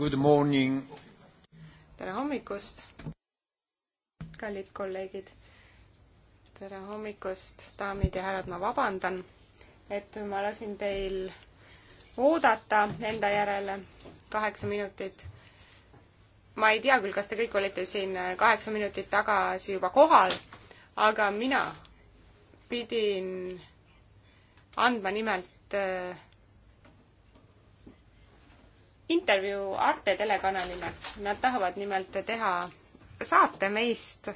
Good morning! tere hommikust, kallid kolleegid! tere hommikust, daamid ja härrad, ma vabandan, et ma lasin teil oodata enda järele kaheksa minutit. ma ei tea küll, kas te kõik olite siin kaheksa minutit tagasi juba kohal, aga mina pidin andma nimelt äh, intervjuu Arte telekanalile. Nad tahavad nimelt teha saate meist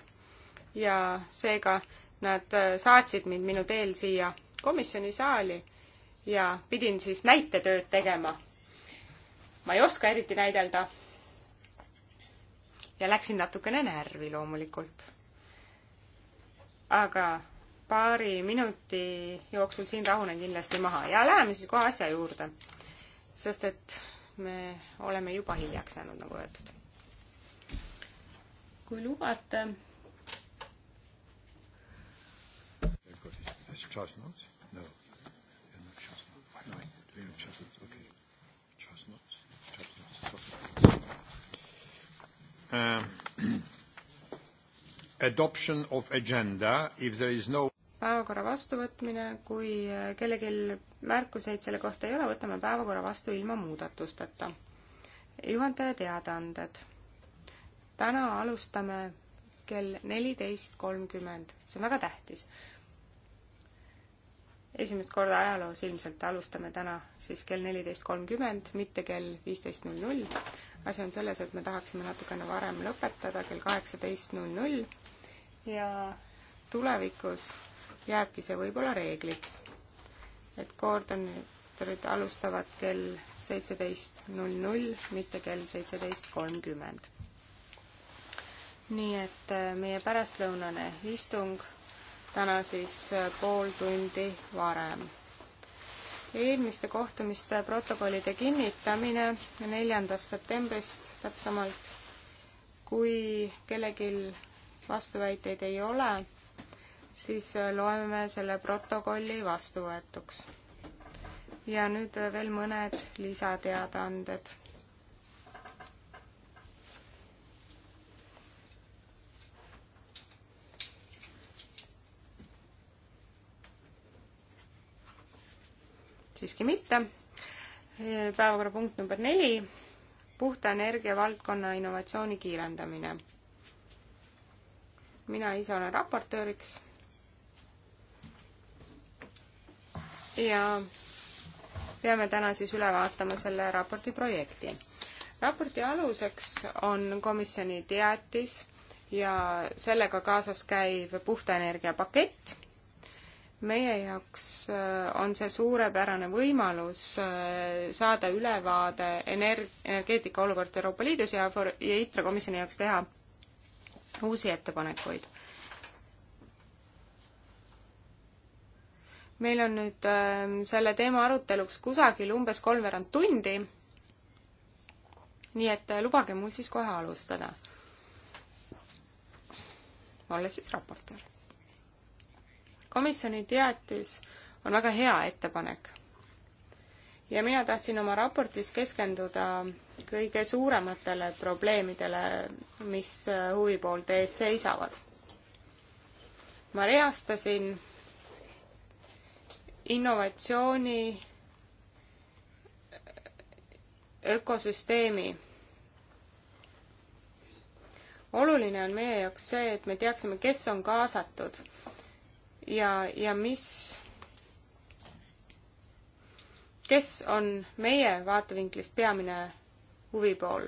ja seega nad saatsid mind minu teel siia komisjoni saali ja pidin siis näitetööd tegema. ma ei oska eriti näidelda. ja läksin natukene närvi loomulikult. aga paari minuti jooksul siin rahunen kindlasti maha ja läheme siis kohe asja juurde. sest et me oleme juba hiljaks jäänud, nagu öeldud. kui lubate. Adoption of agenda, if there is no päevakorra vastuvõtmine, kui kellelgi märkuseid selle kohta ei ole, võtame päevakorra vastu ilma muudatusteta. juhataja teadaanded. täna alustame kell neliteist kolmkümmend, see on väga tähtis. esimest korda ajaloos ilmselt alustame täna siis kell neliteist kolmkümmend, mitte kell viisteist null null. asi on selles, et me tahaksime natukene varem lõpetada kell kaheksateist null null ja tulevikus jääbki see võib-olla reegliks. et koordinaatorid alustavad kell seitseteist null null, mitte kell seitseteist kolmkümmend. nii et äh, meie pärastlõunane istung täna siis äh, pool tundi varem. eelmiste kohtumiste protokollide kinnitamine neljandast septembrist täpsemalt, kui kellelgi vastuväiteid ei ole siis äh, loeme selle protokolli vastuvõetuks. ja nüüd äh, veel mõned lisateadaanded. siiski mitte. Äh, päevakorrapunkt number neli, puhta energia valdkonna innovatsiooni kiirendamine. mina ise olen raportööriks ja peame täna siis üle vaatama selle raporti projekti. raporti aluseks on komisjoni teatis ja sellega kaasas käiv puhta energia pakett. meie jaoks äh, on see suurepärane võimalus äh, saada ülevaade energ-, energeetika olukord Euroopa Liidus ja for-, ja ITRE komisjoni jaoks teha uusi ettepanekuid meil on nüüd ähm, selle teema aruteluks kusagil umbes kolmveerand tundi. nii et äh, lubage mul siis kohe alustada. olles siis raportöör. komisjoni teatis on väga hea ettepanek. ja mina tahtsin oma raportis keskenduda kõige suurematele probleemidele, mis äh, huvipoolte ees seisavad. ma reastasin innovatsiooni ökosüsteemi. oluline on meie jaoks see, et me teaksime, kes on kaasatud ja, ja mis, kes on meie vaatevinklist peamine huvipool.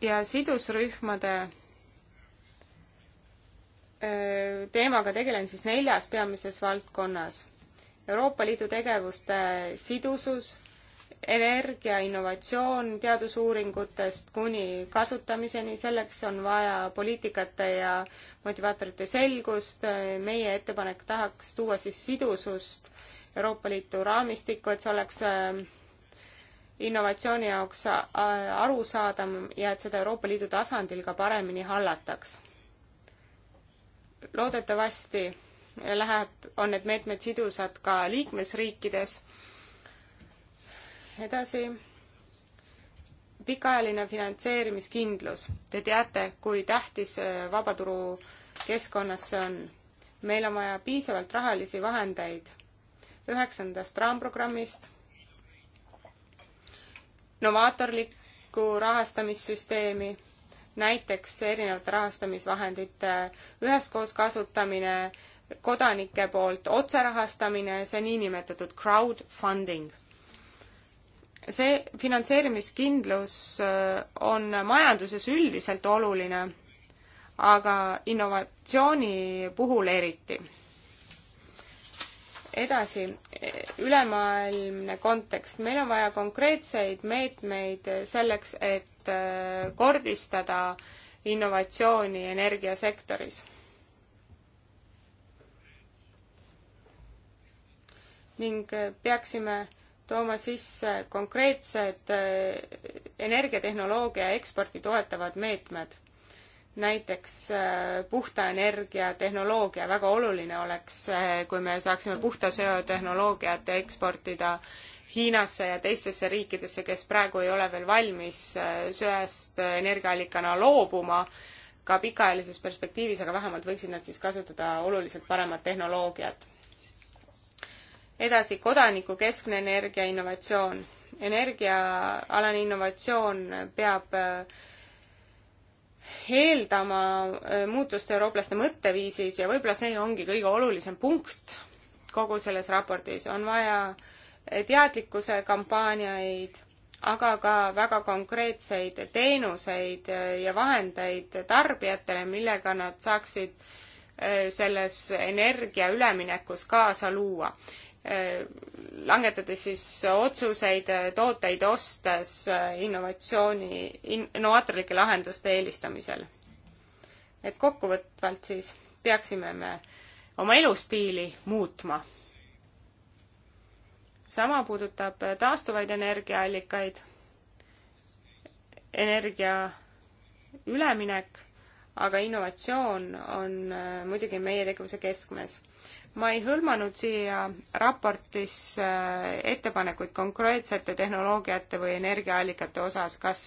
ja sidusrühmade teemaga tegelen siis neljas peamises valdkonnas. Euroopa Liidu tegevuste sidusus, energia, innovatsioon teadusuuringutest kuni kasutamiseni, selleks on vaja poliitikate ja motivaatorite selgust, meie ettepanek tahaks tuua siis sidusust Euroopa Liitu raamistikku, et see oleks innovatsiooni jaoks arusaadav ja et seda Euroopa Liidu tasandil ka paremini hallataks loodetavasti läheb, on need meetmed sidusad ka liikmesriikides. edasi, pikaajaline finantseerimiskindlus. Te teate, kui tähtis vabaturu keskkonnas see on. meil on vaja piisavalt rahalisi vahendeid üheksandast raamprogrammist, novaatorlikku rahastamissüsteemi näiteks erinevate rahastamisvahendite üheskoos kasutamine, kodanike poolt otserahastamine, see niinimetatud crowdfunding. see finantseerimiskindlus äh, on majanduses üldiselt oluline, aga innovatsiooni puhul eriti. edasi, ülemaailmne kontekst. meil on vaja konkreetseid meetmeid selleks, et et äh, kordistada innovatsiooni energiasektoris. ning äh, peaksime tooma sisse konkreetsed äh, energiatehnoloogia eksporti toetavad meetmed. näiteks puhta energia tehnoloogia, väga oluline oleks, kui me saaksime puhta söetehnoloogiat eksportida äh, Hiinasse ja teistesse riikidesse, kes praegu ei ole veel valmis äh, söest äh, energiaallikana loobuma ka pikaajalises perspektiivis, aga vähemalt võiksid nad siis kasutada oluliselt paremat tehnoloogiat. edasi, kodanikukeskne energia innovatsioon. energiaalane innovatsioon peab äh, eeldama muutust eurooplaste mõtteviisis ja võib-olla see ongi kõige olulisem punkt kogu selles raportis, on vaja äh, teadlikkuse kampaaniaid, aga ka väga konkreetseid teenuseid ja vahendeid tarbijatele, millega nad saaksid äh, selles energia üleminekus kaasa luua. Äh, langetades siis otsuseid äh, tooteid ostes innovatsiooni, innovaatorlike lahenduste eelistamisel. et kokkuvõtvalt siis peaksime me oma elustiili muutma sama puudutab äh, taastuvaid energiaallikaid, energia üleminek, aga innovatsioon on äh, muidugi meie tegevuse keskmes. ma ei hõlmanud siia raportis äh, ettepanekuid konkreetsete tehnoloogiate või energiaallikate osas, kas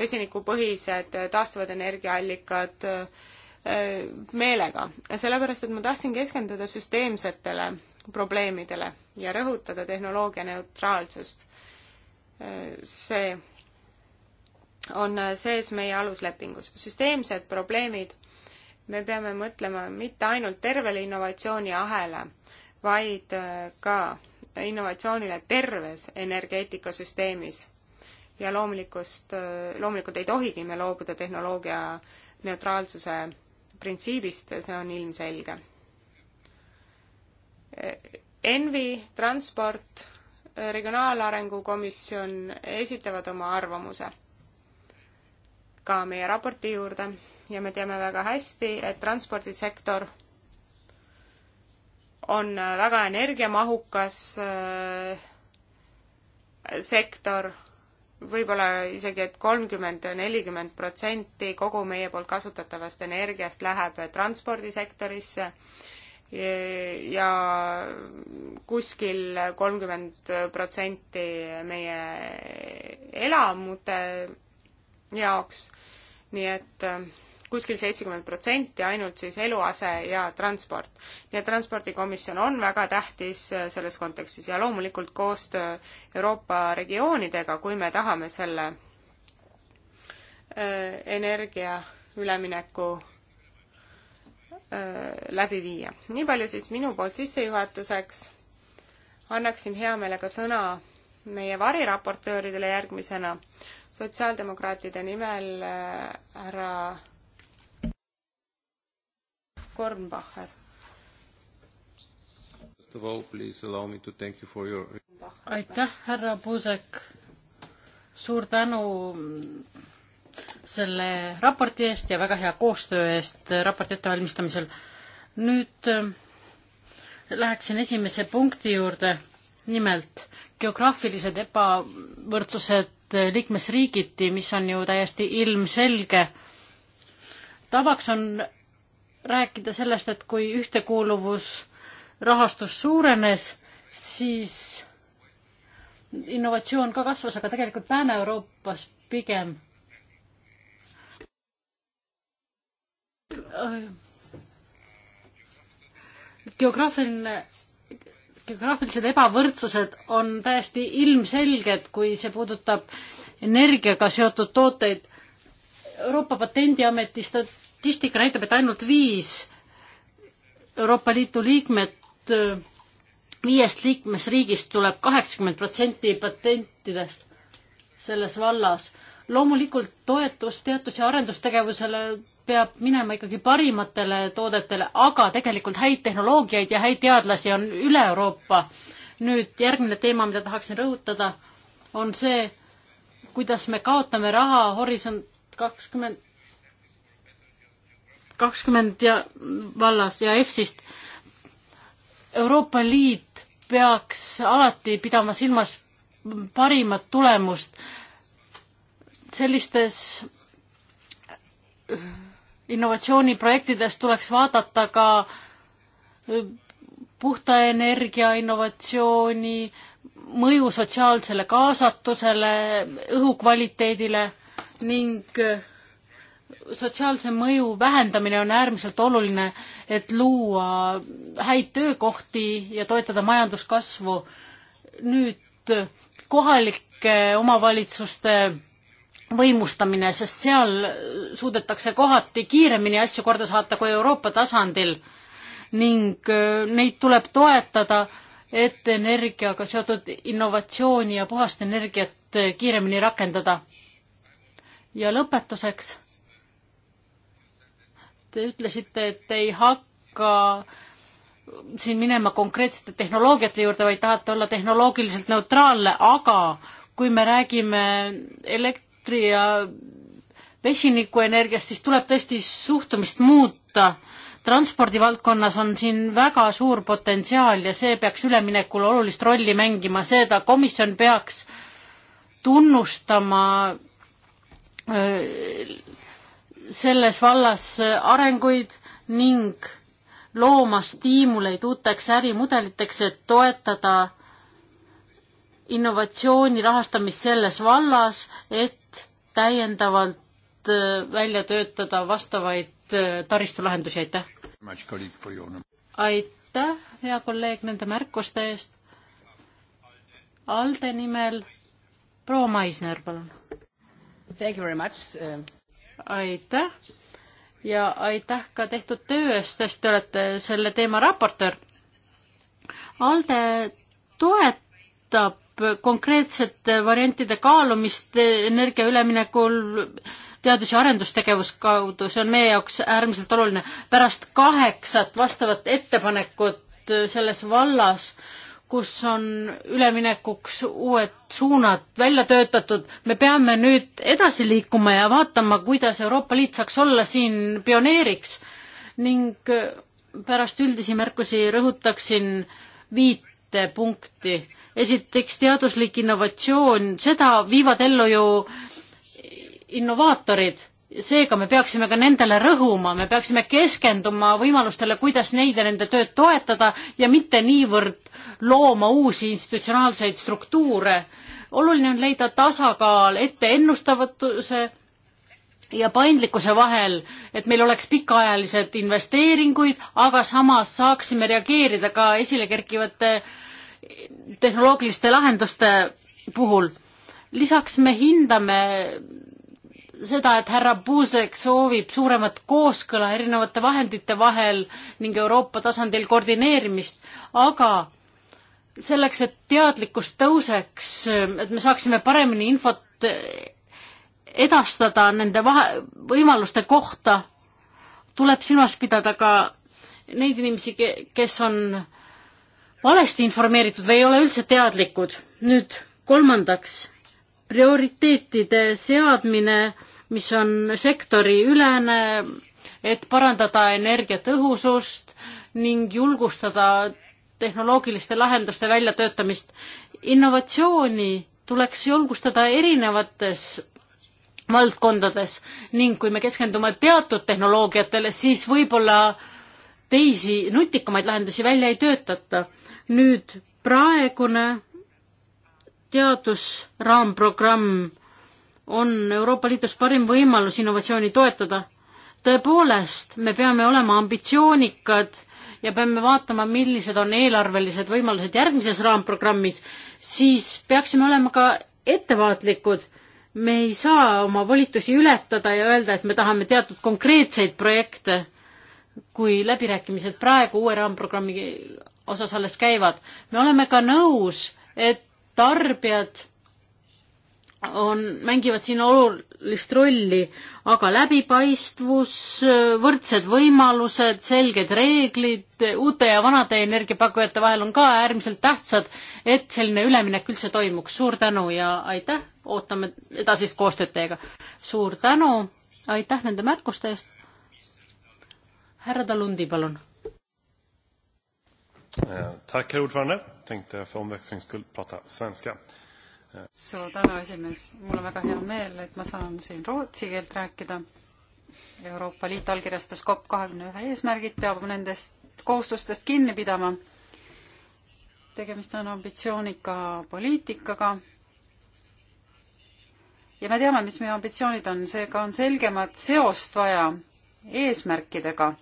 vesinikupõhised taastuvad energiaallikad meelega, sellepärast et ma tahtsin keskenduda süsteemsetele probleemidele ja rõhutada tehnoloogia neutraalsust. see on sees meie aluslepingus. süsteemsed probleemid, me peame mõtlema mitte ainult tervele innovatsiooniahele, vaid ka innovatsioonile terves energeetikasüsteemis. ja loomulikust, loomulikult ei tohigi me loobuda tehnoloogia neutraalsuse printsiibist, see on ilmselge Envi, Transport, Regionaalarengu Komisjon esitavad oma arvamuse ka meie raporti juurde ja me teame väga hästi, et transpordisektor on väga energiamahukas äh, sektor, võib-olla isegi et, et kolmkümmend, nelikümmend protsenti kogu meie poolt kasutatavast energiast läheb transpordisektorisse ja kuskil kolmkümmend protsenti meie elamute jaoks, nii et äh, kuskil seitsekümmend protsenti ainult siis eluase ja transport. nii et Transpordikomisjon on väga tähtis äh, selles kontekstis ja loomulikult koostöö Euroopa regioonidega, kui me tahame selle äh, energia ülemineku Äh, läbi viia. nii palju siis minu poolt sissejuhatuseks. annaksin hea meelega sõna meie variraportööridele järgmisena. sotsiaaldemokraatide nimel äh, härra Kornbacher. aitäh, härra Puusek. suur tänu selle raporti eest ja väga hea koostöö eest raporti ettevalmistamisel. nüüd äh, läheksin esimese punkti juurde, nimelt geograafilised ebavõrdsused liikmesriigiti, mis on ju täiesti ilmselge. tavaks on rääkida sellest, et kui ühtekuuluvusrahastus suurenes, siis innovatsioon ka kasvas, aga tegelikult Lääne-Euroopas pigem Äh, geograafiline, geograafilised ebavõrdsused on täiesti ilmselged, kui see puudutab energiaga seotud tooteid. Euroopa Patendiameti statistika näitab, et ainult viis Euroopa Liidu liikmed, äh, viiest liikmesriigist tuleb kaheksakümmend protsenti patentidest selles vallas. loomulikult toetus teadus- ja arendustegevusele peab minema ikkagi parimatele toodetele, aga tegelikult häid tehnoloogiaid ja häid teadlasi on üle Euroopa. nüüd järgmine teema, mida tahaksin rõhutada, on see, kuidas me kaotame raha Horisont kakskümmend, kakskümmend ja vallas ja EFSist. Euroopa Liit peaks alati pidama silmas parimat tulemust sellistes innovatsiooniprojektides tuleks vaadata ka puhta energia innovatsiooni mõju sotsiaalsele kaasatusele, õhukvaliteedile ning sotsiaalse mõju vähendamine on äärmiselt oluline, et luua häid töökohti ja toetada majanduskasvu. nüüd kohalike omavalitsuste võimustamine, sest seal suudetakse kohati kiiremini asju korda saata kui Euroopa tasandil ning äh, neid tuleb toetada, et energiaga seotud innovatsiooni ja puhast energiat äh, kiiremini rakendada. ja lõpetuseks. Te ütlesite, et ei hakka siin minema konkreetsete tehnoloogiate juurde, vaid tahate olla tehnoloogiliselt neutraalne, aga kui me räägime elekt-, elektri ja vesinikuenergiast, siis tuleb tõesti suhtumist muuta. transpordivaldkonnas on siin väga suur potentsiaal ja see peaks üleminekul olulist rolli mängima, seda komisjon peaks tunnustama äh, selles vallas äh, arenguid ning looma stiimuleid uuteks ärimudeliteks, et toetada innovatsiooni rahastamist selles vallas, et täiendavalt äh, välja töötada vastavaid äh, taristulahendusi, aitäh! aitäh, hea kolleeg, nende märkuste eest! ALDE nimel proua Maisner, palun! Äh. aitäh ja aitäh ka tehtud töö eest, sest te olete selle teema raportöör. ALDE toetab konkreetsete variantide kaalumist energia üleminekul teadus- ja arendustegevus kaudu, see on meie jaoks äärmiselt oluline. pärast kaheksat vastavat ettepanekut selles vallas, kus on üleminekuks uued suunad välja töötatud, me peame nüüd edasi liikuma ja vaatama, kuidas Euroopa Liit saaks olla siin pioneeriks ning pärast üldisi märkusi rõhutaksin viite punkti esiteks teaduslik innovatsioon, seda viivad ellu ju innovaatorid, seega me peaksime ka nendele rõhuma, me peaksime keskenduma võimalustele, kuidas neid ja nende tööd toetada ja mitte niivõrd looma uusi institutsionaalseid struktuure. oluline on leida tasakaal ette ennustavatuse ja paindlikkuse vahel, et meil oleks pikaajalised investeeringuid, aga samas saaksime reageerida ka esile kerkivate äh, tehnoloogiliste lahenduste puhul. lisaks me hindame seda, et härra Puusek soovib suuremat kooskõla erinevate vahendite vahel ning Euroopa tasandil koordineerimist, aga selleks, et teadlikkus tõuseks, et me saaksime paremini infot edastada nende vahe, võimaluste kohta, tuleb silmas pidada ka neid inimesi, kes on äh, valesti informeeritud või ei ole üldse teadlikud. nüüd kolmandaks, prioriteetide seadmine, mis on sektoriülene, et parandada energiatõhusust ning julgustada tehnoloogiliste lahenduste väljatöötamist. innovatsiooni tuleks julgustada erinevates valdkondades ning kui me keskendume teatud tehnoloogiatele, siis võib-olla teisi nutikamaid lahendusi välja ei töötata. nüüd praegune teadusraamprogramm on Euroopa Liidus parim võimalus innovatsiooni toetada. tõepoolest, me peame olema ambitsioonikad ja peame vaatama, millised on eelarvelised võimalused järgmises raamprogrammis, siis peaksime olema ka ettevaatlikud. me ei saa oma volitusi ületada ja öelda, et me tahame teatud konkreetseid projekte kui läbirääkimised praegu uue raamprogrammi osas alles käivad. me oleme ka nõus, et tarbijad on, mängivad siin olulist rolli, aga läbipaistvus, võrdsed võimalused, selged reeglid uute ja vanade energiapakkujate vahel on ka äärmiselt tähtsad, et selline üleminek üldse toimuks. suur tänu ja aitäh, ootame edasist koostööd teiega. suur tänu, aitäh nende märkuste eest härra Talundi, palun. Eh, tack, herr ordförande. Tänkte för omväxlings skull prata svenska. Eh. suur tänu, esimees. mul on väga hea meel, et ma saan siin rootsi keelt rääkida. Euroopa Liit allkirjastas COP kahekümne ühe eesmärgid, peab nendest kohustustest kinni pidama. tegemist on ambitsioonika poliitikaga. ja me teame, mis meie ambitsioonid on, seega on selgemat seost vaja eesmärkidega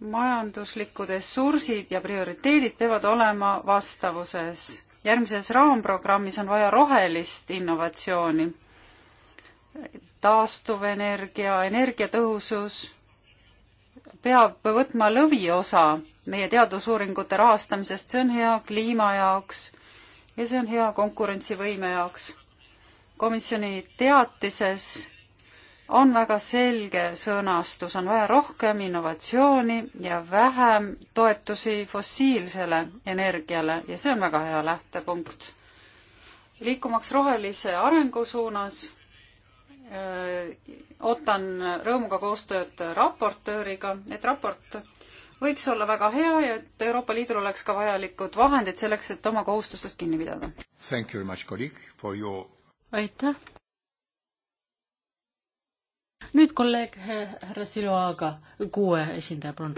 majanduslikud ressursid ja prioriteedid peavad olema vastavuses. järgmises raamprogrammis on vaja rohelist innovatsiooni, taastuvenergia, energiatõhusus peab võtma lõviosa meie teadusuuringute rahastamisest, see on hea kliima jaoks ja see on hea konkurentsivõime jaoks. komisjoni teatises on väga selge sõnastus, on vaja rohkem innovatsiooni ja vähem toetusi fossiilsele energiale ja see on väga hea lähtepunkt. liikumaks rohelise arengu suunas, ootan rõõmuga koostööd raportööriga, et raport võiks olla väga hea ja et Euroopa Liidul oleks ka vajalikud vahendid selleks, et oma kohustustest kinni pidada. Your... aitäh nüüd kolleeg eh, härra Siloaga, kuue esindaja, palun.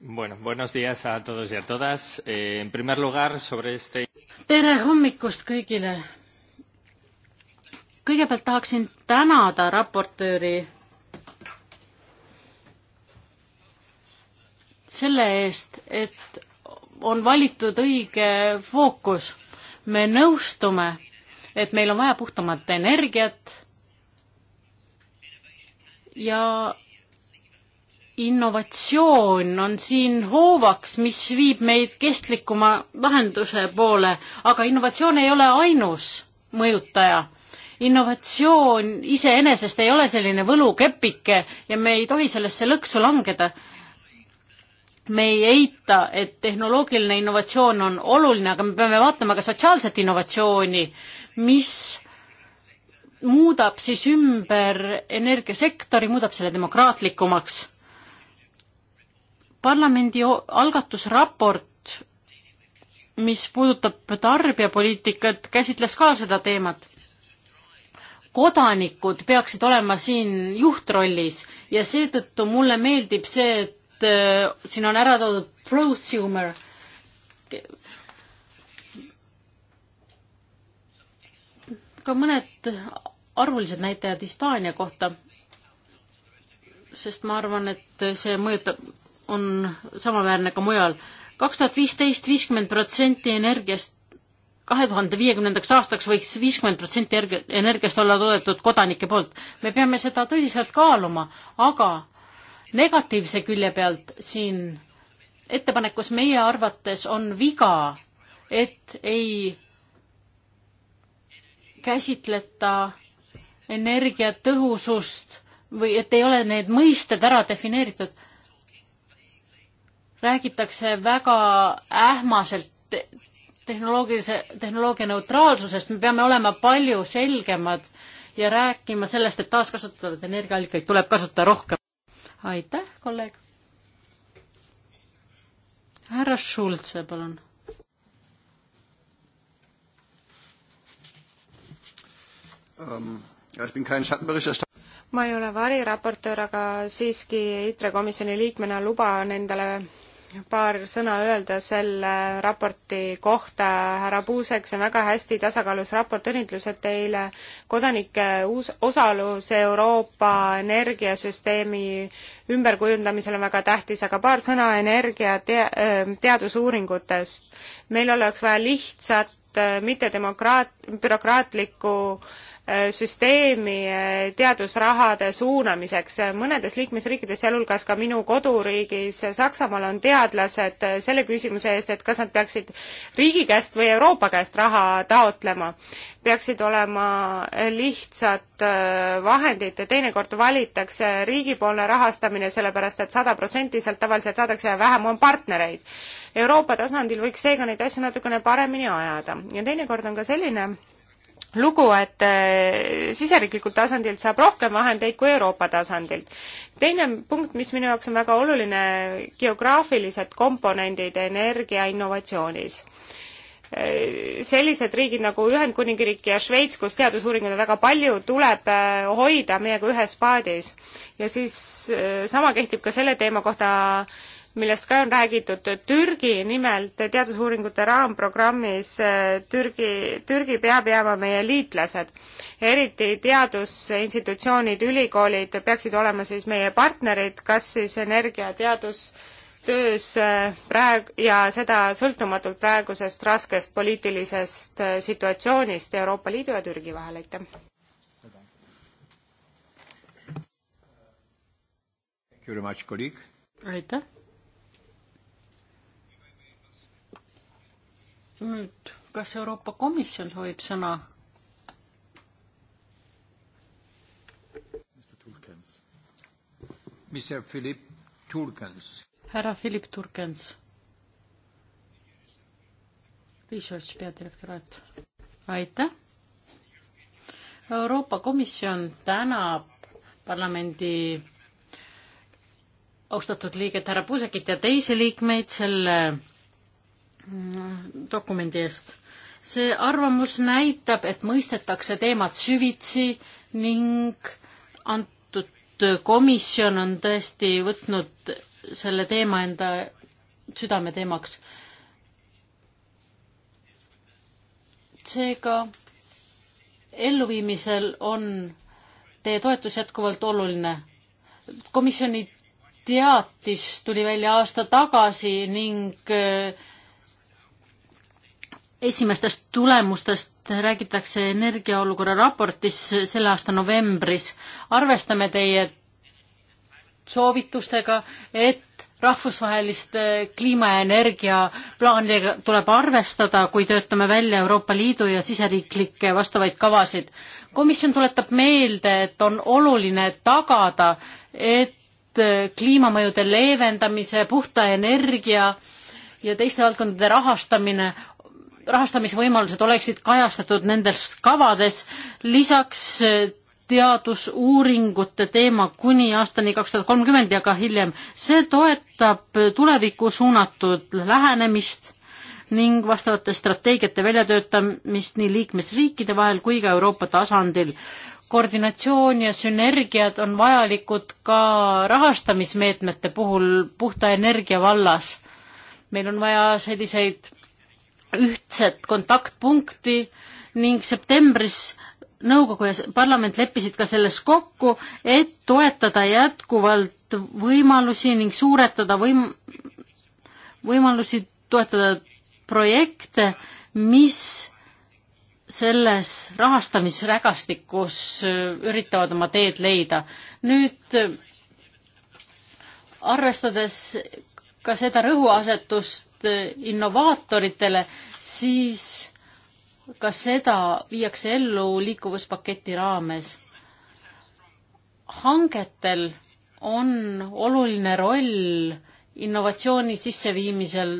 Bueno, buenos días a todos y a todas. Eh, en primer lugar, sobre este... tere hommikust kõigile! kõigepealt tahaksin tänada raportööri selle eest, et on valitud õige fookus. me nõustume, et meil on vaja puhtamat energiat ja innovatsioon on siin hoovaks, mis viib meid kestlikuma lahenduse poole, aga innovatsioon ei ole ainus mõjutaja. innovatsioon iseenesest ei ole selline võlukepike ja me ei tohi sellesse lõksu langeda. me ei eita, et tehnoloogiline innovatsioon on oluline, aga me peame vaatama ka sotsiaalset innovatsiooni, mis muudab siis ümber energiasektori, muudab selle demokraatlikumaks. parlamendi algatusraport, mis puudutab tarbijapoliitikat, käsitles ka seda teemat. kodanikud peaksid olema siin juhtrollis ja seetõttu mulle meeldib see, et äh, siin on ära toodud prosumer, ka mõned arvulised näitajad Hispaania kohta, sest ma arvan, et see mõjutab, on samaväärne ka mujal. kaks tuhat viisteist viiskümmend protsenti energiast, kahe tuhande viiekümnendaks aastaks võiks viiskümmend protsenti energiast olla toodetud kodanike poolt. me peame seda tõsiselt kaaluma, aga negatiivse külje pealt siin ettepanekus meie arvates on viga, et ei käsitleta energiatõhusust või et ei ole need mõisted ära defineeritud. räägitakse väga ähmaselt tehnoloogilise, tehnoloogia neutraalsusest, me peame olema palju selgemad ja rääkima sellest, et taaskasutatavaid energiaallikaid tuleb kasutada rohkem. aitäh, kolleeg. härra Schulze, palun ähm, ja, ich bin kein Schattenberichterstatter ma ei ole variraportöör, aga siiski ITRE komisjoni liikmena luban endale paar sõna öelda selle raporti kohta. härra Puusek, see on väga hästi tasakaalus raport, õnnitlused teile. kodanike uus osalus Euroopa energiasüsteemi ümberkujundamisel on väga tähtis, aga paar sõna energia te ähm, teadusuuringutest. meil oleks vaja lihtsat, äh, mittedemokraat-, bürokraatlikku äh, Äh, süsteemi äh, teadusrahade suunamiseks. mõnedes liikmesriikides, sealhulgas ka minu koduriigis Saksamaal, on teadlased äh, selle küsimuse eest, et kas nad peaksid riigi käest või Euroopa käest raha taotlema. peaksid olema lihtsad vahendid, teinekord valitakse riigipoolne rahastamine, sellepärast et sada protsenti sealt tavaliselt saadakse ja vähem on partnereid. Euroopa tasandil võiks seega neid asju natukene paremini ajada ja teinekord on ka selline lugu, et äh, siseriiklikult tasandilt saab rohkem vahendeid kui Euroopa tasandilt. teine punkt, mis minu jaoks on väga oluline, geograafilised komponendid energia innovatsioonis. Äh, sellised riigid nagu Ühendkuningriik ja Šveits, kus teadusuuringuid on väga palju, tuleb äh, hoida meiega ühes paadis. ja siis sama kehtib ka selle teema kohta, millest ka on räägitud Türgi nimelt teadusuuringute raamprogrammis äh, Türgi, Türgi peab jääma meie liitlased. eriti teadusinstitutsioonid, ülikoolid peaksid olema siis meie partnerid, kas siis energiateadus töös äh, praegu ja seda sõltumatult praegusest raskest poliitilisest äh, situatsioonist Euroopa Liidu ja Türgi vahel, aitäh! aitäh! nüüd, kas Euroopa Komisjon soovib sõna? härra Philip Turkens. Research peadirektoraat. aitäh. Euroopa Komisjon tänab parlamendi austatud liiget härra Puusekit ja teisi liikmeid selle dokumendi eest. see arvamus näitab, et mõistetakse teemat süvitsi ning antud komisjon on tõesti võtnud selle teema enda südameteemaks. seega elluviimisel on teie toetus jätkuvalt oluline. komisjoni teatis tuli välja aasta tagasi ning äh, esimestest tulemustest räägitakse energiaolukorra raportis selle aasta novembris. arvestame teie soovitustega, et rahvusvaheliste äh, kliima- ja energiaplaanidega tuleb arvestada, kui töötame välja Euroopa Liidu ja siseriiklikke vastavaid kavasid. komisjon tuletab meelde, et on oluline tagada, et äh, kliimamõjude leevendamise, puhta energia ja teiste valdkondade rahastamine rahastamisvõimalused oleksid kajastatud nendes kavades, lisaks eh, teadusuuringute teema kuni aastani kaks tuhat kolmkümmend ja ka hiljem. see toetab tulevikku suunatud lähenemist ning vastavate strateegiate väljatöötamist nii liikmesriikide vahel kui ka Euroopa tasandil. koordinatsioon ja sünergiad on vajalikud ka rahastamismeetmete puhul puhta energia vallas. meil on vaja selliseid ühtset kontaktpunkti ning septembris nõukogu ja parlament leppisid ka selles kokku, et toetada jätkuvalt võimalusi ning suuretada võim-, võimalusi toetada projekte, mis selles rahastamisrägastikus üritavad oma teed leida. nüüd arvestades ka seda rõhuasetust innovaatoritele, siis ka seda viiakse ellu liikuvuspaketi raames. hangetel on oluline roll innovatsiooni sisseviimisel.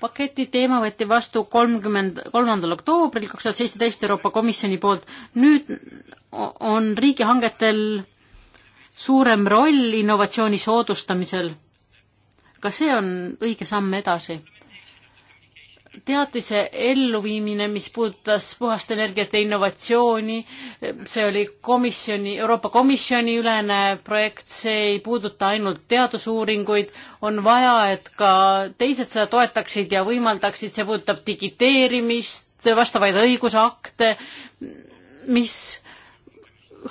paketi teema võeti vastu kolmkümmend, kolmandal oktoobril kaks tuhat seitseteist Euroopa Komisjoni poolt. nüüd on riigihangetel suurem roll innovatsiooni soodustamisel ka see on õige samm edasi. teatise elluviimine, mis puudutas puhast energiat ja innovatsiooni, see oli komisjoni, Euroopa Komisjoni ülene projekt, see ei puuduta ainult teadusuuringuid, on vaja, et ka teised seda toetaksid ja võimaldaksid, see puudutab digiteerimist, vastavaid õigusakte, mis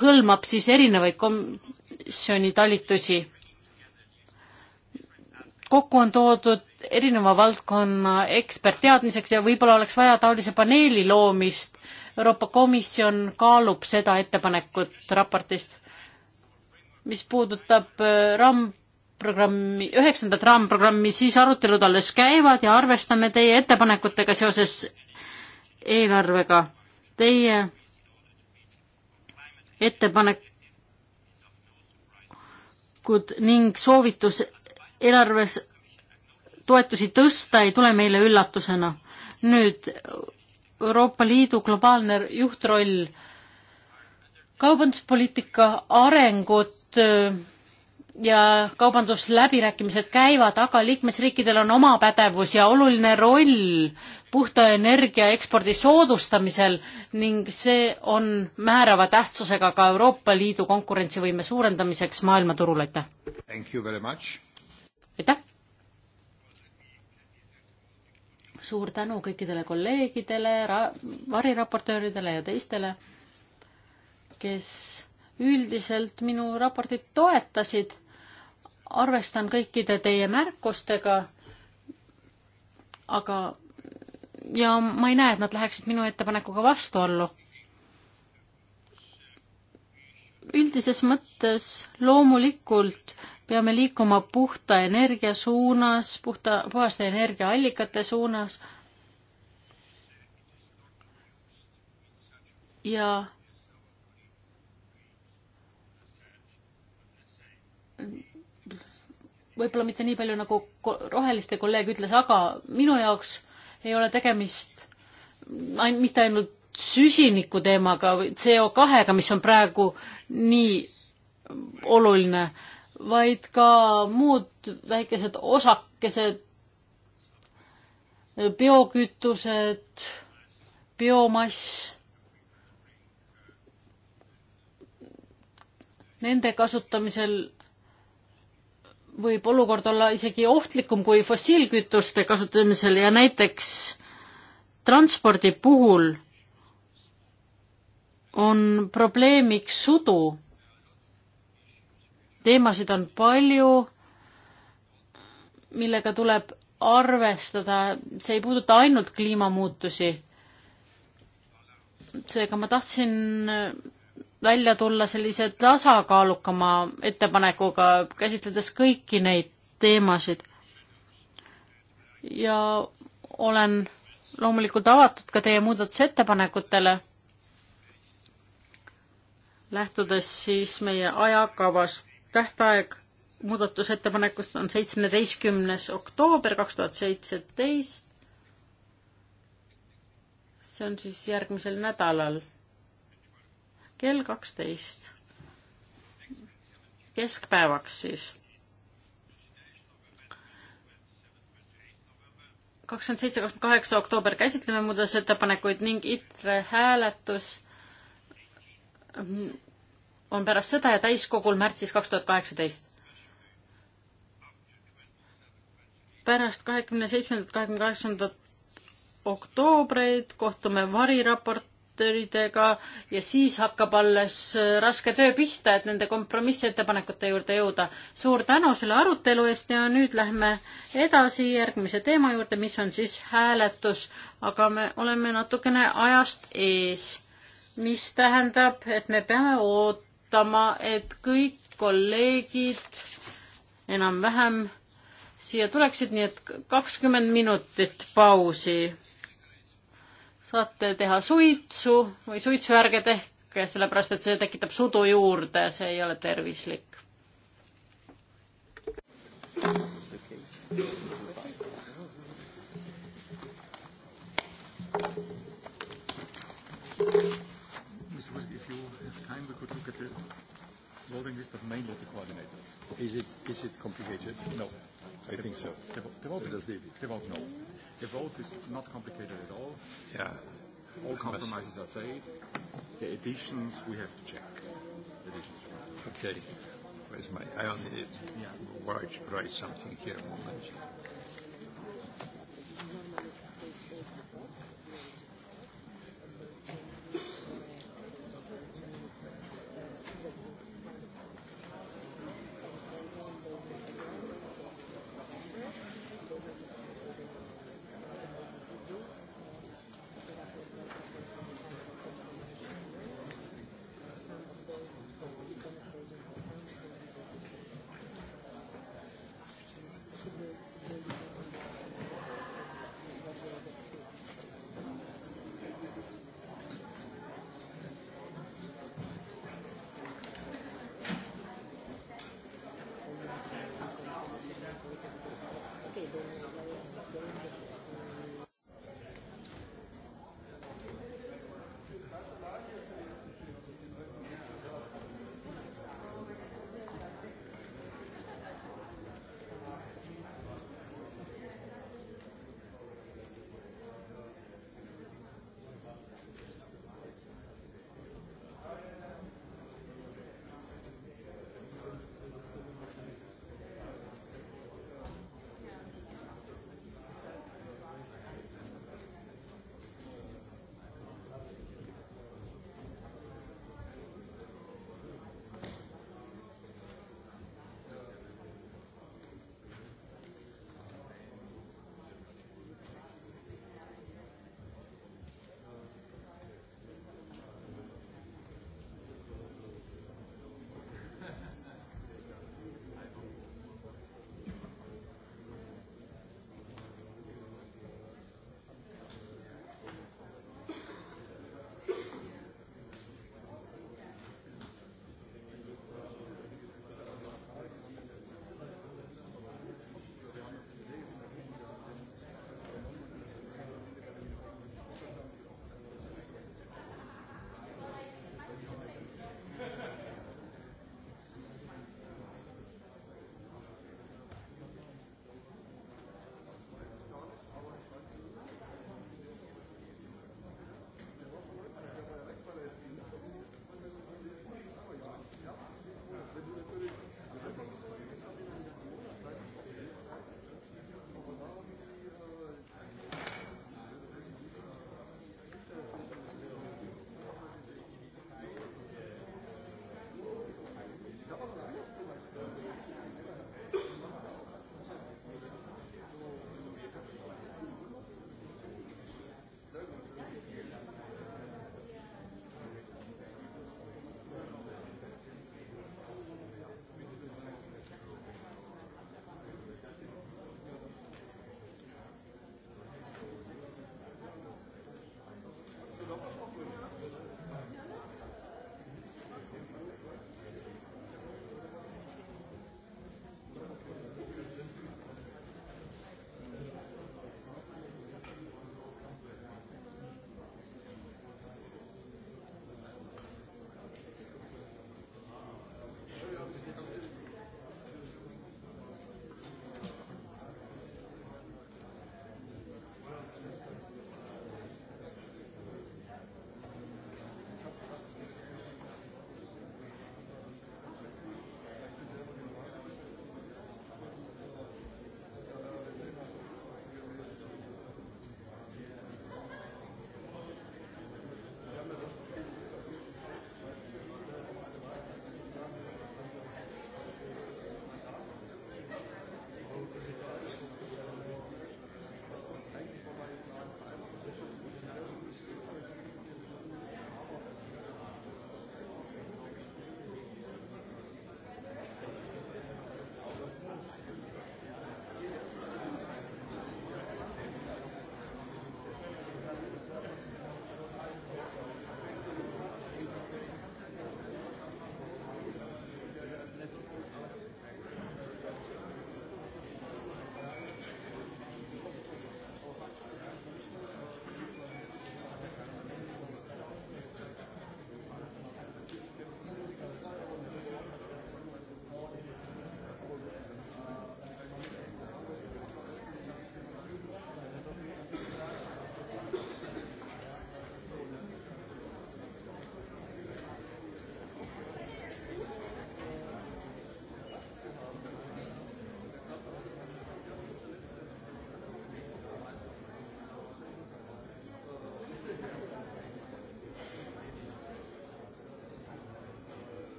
hõlmab siis erinevaid komisjoni talitusi kokku on toodud erineva valdkonna ekspertteadmiseks ja võib-olla oleks vaja taolise paneeli loomist. Euroopa Komisjon kaalub seda ettepanekut raportist, mis puudutab äh, RAM-programmi, üheksandat RAM-programmi, siis arutelud alles käivad ja arvestame teie ettepanekutega seoses eelarvega. Teie ettepanekud ning soovitus eelarves toetusi tõsta ei tule meile üllatusena. nüüd Euroopa Liidu globaalne juhtroll, kaubanduspoliitika arengud äh, ja kaubandusläbirääkimised käivad, aga liikmesriikidel on oma pädevus ja oluline roll puhta energia ekspordi soodustamisel ning see on määrava tähtsusega ka Euroopa Liidu konkurentsivõime suurendamiseks maailmaturul, aitäh! aitäh! suur tänu kõikidele kolleegidele, variraportööridele ja teistele, kes üldiselt minu raportit toetasid. arvestan kõikide teie märkustega. aga, ja ma ei näe, et nad läheksid minu ettepanekuga vastuollu. üldises mõttes loomulikult peame liikuma puhta energia suunas, puhta, puhaste energiaallikate suunas. ja võib-olla mitte nii palju nagu roheliste kolleeg ütles, aga minu jaoks ei ole tegemist ain-, mitte ainult süsiniku teemaga või CO2-ga, mis on praegu nii oluline vaid ka muud väikesed osakesed, biokütused, biomass. Nende kasutamisel võib olukord olla isegi ohtlikum kui fossiilkütuste kasutamisel ja näiteks transpordi puhul on probleemiks sudu teemasid on palju, millega tuleb arvestada, see ei puuduta ainult kliimamuutusi. seega ma tahtsin välja tulla sellise tasakaalukama ettepanekuga, käsitledes kõiki neid teemasid. ja olen loomulikult avatud ka teie muudatusettepanekutele, lähtudes siis meie ajakavast tähtaeg muudatusettepanekust on seitsmeteistkümnes oktoober kaks tuhat seitseteist. see on siis järgmisel nädalal kell kaksteist. keskpäevaks siis. kakskümmend seitse, kakskümmend kaheksa oktoober käsitleme muudatusettepanekuid ning ITRE hääletus on pärast sõda ja täiskogul märtsis kaks tuhat kaheksateist. pärast kahekümne seitsmendat, kahekümne kaheksandat oktoobreid kohtume variraportööridega ja siis hakkab alles äh, raske töö pihta, et nende kompromissettepanekute juurde jõuda. suur tänu selle arutelu eest ja nüüd lähme edasi järgmise teema juurde, mis on siis hääletus, aga me oleme natukene ajast ees mis tähendab, et me peame ootama ootama, et kõik kolleegid enam-vähem siia tuleksid, nii et kakskümmend minutit pausi. saate teha suitsu või suitsu ärge tehke, sellepärast et see tekitab sudu juurde, see ei ole tervislik. Okay. Thank you complicated voting list, but mainly the coordinators. Is it, is it complicated? No. I the, think so. The, the, voting, the vote, no. The vote is not complicated at all. Yeah. All compromises are safe. The additions we have to check. Additions. Okay. Where's my? I only need yeah. write, write something here. A moment.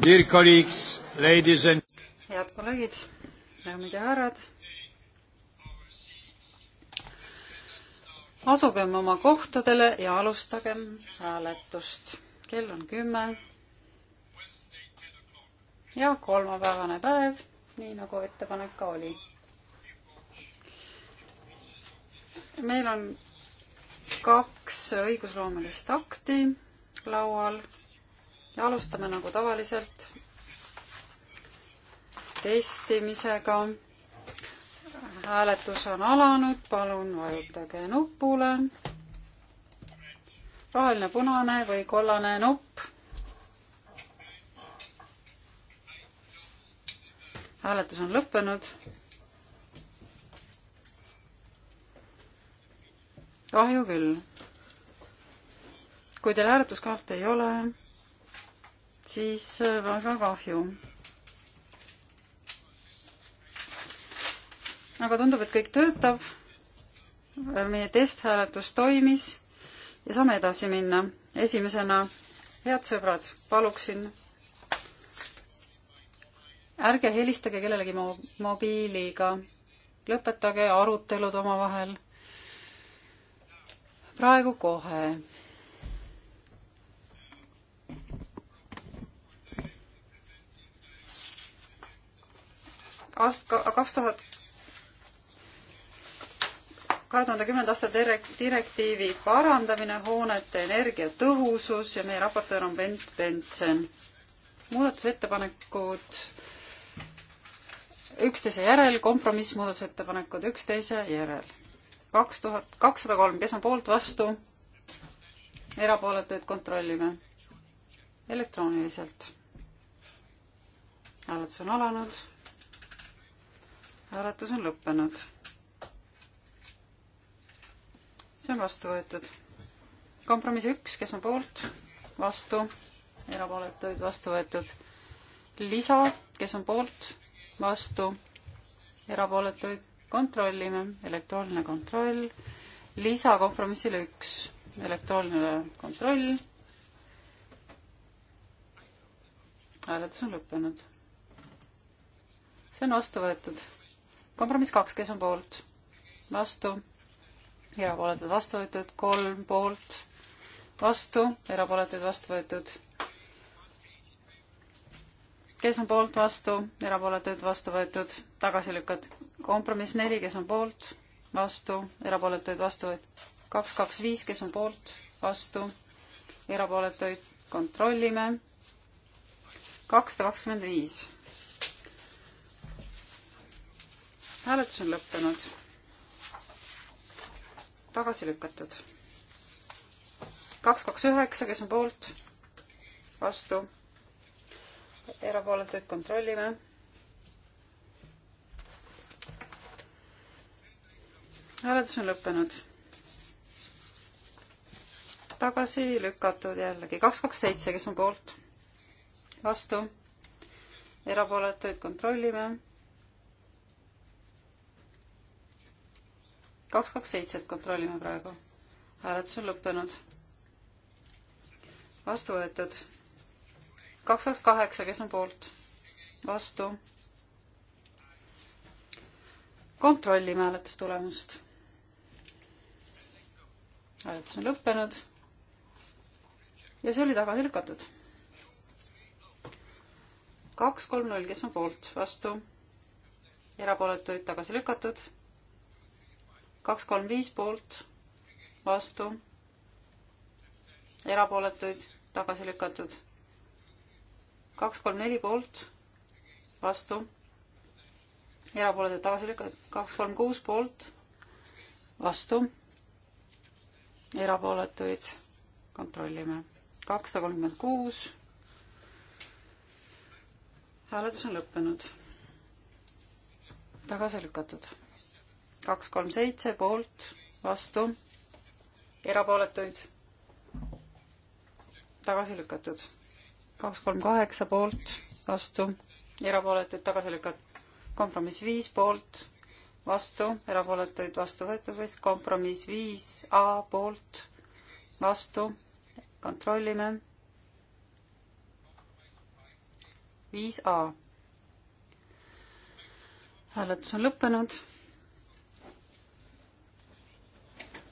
Dear colleagues, And... head kolleegid, daamid ja härrad. asugem oma kohtadele ja alustagem hääletust. kell on kümme. ja kolmapäevane päev, nii nagu ettepanek ka oli. meil on kaks õigusloomelist akti laual ja alustame nagu tavaliselt testimisega. hääletus on alanud, palun vajutage nupule. roheline, punane või kollane nupp. hääletus on lõppenud. kahju küll. kui teil hääletuskaarte ei ole, siis väga kahju aga tundub, et kõik töötab. meie testhääletus toimis ja saame edasi minna. esimesena, head sõbrad, paluksin, ärge helistage kellelegi mo-, mobiiliga. lõpetage arutelud omavahel. praegu kohe aast-, kaks tuhat kahe tuhande kümnenda aasta direktiivi parandamine, hoonete energiatõhusus ja meie raportöör on Bent Bentsen. muudatusettepanekud üksteise järel, kompromiss muudatusettepanekud üksteise järel. kaks tuhat kakssada kolm, kes on poolt, vastu? erapooletuid kontrollime elektrooniliselt. hääletus on alanud. hääletus on lõppenud see on vastu võetud. kompromiss üks, kes on poolt, vastu, erapooletuid vastu võetud. lisa, kes on poolt, vastu, erapooletuid kontrollime, elektrooniline kontroll. lisa kompromissile üks, elektrooniline kontroll. hääletus on lõppenud. see on vastu võetud. kompromiss kaks, kes on poolt, vastu erapooletud vastu võetud, kolm poolt vastu, erapooletud vastu võetud. kes on poolt vastu, erapooletud vastu võetud, tagasi lükkad. kompromiss neli, kes on poolt, vastu, erapooletuid vastu võetud. kaks, kaks, viis, kes on poolt, vastu, erapooletuid kontrollime. kakssada kakskümmend viis. hääletus on lõppenud tagasi lükatud. kaks, kaks, üheksa, kes on poolt, vastu, erapooletuid kontrollime hääletus on lõppenud. tagasi lükatud jällegi kaks, kaks, seitse, kes on poolt? vastu? erapooletuid kontrollime. kaks, kaks, seitset kontrollime praegu. hääletus on lõppenud. vastu võetud. kaks, kaks, kaheksa, kes on poolt? vastu. kontrollime hääletustulemust. hääletus on lõppenud. ja see oli tagasi lükatud. kaks, kolm, null, kes on poolt? vastu. erapooletuid tagasi lükatud kaks, kolm, viis poolt, vastu, erapooletuid, tagasi lükatud. kaks, kolm, neli poolt, vastu, erapooletuid tagasi lükatud, kaks, kolm, kuus poolt, vastu, erapooletuid kontrollime. kakssada kolmkümmend kuus. hääletus on lõppenud. tagasi lükatud kaks, kolm, seitse poolt, vastu, erapooletuid, tagasi lükatud. kaks, kolm, kaheksa poolt, vastu, erapooletuid, tagasi lükatud. kompromiss viis poolt, vastu, erapooletuid, vastu võetud, kompromiss viis A poolt, vastu, kontrollime. viis A. hääletus on lõppenud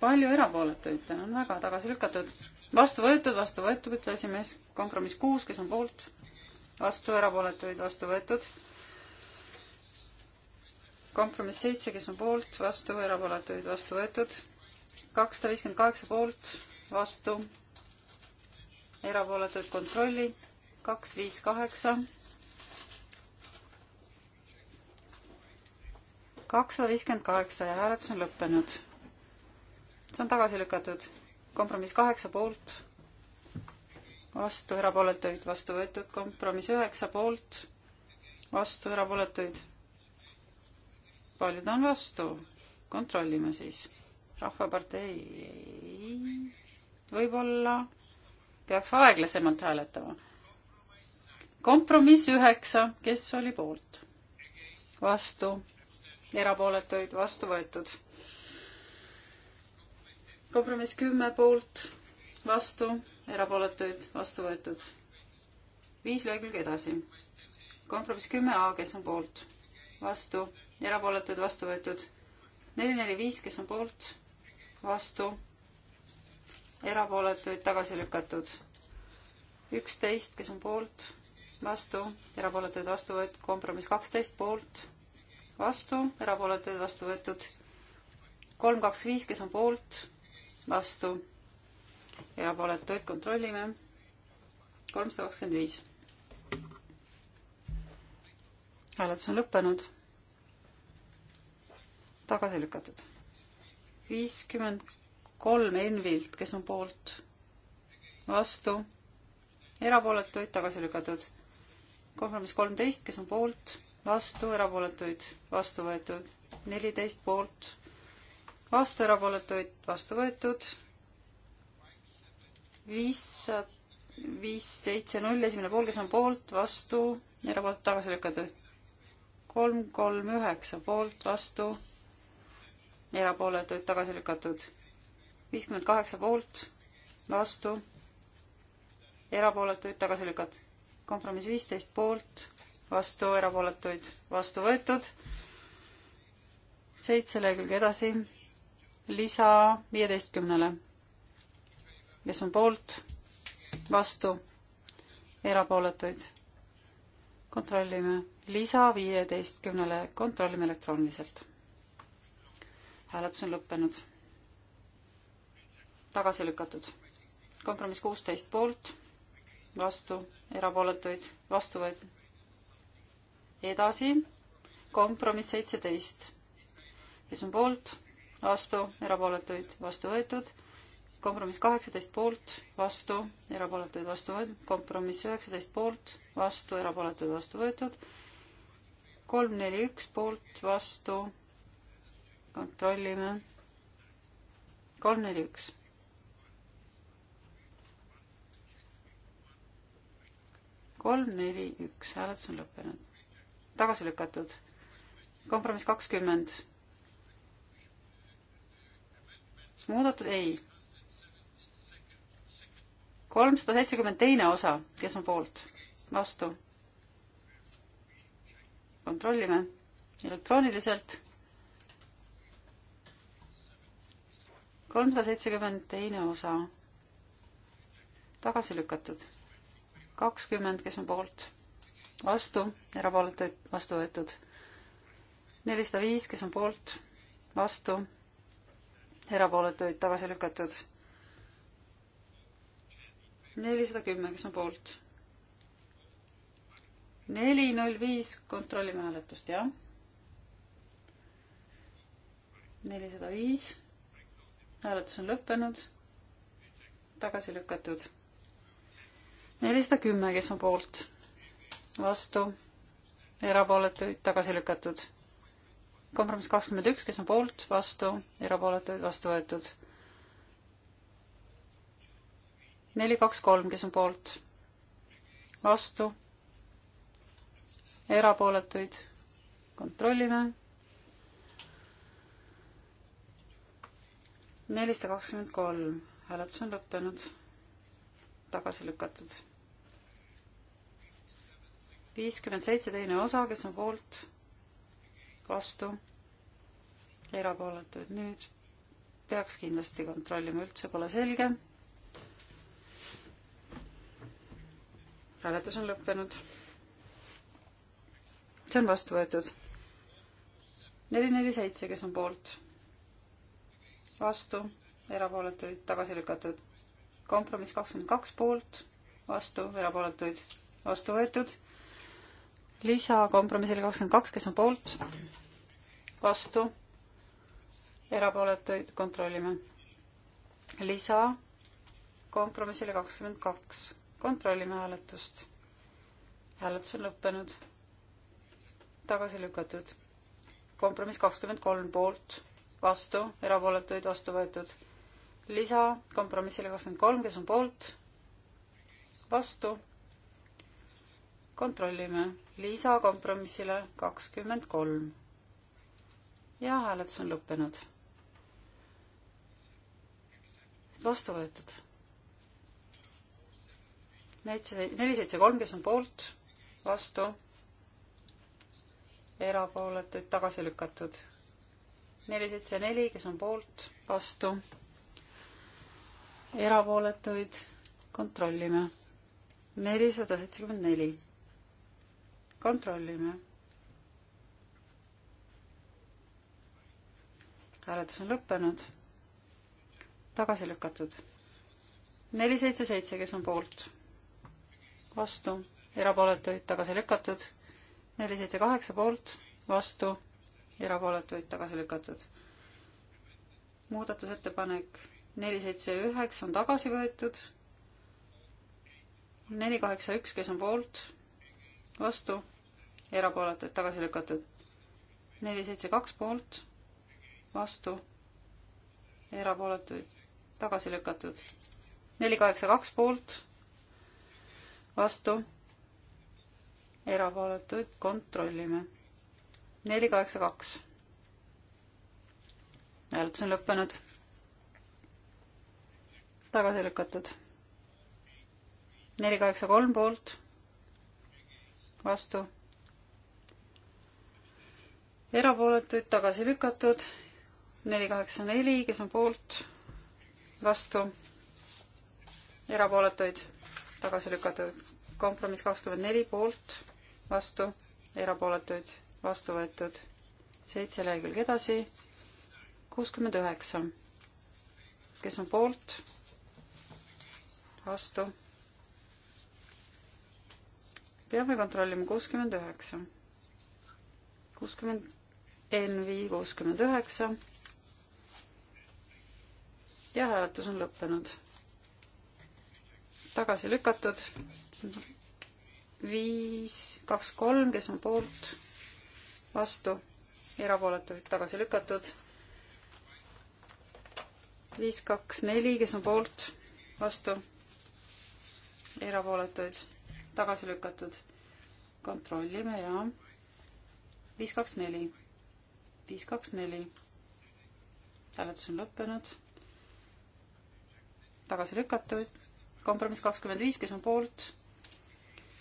palju erapooletuid, on väga tagasi lükatud. vastu võetud, vastu võetud, ütle esimees. kompromiss kuus, kes on poolt? vastu, erapooletuid, vastu võetud. kompromiss seitse, kes on poolt, vastu, erapooletuid, vastu võetud. kakssada viiskümmend kaheksa poolt, vastu, erapooletuid kontrolli, kaks, viis, kaheksa. kakssada viiskümmend kaheksa ja hääletus on lõppenud see on tagasi lükatud. kompromiss kaheksa poolt, vastu, erapooletuid, vastu võetud. kompromiss üheksa poolt, vastu, erapooletuid. paljud on vastu, kontrollime siis. rahvapartei võib-olla peaks aeglasemalt hääletama. kompromiss üheksa, kes oli poolt? vastu, erapooletuid, vastu võetud kompromiss kümme poolt, vastu, erapooletuid, vastu võetud. viis lehekülge edasi. kompromiss kümme A, kes on poolt, vastu, erapooletuid, vastu võetud. neli, neli, viis, kes on poolt, vastu, erapooletuid, tagasi lükatud. üksteist, kes on poolt, vastu, erapooletuid, vastu võetud. kompromiss kaksteist poolt, vastu, erapooletuid, vastu võetud. kolm, kaks, viis, kes on poolt vastu, erapooletuid kontrollime, kolmsada kakskümmend viis. hääletus on lõppenud, tagasi lükatud. viiskümmend kolm Envilt, kes on poolt, vastu, erapooletuid tagasi lükatud. kompromiss kolmteist, kes on poolt, vastu, erapooletuid vastu võetud, neliteist poolt vastu, erapooletuid vastu võetud. viis, viis, seitse, null, esimene pool, kes on poolt, vastu, erapooletud tagasi lükatud. kolm, kolm, üheksa poolt, vastu, erapooletuid tagasi lükatud. viiskümmend kaheksa poolt, vastu, erapooletuid tagasi lükatud. kompromiss viisteist poolt, vastu, erapooletuid vastu võetud seitse lehekülge edasi, lisa viieteistkümnele. kes on poolt, vastu, erapooletuid? kontrollime lisa viieteistkümnele, kontrollime elektrooniliselt. hääletus on lõppenud. tagasi lükatud. kompromiss kuusteist poolt, vastu, erapooletuid, vastu võetud. edasi, kompromiss seitseteist. kes on poolt vastu, erapooletuid vastu võetud. kompromiss kaheksateist poolt, vastu, erapooletuid vastu võetud. kompromiss üheksateist poolt, vastu, erapooletuid vastu võetud. kolm, neli, üks poolt, vastu. kontrollime. kolm, neli, üks. kolm, neli, üks, hääletus on lõppenud. tagasi lükatud. kompromiss kakskümmend muudatud, ei. kolmsada seitsekümmend teine osa, kes on poolt, vastu. kontrollime elektrooniliselt. kolmsada seitsekümmend teine osa, tagasi lükatud. kakskümmend, kes on poolt, vastu, erapooletuid vastu võetud. nelisada viis, kes on poolt, vastu erapooletuid tagasi lükatud. nelisada kümme, kes on poolt? neli, null, viis, kontrollime hääletust, jah. nelisada viis, hääletus on lõppenud, tagasi lükatud. nelisada kümme, kes on poolt? vastu, erapooletuid tagasi lükatud kompromiss kakskümmend üks, kes on poolt, vastu, erapooletuid, vastu võetud. neli, kaks, kolm, kes on poolt, vastu, erapooletuid, kontrollime. nelisada kakskümmend kolm, hääletus on lõppenud, tagasi lükatud. viiskümmend seitse, teine osa, kes on poolt vastu, erapooletuid nüüd peaks kindlasti kontrollima, üldse pole selge. hääletus on lõppenud. see on vastu võetud. neli, neli, seitse, kes on poolt? vastu, erapooletuid, tagasi lükatud. kompromiss kakskümmend kaks poolt, vastu, erapooletuid, vastu võetud lisa kompromissile kakskümmend kaks, kes on poolt, vastu, erapooletuid kontrollime. lisa kompromissile kakskümmend kaks, kontrollime hääletust. hääletus on lõppenud, tagasi lükatud. kompromiss kakskümmend kolm poolt, vastu, erapooletuid vastu võetud. lisa kompromissile kakskümmend kolm, kes on poolt, vastu, kontrollime lisa kompromissile kakskümmend kolm. ja hääletus on lõppenud. vastu võetud. neli, seitse, kolm, kes on poolt, vastu, erapooletuid tagasi lükatud. neli, seitse, neli, kes on poolt, vastu, erapooletuid kontrollime. nelisada seitsekümmend neli kontrollime. hääletus on lõppenud. tagasi lükatud. neli, seitse, seitse, kes on poolt? vastu, erapooletuid tagasi lükatud. neli, seitse, kaheksa poolt, vastu, erapooletuid tagasi lükatud. muudatusettepanek neli, seitse, üheksa on tagasi võetud. neli, kaheksa, üks, kes on poolt, vastu, erapooletuid tagasi lükatud. neli, seitse, kaks poolt, vastu, erapooletuid tagasi lükatud. neli, kaheksa, kaks poolt, vastu, erapooletuid kontrollime. neli, kaheksa, kaks. hääletus on lõppenud. tagasi lükatud. neli, kaheksa, kolm poolt, vastu erapooletuid tagasi lükatud, neli kaheksa neli, kes on poolt, vastu, erapooletuid tagasi lükatud, kompromiss kakskümmend neli poolt, vastu, erapooletuid vastu võetud, seitse lehekülge edasi, kuuskümmend üheksa, kes on poolt, vastu, peame kontrollima kuuskümmend üheksa, kuuskümmend NV kuuskümmend üheksa. ja hääletus on lõppenud. tagasi lükatud. viis, kaks, kolm, kes on poolt, vastu, erapooletuid tagasi lükatud. viis, kaks, neli, kes on poolt, vastu, erapooletuid tagasi lükatud. kontrollime ja viis, kaks, neli viis, kaks, neli. hääletus on lõppenud. tagasi lükatud. kompromiss kakskümmend viis, kes on poolt?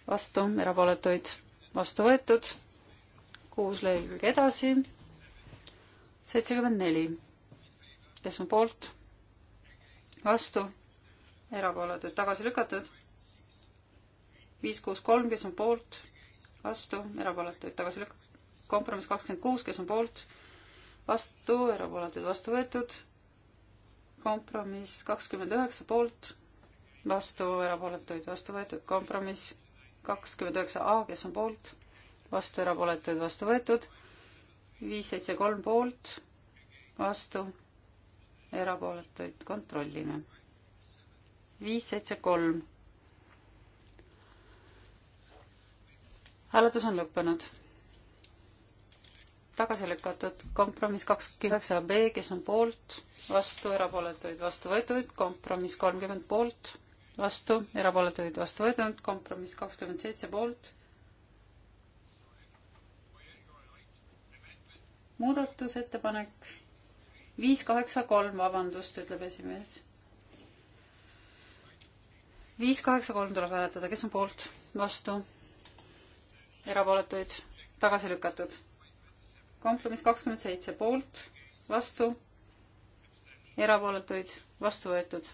vastu, erapooletuid vastu võetud. kuus lehekülge edasi. seitsekümmend neli. kes on poolt? vastu, erapooletuid tagasi lükatud. viis, kuus, kolm, kes on poolt? vastu, erapooletuid tagasi lükatud kompromiss kakskümmend kuus, kes on poolt, vastu, erapooletud, vastu võetud. kompromiss kakskümmend üheksa poolt, vastu, erapooletuid, vastu võetud. kompromiss kakskümmend üheksa A, kes on poolt, vastu, erapooletuid, vastu võetud. viis, seitse, kolm poolt, vastu, erapooletuid, kontrollime. viis, seitse, kolm. hääletus on lõppenud tagasi lükatud kompromiss kakskümmend üheksa B, kes on poolt, vastu, erapooletuid, vastu võetud, kompromiss kolmkümmend poolt, vastu, erapooletuid, vastu võetud, kompromiss kakskümmend seitse poolt. muudatusettepanek viis kaheksa kolm, vabandust, ütleb esimees. viis kaheksa kolm tuleb hääletada, kes on poolt, vastu, erapooletuid, tagasi lükatud kompromiss kakskümmend seitse poolt, vastu, erapooletuid, vastu võetud.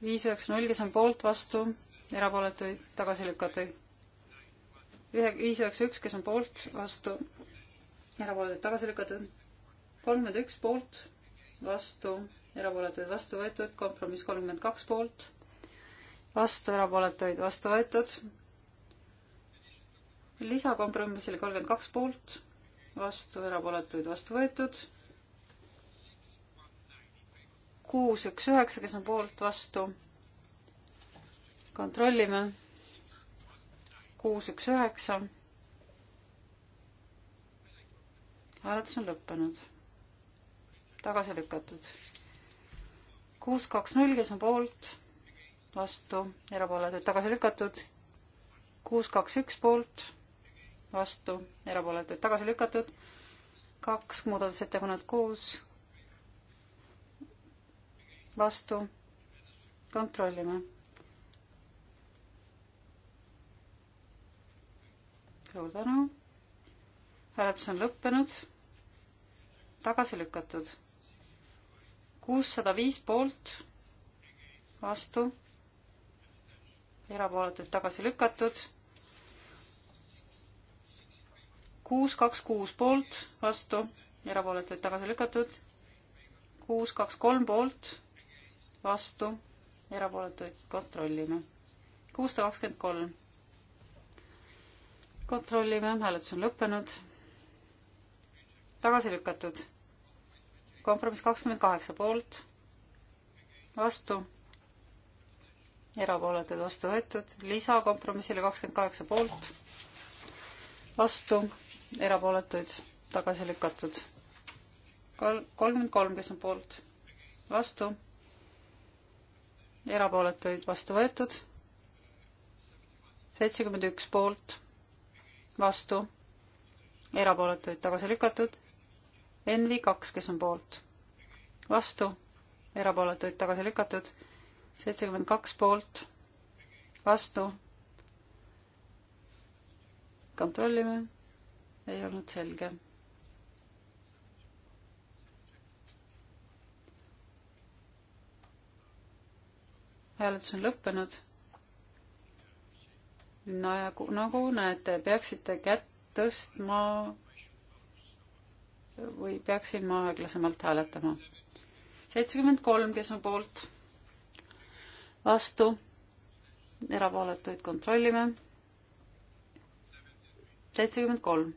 viis üheksa null, kes on poolt, vastu, erapooletuid, tagasi lükatud. ühe, viis üheksa üks, kes on poolt, vastu, erapooletuid, tagasi lükatud. kolmkümmend üks poolt, vastu, erapooletuid, vastu võetud, kompromiss kolmkümmend kaks poolt, vastu, erapooletuid, vastu võetud lisakompromiss oli kolmkümmend kaks poolt, vastu erapooletuid vastu võetud. kuus, üks, üheksa, kes on poolt, vastu. kontrollime. kuus, üks, üheksa. hääletus on lõppenud. tagasi lükatud. kuus, kaks, null, kes on poolt, vastu, erapooletuid tagasi lükatud. kuus, kaks, üks poolt vastu, erapooletuid tagasi lükatud, kaks muudatusettepanekut kuus, vastu, kontrollime. suur tänu. hääletus on lõppenud, tagasi lükatud. kuussada viis poolt, vastu, erapooletuid tagasi lükatud kuus, kaks, kuus poolt, vastu, erapooletuid tagasi lükatud. kuus, kaks, kolm poolt, vastu, erapooletuid kontrollime. kuussada kakskümmend kolm. kontrollime, hääletus on lõppenud. tagasi lükatud. kompromiss kakskümmend kaheksa poolt, vastu, erapooletuid vastu võetud, lisakompromissile kakskümmend kaheksa poolt, vastu erapooletuid, tagasi lükatud. kol-, kolmkümmend kolm, kes on poolt, vastu, erapooletuid vastu võetud, seitsekümmend üks poolt, vastu, erapooletuid tagasi lükatud, NV kaks, kes on poolt, vastu, erapooletuid tagasi lükatud, seitsekümmend kaks poolt, vastu, kontrollime ei olnud selge. hääletus on lõppenud. no ja nagu, nagu näete, peaksite kätt tõstma või peaksin ma aeglasemalt hääletama? seitsekümmend kolm, kes on poolt, vastu, erapooletuid kontrollime. seitsekümmend kolm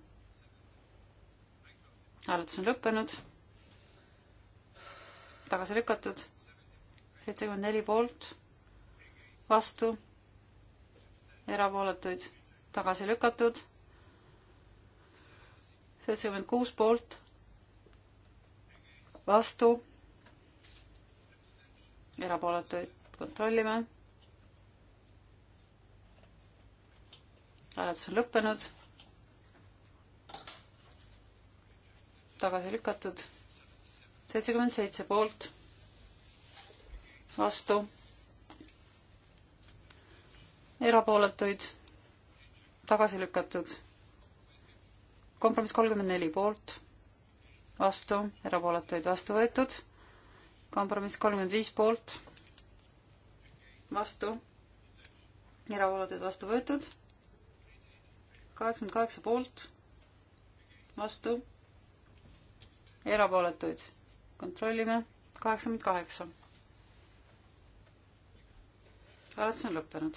hääletus on lõppenud. tagasi lükatud. seitsekümmend neli poolt, vastu, erapooletuid tagasi lükatud. seitsekümmend kuus poolt, vastu, erapooletuid kontrollime. hääletus on lõppenud tagasi lükatud. seitsekümmend seitse poolt, vastu, erapooletuid, tagasi lükatud. kompromiss kolmkümmend neli poolt, vastu, erapooletuid vastu võetud. kompromiss kolmkümmend viis poolt, vastu, erapooletuid vastu võetud. kaheksakümmend kaheksa poolt vastu, erapooletuid kontrollime, kaheksakümmend kaheksa. hääletus on lõppenud.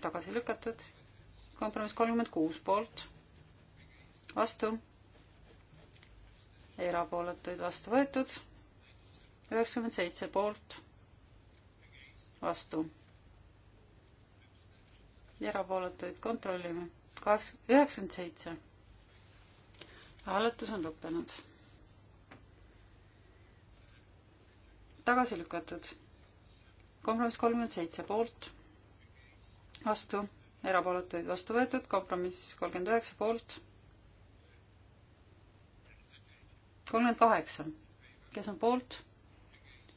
tagasi lükatud, kompromiss kolmkümmend kuus poolt, vastu, erapooletuid vastu võetud, üheksakümmend seitse poolt, vastu, erapooletuid kontrollime, kaheksa, üheksakümmend seitse hääletus on lõppenud. tagasi lükatud. kompromiss kolmkümmend seitse poolt, vastu, erapooletuid vastu võetud, kompromiss kolmkümmend üheksa poolt, kolmkümmend kaheksa, kes on poolt,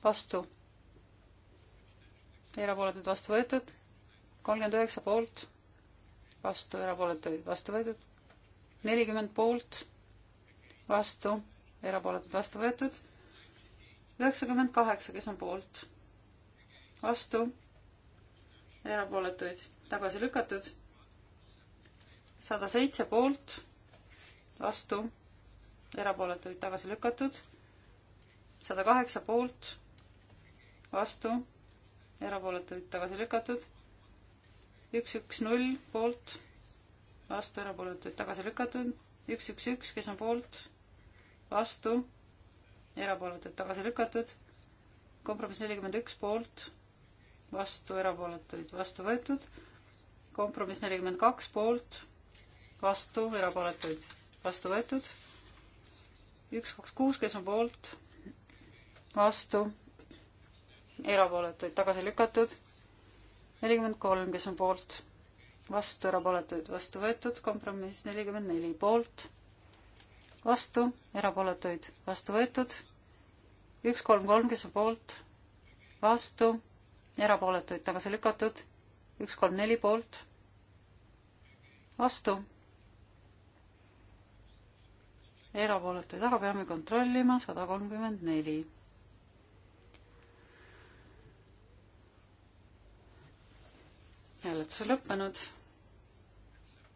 vastu, erapooletuid vastu võetud, kolmkümmend üheksa poolt, vastu, erapooletuid vastu võetud, nelikümmend poolt vastu, erapooletud, vastu võetud. üheksakümmend kaheksa, kes on poolt, vastu, erapooletuid, tagasi lükatud. sada seitse poolt, vastu, erapooletuid, tagasi lükatud. sada kaheksa poolt, vastu, erapooletuid, tagasi lükatud. üks, üks, null poolt, vastu, erapooletuid, tagasi lükatud. üks, üks, üks, kes on poolt vastu, erapooletud tagasi lükatud, kompromiss nelikümmend üks poolt, vastu, erapooletuid vastu võetud, kompromiss nelikümmend kaks poolt, vastu, erapooletuid vastu võetud, üks, kaks, kuus, kes on poolt, vastu, erapooletuid tagasi lükatud, nelikümmend kolm, kes on poolt, vastu, erapooletuid vastu võetud, kompromiss nelikümmend neli poolt vastu, erapooletuid vastu võetud, üks kolm kolm, kes on poolt, vastu, erapooletuid tagasi lükatud, üks kolm neli poolt, vastu, erapooletuid, aga peame kontrollima, sada kolmkümmend neli. hääletus on lõppenud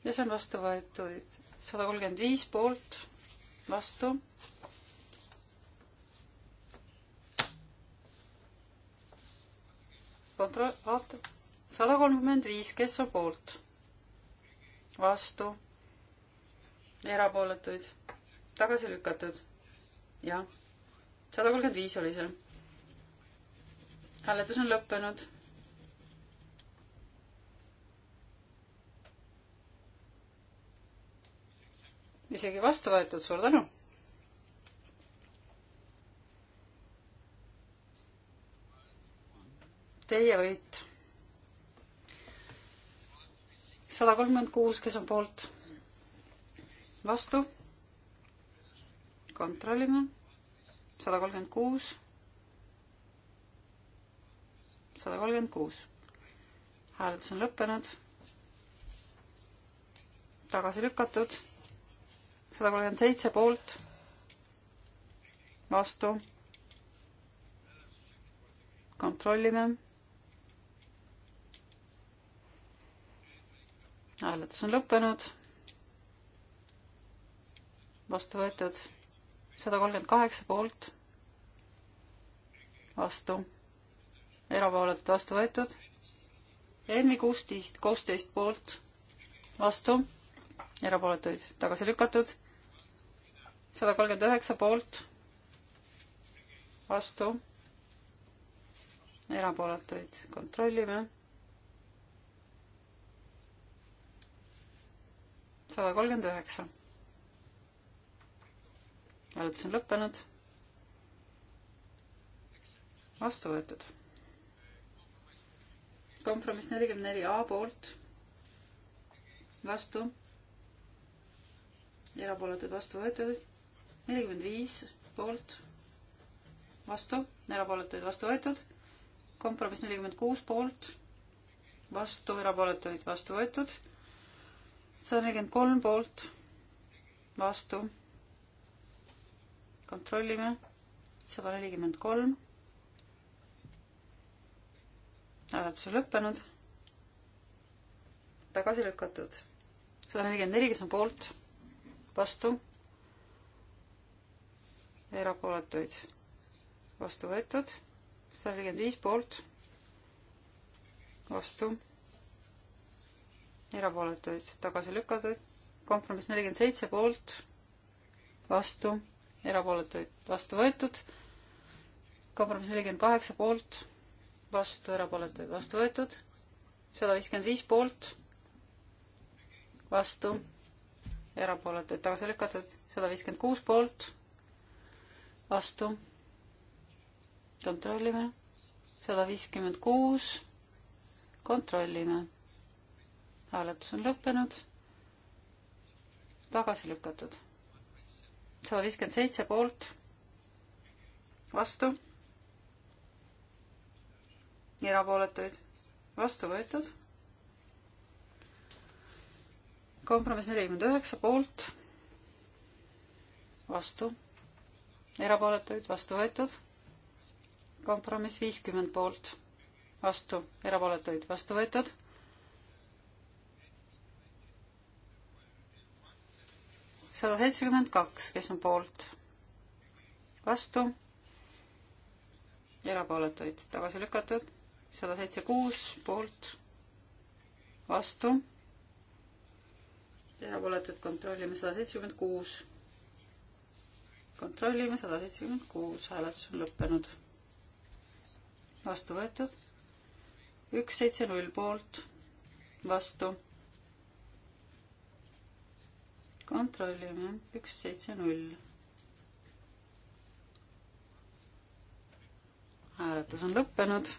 ja see on vastu võetud sada kolmkümmend viis poolt vastu. kontroll, vaata, sada kolmkümmend viis, kes on poolt? vastu. erapooletuid, tagasi lükatud. jah, sada kolmkümmend viis oli see. hääletus on lõppenud isegi vastu võetud, suur tänu. Teie võit. sada kolmkümmend kuus, kes on poolt? vastu? kontrollime. sada kolmkümmend kuus. sada kolmkümmend kuus. hääletus on lõppenud. tagasi lükatud sada kolmkümmend seitse poolt, vastu. kontrollime. hääletus on lõppenud. vastu võetud sada kolmkümmend kaheksa poolt, vastu, erapooletud vastu võetud. ENMi kuusteist, kuusteist poolt, vastu, erapooletuid tagasi lükatud sada kolmkümmend üheksa poolt, vastu, erapooletuid kontrollime. sada kolmkümmend üheksa. hääletus on lõppenud. vastu võetud. kompromiss nelikümmend neli A poolt, vastu, erapooletuid vastu võetud nelikümmend viis poolt, vastu, erapooletuid vastu võetud. kompromiss nelikümmend kuus poolt, vastu, erapooletuid vastu võetud. sada nelikümmend kolm poolt, vastu. kontrollime, sada nelikümmend kolm. hääletus on lõppenud. tagasi lükatud. sada nelikümmend neli, kes on poolt, vastu erapooletuid vastu võetud, sada nelikümmend viis poolt, vastu, erapooletuid tagasi lükatud, kompromiss nelikümmend seitse poolt, vastu, erapooletuid vastu võetud, kompromiss nelikümmend kaheksa poolt, vastu, erapooletuid vastu võetud, sada viiskümmend viis poolt, vastu, erapooletuid tagasi lükatud, sada viiskümmend kuus poolt vastu. kontrollime. sada viiskümmend kuus. kontrollime. hääletus on lõppenud. tagasi lükatud. sada viiskümmend seitse poolt. vastu. erapooletuid. vastu võetud. kompromiss nelikümmend üheksa poolt. vastu erapooletuid, vastu võetud. kompromiss viiskümmend poolt, vastu, erapooletuid, vastu võetud. sada seitsekümmend kaks, kes on poolt, vastu, erapooletuid, tagasi lükatud. sada seitse kuus poolt, vastu erapooletud kontrollime sada seitsekümmend kuus kontrollime, sada seitsekümmend kuus, hääletus on lõppenud. vastu võetud. üks, seitse, null poolt, vastu. kontrollime, üks, seitse, null. hääletus on lõppenud.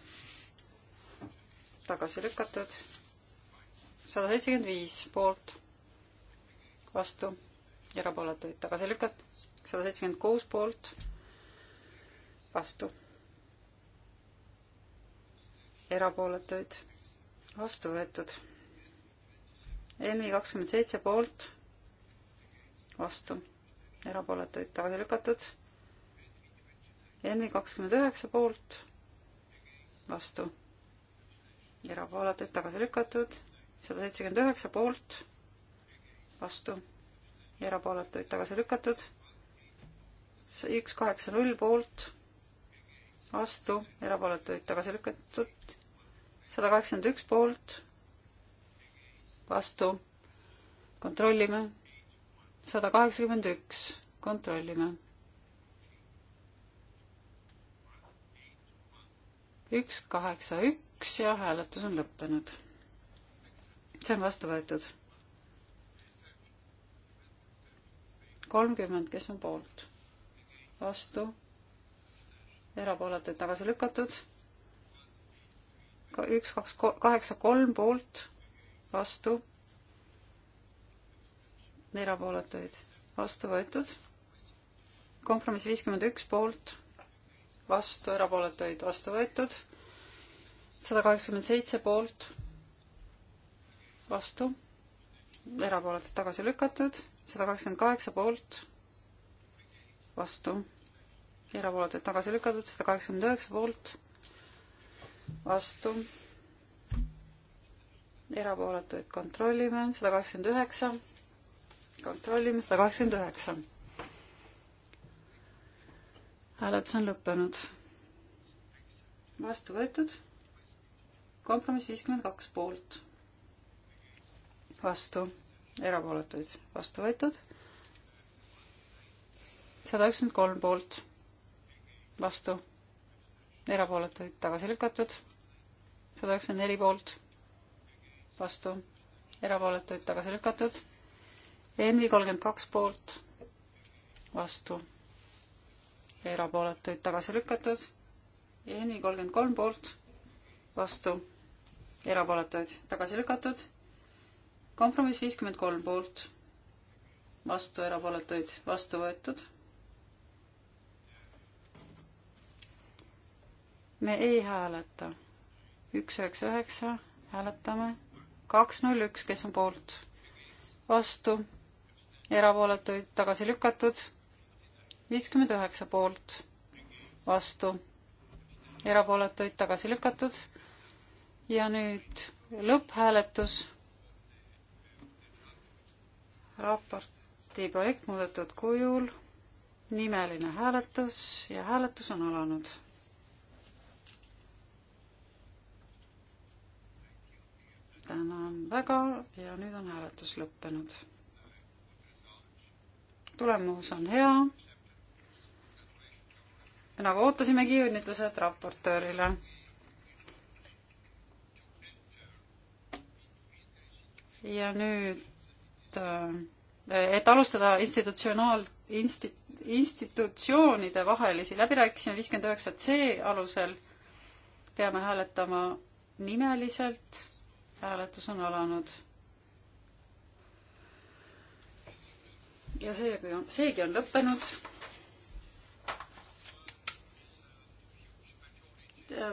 tagasi lükatud. sada seitsekümmend viis poolt, vastu, erapooletuid tagasi lükatud sada seitsekümmend kuus poolt, vastu. erapooletuid, vastu võetud. ENVi kakskümmend seitse poolt, vastu, erapooletuid tagasi lükatud. ENVi kakskümmend üheksa poolt, vastu, erapooletuid tagasi lükatud, sada seitsekümmend üheksa poolt, vastu, erapooletuid tagasi lükatud üks kaheksa null poolt, vastu, erapooletuid tagasi lükatud, sada kaheksakümmend üks poolt, vastu, kontrollime, sada kaheksakümmend üks, kontrollime. üks, kaheksa, üks ja hääletus on lõppenud. see on vastu võetud. kolmkümmend, kes on poolt vastu, erapooletuid tagasi lükatud. üks, kaks, kaheksa, kolm poolt, vastu, erapooletuid vastu võetud. kompromiss viiskümmend üks poolt, vastu, erapooletuid vastu võetud. sada kaheksakümmend seitse poolt, vastu, erapooletud tagasi lükatud, sada kakskümmend kaheksa poolt, vastu erapooletuid tagasi lükatud, sada kaheksakümmend üheksa poolt, vastu, erapooletuid kontrollime, sada kaheksakümmend üheksa, kontrollime sada kaheksakümmend üheksa. hääletus on lõppenud. vastu võetud, kompromiss viiskümmend kaks poolt, vastu, erapooletuid vastu võetud, sada üheksakümmend kolm poolt vastu, erapooletuid tagasi lükatud, sada üheksakümmend neli poolt, vastu, erapooletuid tagasi lükatud, ENV kolmkümmend kaks poolt, vastu, erapooletuid tagasi lükatud, ENV kolmkümmend kolm poolt, vastu, erapooletuid tagasi lükatud, kompromiss viiskümmend kolm poolt, vastu, erapooletuid vastu võetud me ei hääleta. üks, üheksa, üheksa, hääletame. kaks, null, üks, kes on poolt? vastu, erapooletuid tagasi lükatud, viiskümmend üheksa poolt, vastu, erapooletuid tagasi lükatud ja nüüd lõpphääletus. raporti projekt muudetud kujul, nimeline hääletus ja hääletus on alanud tänan väga ja nüüd on hääletus lõppenud. tulemus on hea. nagu ootasimegi, õnnitlused raportöörile. ja nüüd, äh, et alustada institutsionaal-, insti-, institutsioonide vahelisi läbirääkimisi viiskümmend üheksa C alusel, peame hääletama nimeliselt hääletus on alanud. ja seegi on, seegi on lõppenud.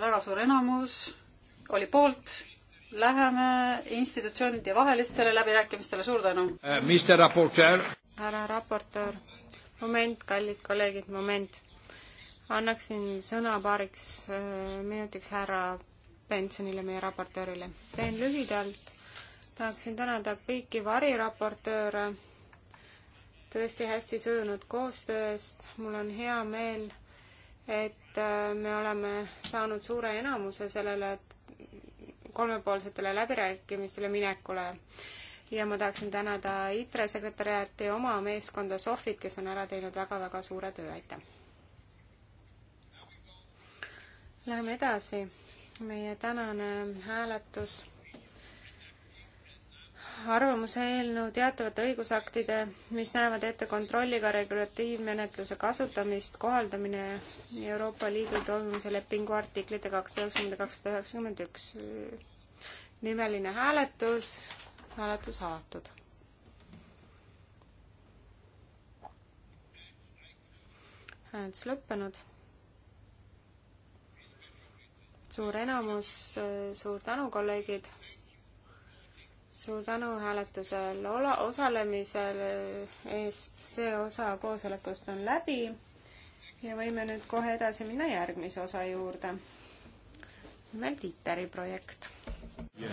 väga suur enamus oli poolt. Läheme institutsioonide vahelistele läbirääkimistele, suur tänu äh,. härra raportöör, moment, kallid kolleegid, moment annaksin sõna paariks äh, minutiks härra Bensonile, meie raportöörile. teen lühidalt, tahaksin tänada kõiki variraportööre tõesti hästi sujunud koostöö eest, mul on hea meel, et äh, me oleme saanud suure enamuse sellele kolmepoolsetele läbirääkimistele minekule. ja ma tahaksin tänada ITRE sekretäriaati ja oma meeskonda Sofit, kes on ära teinud väga-väga suure töö, aitäh! Läheme edasi meie tänane hääletus arvamuse eelnõu teatavate õigusaktide, mis näevad ette kontrolliga regulatiivmenetluse kasutamist, kohaldamine Euroopa Liidu toimimise lepingu artiklite kakssada üheksakümmend ja kakssada üheksakümmend üks. nimeline hääletus, hääletus avatud. hääletus lõppenud suur enamus, suur tänu, kolleegid. suur tänu hääletusel ola-, osalemisel eest, see osa koosolekust on läbi ja võime nüüd kohe edasi minna järgmise osa juurde. nimelt ITER-i projekt uh,.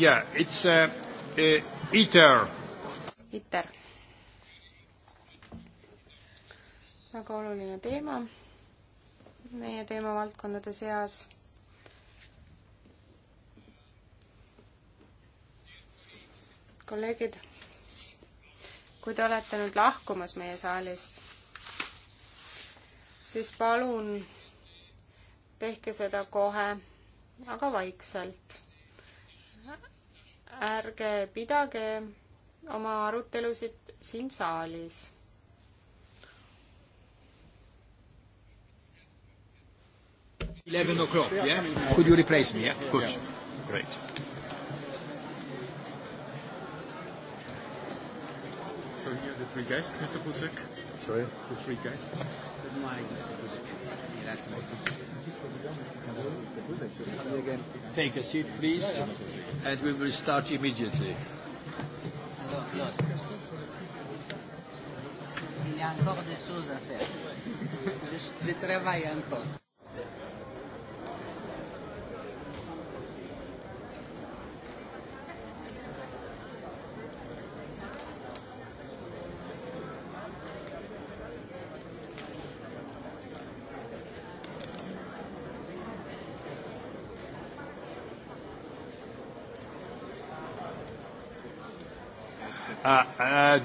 Yeah, it's uh, uh, ITER. ITER. väga oluline teema meie teemavaldkondade seas kolleegid, kui te olete nüüd lahkumas meie saalist, siis palun tehke seda kohe, aga vaikselt. ärge pidage oma arutelusid siin saalis. Eleven o'clock, yeah? Could you replace me, yeah? Good. Great. So here are the three guests, Mr. Busek. Sorry? The three guests. Good morning, Mr. Busek. That's nice. Take a seat, please, and we will start immediately. Il y a encore des choses à faire. Je, je travaille encore.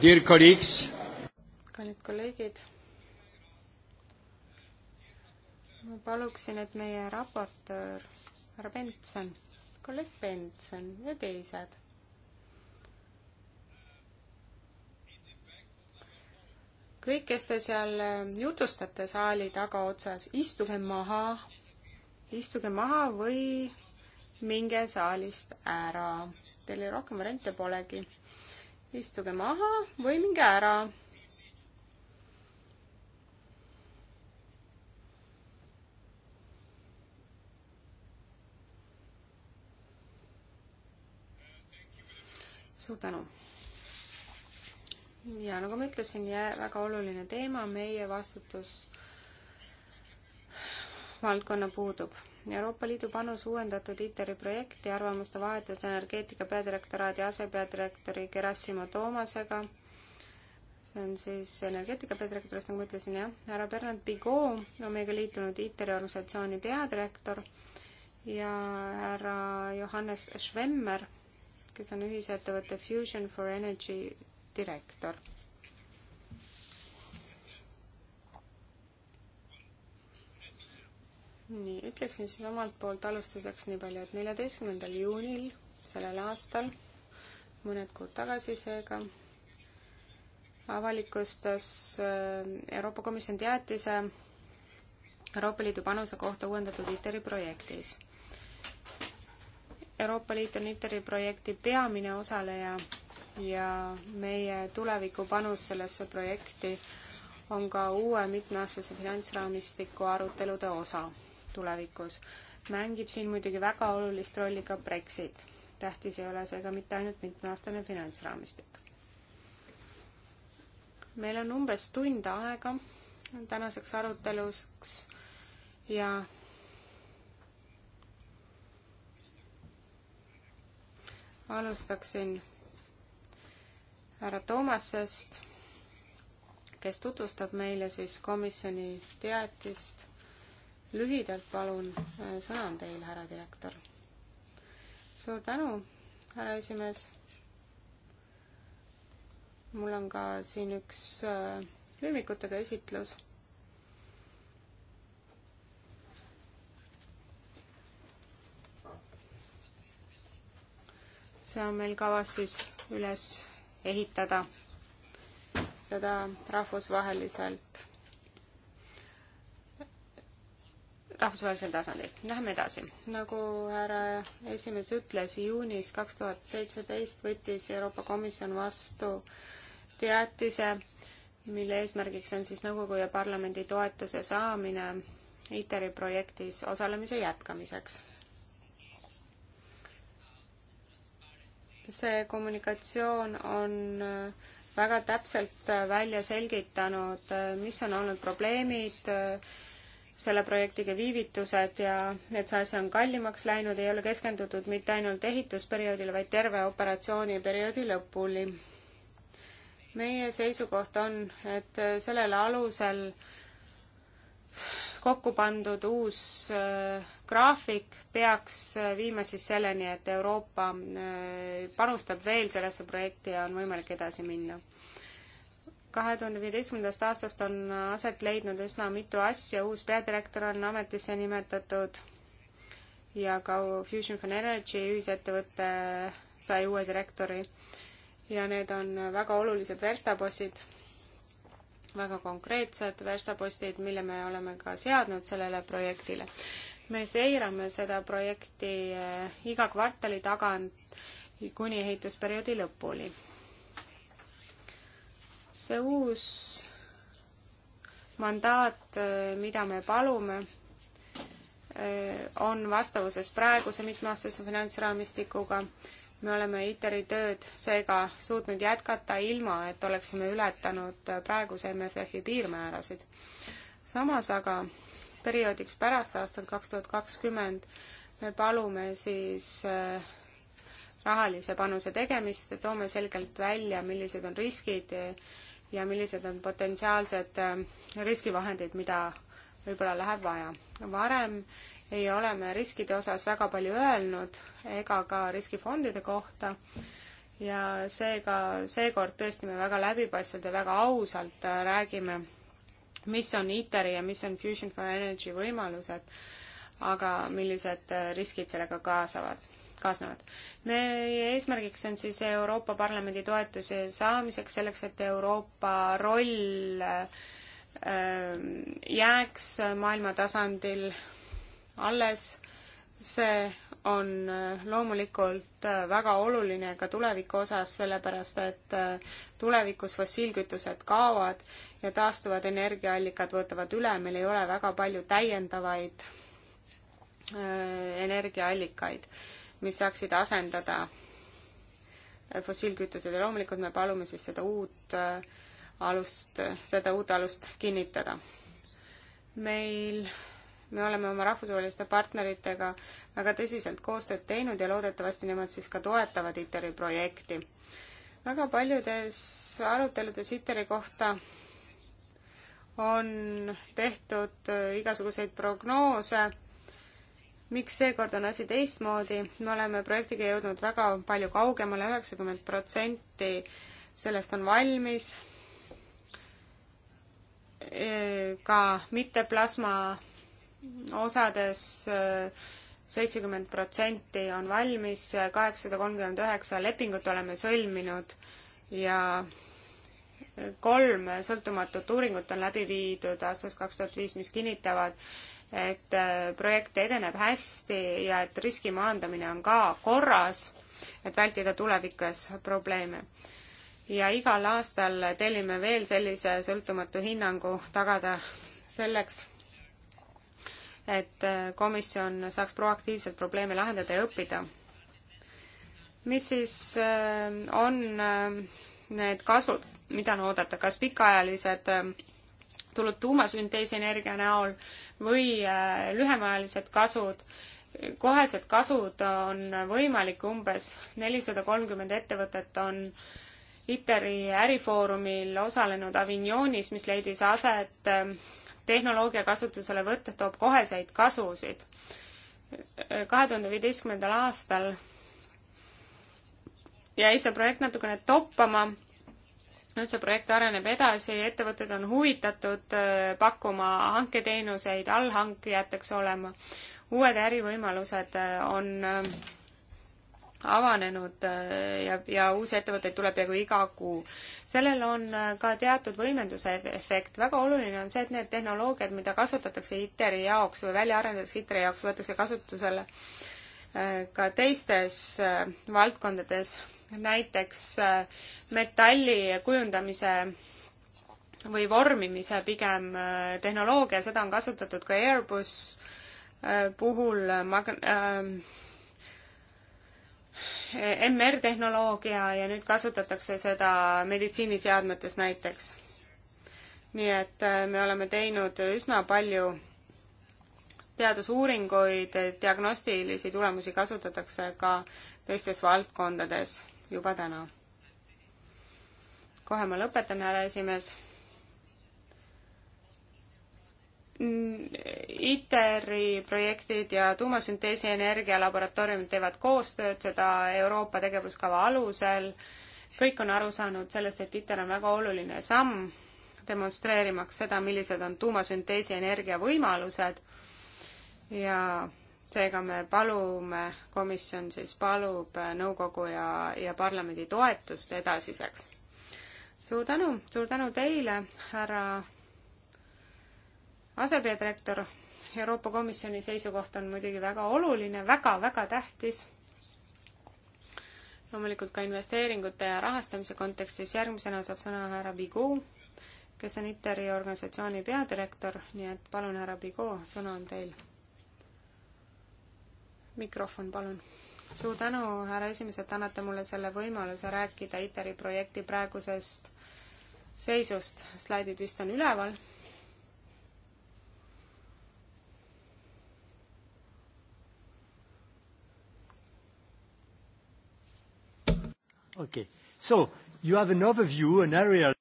dear colleagues. kallid kolleegid. ma paluksin, et meie raportöör härra Bentson, kolleeg Bentson ja teised kõik, kes te seal äh, jutustate saali tagaotsas, istuge maha, istuge maha või minge saalist ära. Teil rohkem variante polegi istuge maha või minge ära. suur tänu. ja nagu ma ütlesin, väga oluline teema, meie vastutus valdkonna puudub Euroopa Liidu panus uuendatud ITER-i projekti arvamuste vahetus energeetika peadirektoraadi asepeadirektori Gerassimo Toomasega. see on siis energeetika peadirektorist, nagu ma ütlesin, jah. härra Bernard Bigot on meiega liitunud ITER-i organisatsiooni peadirektor ja härra Johannes Schwemmer, kes on ühisettevõtte Fusion for Energy direktor nii, ütleksin siis omalt poolt alustuseks nii palju, et neljateistkümnendal juunil sellel aastal, mõned kuud tagasi seega, avalikustas äh, Euroopa Komisjon teatise Euroopa Liidu panuse kohta uuendatud ITER-i projektis. Euroopa Liit on ITER-i projekti peamine osaleja ja meie tulevikupanus sellesse projekti on ka uue mitmeaastase finantsraamistiku arutelude osa tulevikus. mängib siin muidugi väga olulist rolli ka Brexit. tähtis ei ole seega mitte ainult mitmeaastane finantsraamistik. meil on umbes tund aega tänaseks aruteluks ja alustaksin härra Toomasest, kes tutvustab meile siis komisjoni teatist lühidalt palun, äh, sõna on teil, härra direktor. suur tänu, härra esimees. mul on ka siin üks äh, lemmikutega esitlus see on meil kavas siis üles ehitada seda rahvusvaheliselt. rahvusvahelisel tasandil. Lähme edasi. nagu härra esimees ütles, juunis kaks tuhat seitseteist võttis Euroopa Komisjon vastu teatise, mille eesmärgiks on siis nõukogu ja parlamendi toetuse saamine ITER-i projektis osalemise jätkamiseks. see kommunikatsioon on väga täpselt välja selgitanud, mis on olnud probleemid, selle projektiga viivitused ja et see asi on kallimaks läinud, ei ole keskendutud mitte ainult ehitusperioodile, vaid terve operatsiooniperioodi lõpuni. meie seisukoht on, et sellel alusel kokku pandud uus äh, graafik peaks äh, viima siis selleni, et Euroopa äh, panustab veel sellesse projekti ja on võimalik edasi minna kahe tuhande viieteistkümnendast aastast on aset leidnud üsna mitu asja, uus peadirektor on ametisse nimetatud ja ka Fusion for Energy ühisettevõte sai uue direktori. ja need on väga olulised verstapostid, väga konkreetsed verstapostid, mille me oleme ka seadnud sellele projektile. me seirame seda projekti eh, iga kvartali tagant kuni ehitusperioodi lõpuni see uus mandaat, mida me palume, on vastavuses praeguse mitmeaastase finantsraamistikuga. me oleme ITER-i tööd seega suutnud jätkata ilma, et oleksime ületanud praeguse MFF-i piirmäärasid. samas aga perioodiks pärast aastat kaks tuhat kakskümmend me palume siis äh, rahalise panuse tegemist, toome selgelt välja, millised on riskid ja millised on potentsiaalsed ähm, riskivahendid, mida võib-olla läheb vaja. varem ei ole me riskide osas väga palju öelnud ega ka riskifondide kohta ja seega seekord tõesti me väga läbipaistvalt ja väga ausalt äh, räägime, mis on ITER-i ja mis on Fusion for Energy võimalused, aga millised äh, riskid sellega kaasavad kaasnevad. meie eesmärgiks on siis Euroopa Parlamendi toetuse saamiseks selleks, et Euroopa roll ähm, jääks maailma tasandil alles. see on äh, loomulikult äh, väga oluline ka tuleviku osas, sellepärast et äh, tulevikus fossiilkütused kaovad ja taastuvad energiaallikad võtavad üle, meil ei ole väga palju täiendavaid energiaallikaid mis saaksid asendada fossiilkütused ja loomulikult me palume siis seda uut äh, alust, seda uut alust kinnitada. meil, me oleme oma rahvusvaheliste partneritega väga tõsiselt koostööd teinud ja loodetavasti nemad siis ka toetavad ITER-i projekti. väga paljudes aruteludes ITER-i kohta on tehtud äh, igasuguseid prognoose miks seekord on asi teistmoodi, me oleme projektiga jõudnud väga palju kaugemale, üheksakümmend protsenti sellest on valmis, e, ka mitteplasma osades e, seitsekümmend protsenti on valmis, kaheksasada kolmkümmend üheksa lepingut oleme sõlminud ja kolm sõltumatut uuringut on läbi viidud aastast kaks tuhat viis, mis kinnitavad, et äh, projekt edeneb hästi ja et riski maandamine on ka korras, et vältida tulevikus probleeme. ja igal aastal tellime veel sellise sõltumatu hinnangu tagada selleks, et äh, komisjon saaks proaktiivselt probleeme lahendada ja õppida. mis siis äh, on need kasud, mida on oodata, kas pikaajalised tulud tuumasünteesenergia näol või äh, lühemaajalised kasud. kohesed kasud on võimalik, umbes nelisada kolmkümmend ettevõtet on ITER-i ärifoorumil osalenud Avignonis, mis leidis aset ähm, tehnoloogia kasutuselevõtt toob koheseid kasusid. kahe tuhande viieteistkümnendal aastal jäi see projekt natukene toppama nüüd see projekt areneb edasi, ettevõtted on huvitatud äh, pakkuma hanketeenuseid, allhankijateks olema. uued ärivõimalused äh, on äh, avanenud ja, ja uusi ettevõtteid tuleb peaaegu iga kuu. sellel on ka teatud võimenduse e-, efekt. väga oluline on see, et need tehnoloogiad, mida kasutatakse ITER-i jaoks või välja arendatakse ITER-i jaoks, võetakse kasutusele ka teistes valdkondades näiteks äh, metalli kujundamise või vormimise pigem äh, tehnoloogia, seda on kasutatud ka Airbus äh, puhul mag-, äh, MR-tehnoloogia ja nüüd kasutatakse seda meditsiiniseadmetes näiteks. nii et me oleme teinud üsna palju teadusuuringuid, diagnostilisi tulemusi kasutatakse ka teistes valdkondades juba täna. kohe ma lõpetan, härra esimees. ITER-i e projektid ja tuumasünteesi energialaboratooriumid teevad koostööd seda Euroopa tegevuskava alusel. kõik on aru saanud sellest, et ITER on väga oluline samm, demonstreerimaks seda, millised on tuumasünteesi energia võimalused ja seega me palume, komisjon siis palub nõukogu ja, ja parlamendi toetust edasiseks. suur tänu, suur tänu teile, härra asepeadirektor. Euroopa Komisjoni seisukoht on muidugi väga oluline väga,, väga-väga tähtis. loomulikult ka investeeringute ja rahastamise kontekstis järgmisena saab sõna härra Bigu, kes on ITER-i organisatsiooni peadirektor, nii et palun, härra Bigu, sõna on teil mikrofon, palun. suur tänu, härra esimees, et annate mulle selle võimaluse rääkida ITER-i projekti praegusest seisust. slaidid vist on üleval Okay. So you have an overview, an aerial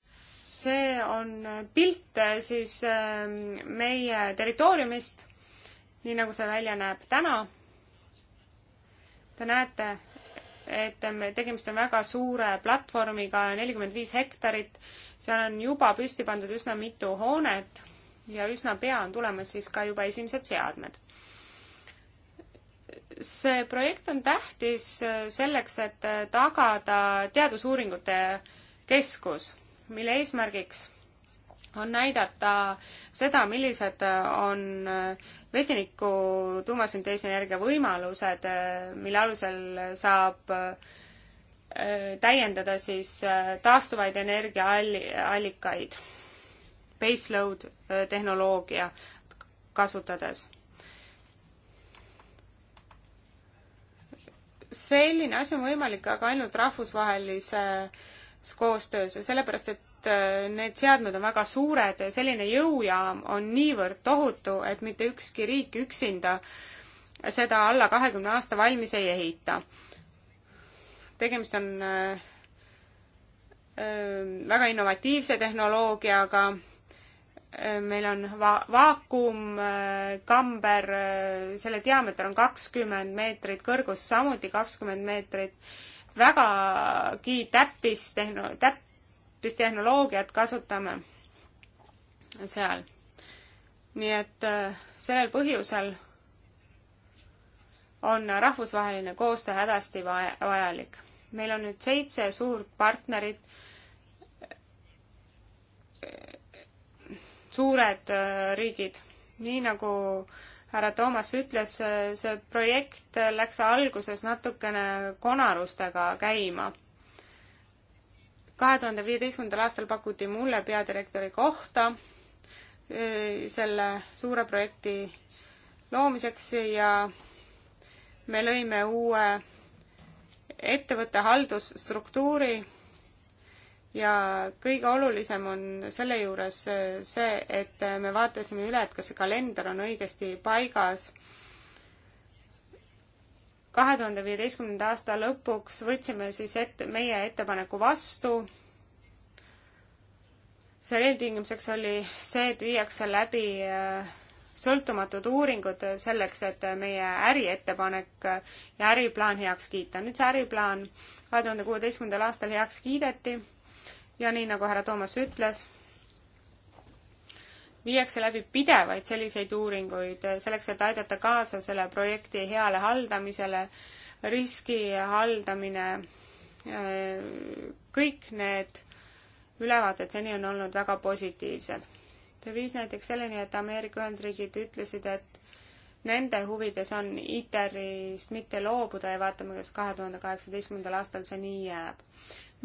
see on pilt siis ähm, meie territooriumist, nii nagu see välja näeb täna. Te näete, et tegemist on väga suure platvormiga, nelikümmend viis hektarit, seal on juba püsti pandud üsna mitu hoonet ja üsna pea on tulemas siis ka juba esimesed seadmed. see projekt on tähtis selleks, et tagada teadusuuringute keskus, mille eesmärgiks on näidata seda, millised on äh, vesiniku tuumasünteesi energia võimalused, äh, mille alusel saab äh, täiendada siis taastuvaid energiaallikaid, baseload tehnoloogia kasutades selline asi on võimalik aga ainult rahvusvahelises koostöös ja sellepärast, et et äh, need seadmed on väga suured, selline jõujaam on niivõrd tohutu, et mitte ükski riik üksinda seda alla kahekümne aasta valmis ei ehita. tegemist on äh, äh, väga innovatiivse tehnoloogiaga, meil on va-, vaakumkamber, selle diameeter on kakskümmend meetrit, kõrgus samuti kakskümmend meetrit, vägagi täppis tehno-, täpp-, arvutustehnoloogiat kasutame seal. nii et äh, sellel põhjusel on rahvusvaheline koostöö hädasti vajalik. meil on nüüd seitse suurt partnerit, suured äh, riigid, nii nagu härra Toomas ütles, äh, see projekt läks alguses natukene konarustega käima kahe tuhande viieteistkümnendal aastal pakuti mulle peadirektori kohta selle suure projekti loomiseks ja me lõime uue ettevõtte haldusstruktuuri ja kõige olulisem on selle juures see, et me vaatasime üle, et kas see kalender on õigesti paigas kahe tuhande viieteistkümnenda aasta lõpuks võtsime siis ette, meie ettepaneku vastu. selle eeltingimuseks oli see, et viiakse läbi äh, sõltumatud uuringud selleks, et meie äriettepanek ja äriplaan heaks kiita. nüüd see äriplaan kahe tuhande kuueteistkümnendal aastal heaks kiideti ja nii, nagu härra Toomas ütles viiakse läbi pidevaid selliseid uuringuid eh, selleks, et aidata kaasa selle projekti heale haldamisele, riski haldamine, eh, kõik need ülevaated seni on olnud väga positiivsed. see viis näiteks selleni, et Ameerika Ühendriigid ütlesid, et nende huvides on ITER-ist mitte loobuda ja vaatame, kas kahe tuhande kaheksateistkümnendal aastal see nii jääb.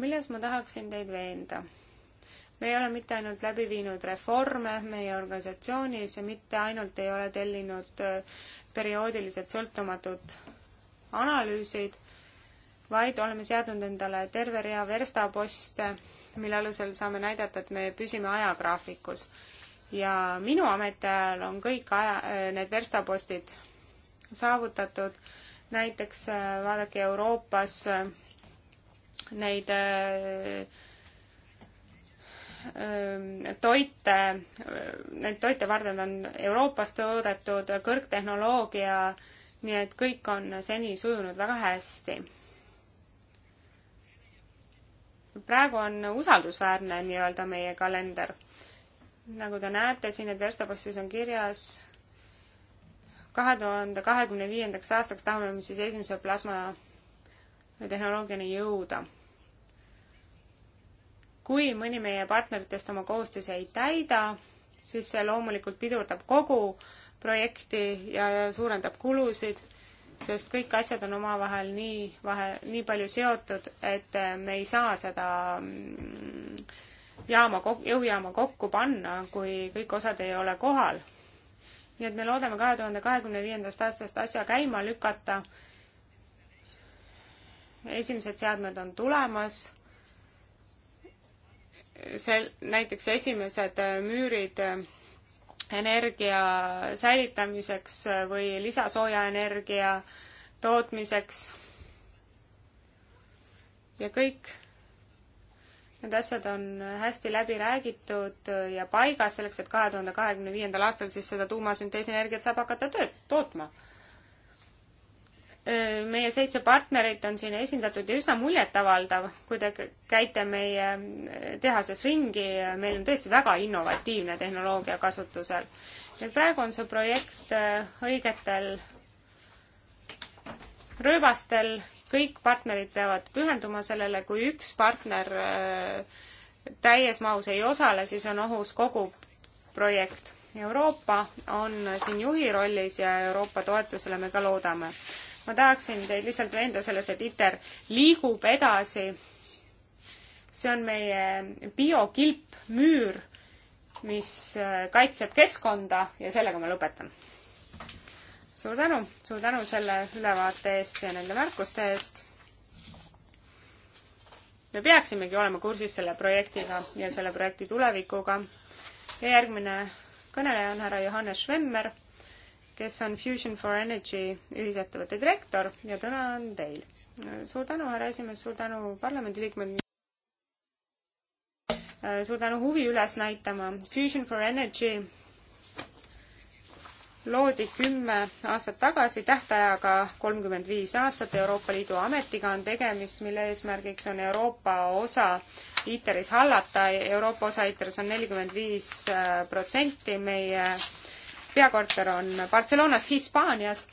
milles ma tahaksin teid veenda? me ei ole mitte ainult läbi viinud reforme meie organisatsioonis ja mitte ainult ei ole tellinud äh, perioodiliselt sõltumatud analüüsid, vaid oleme seadnud endale terve rea verstaposte, mille alusel saame näidata, et me püsime ajagraafikus. ja minu ametiajal on kõik aja, äh, need verstapostid saavutatud, näiteks äh, vaadake Euroopas neid äh, toite, need toitevardad on Euroopas toodetud, kõrgtehnoloogia, nii et kõik on seni sujunud väga hästi. praegu on usaldusväärne nii-öelda meie kalender. nagu te näete, siin need verstapostis on kirjas kahe tuhande kahekümne viiendaks aastaks tahame me siis esimese plasma tehnoloogiani jõuda kui mõni meie partneritest oma kohustusi ei täida, siis see loomulikult pidurdab kogu projekti ja suurendab kulusid, sest kõik asjad on omavahel nii vahe, nii palju seotud, et äh, me ei saa seda mm, jaama, jõujaama kokku panna, kui kõik osad ei ole kohal. nii et me loodame kahe tuhande kahekümne viiendast aastast asja käima lükata. esimesed seadmed on tulemas sel-, näiteks esimesed äh, müürid äh, energia säilitamiseks äh, või lisasoojaenergia tootmiseks ja kõik need asjad on hästi läbi räägitud ja paigas selleks, et kahe tuhande kahekümne viiendal aastal siis seda tuumasünteesenergiat saab hakata tööd, tootma meie seitse partnerit on siin esindatud ja üsna muljetavaldav, kui te käite meie eh, tehases ringi, meil on tõesti väga innovatiivne tehnoloogia kasutusel. ja praegu on see projekt eh, õigetel rööbastel, kõik partnerid peavad pühenduma sellele, kui üks partner eh, täies mahus ei osale, siis on ohus kogu projekt Euroopa on siin juhi rollis ja Euroopa toetusele me ka loodame ma tahaksin teid lihtsalt veenda selles, et ITER liigub edasi. see on meie biokilp, müür, mis äh, kaitseb keskkonda ja sellega ma lõpetan. suur tänu, suur tänu selle ülevaate eest ja nende märkuste eest. me peaksimegi olema kursis selle projektiga ja selle projekti tulevikuga. ja järgmine kõneleja on härra Johannes Schwemmer kes on Fusion for Energy ühisettevõtte direktor ja täna on teil. suur tänu, härra esimees, suur tänu parlamendiliikmele. suur tänu huvi üles näitama. Fusion for Energy loodi kümme aastat tagasi tähtajaga kolmkümmend viis aastat. Euroopa Liidu ametiga on tegemist, mille eesmärgiks on Euroopa osa ITER-is hallata. Euroopa osa ITER-is on nelikümmend viis äh, protsenti meie äh, peakorter on Barcelonas, Hispaanias.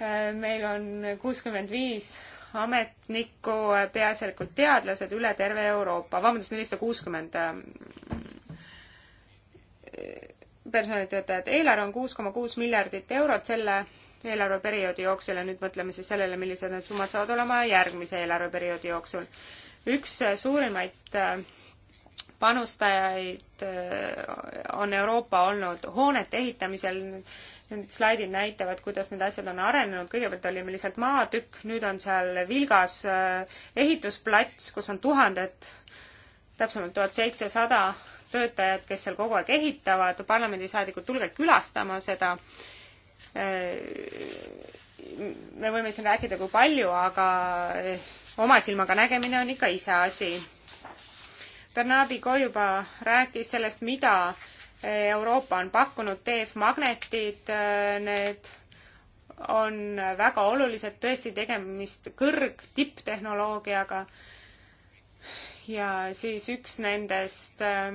Äh, meil on kuuskümmend viis ametnikku, äh, peaasjalikult teadlased üle terve Euroopa, vabandust, nelisada kuuskümmend äh, personalitöötajat. eelarve on kuus koma kuus miljardit eurot selle eelarveperioodi jooksul ja nüüd mõtleme siis sellele, millised need summad saavad olema järgmise eelarveperioodi jooksul. üks suurimaid äh, panustajaid äh, on Euroopa olnud hoonete ehitamisel, need slaidid näitavad, kuidas need asjad on arenenud, kõigepealt oli meil lihtsalt maatükk, nüüd on seal vilgas äh, ehitusplats, kus on tuhanded, täpsemalt tuhat seitsesada töötajad, kes seal kogu aeg ehitavad, parlamendisaadikud, tulge külastama seda. Äh, me võime siin rääkida, kui palju, aga oma silmaga nägemine on ikka iseasi Bernard Bigot juba rääkis sellest, mida eh, Euroopa on pakkunud, TF-magnetid, eh, need on väga olulised, tõesti tegemist kõrg, tipptehnoloogiaga. ja siis üks nendest äh,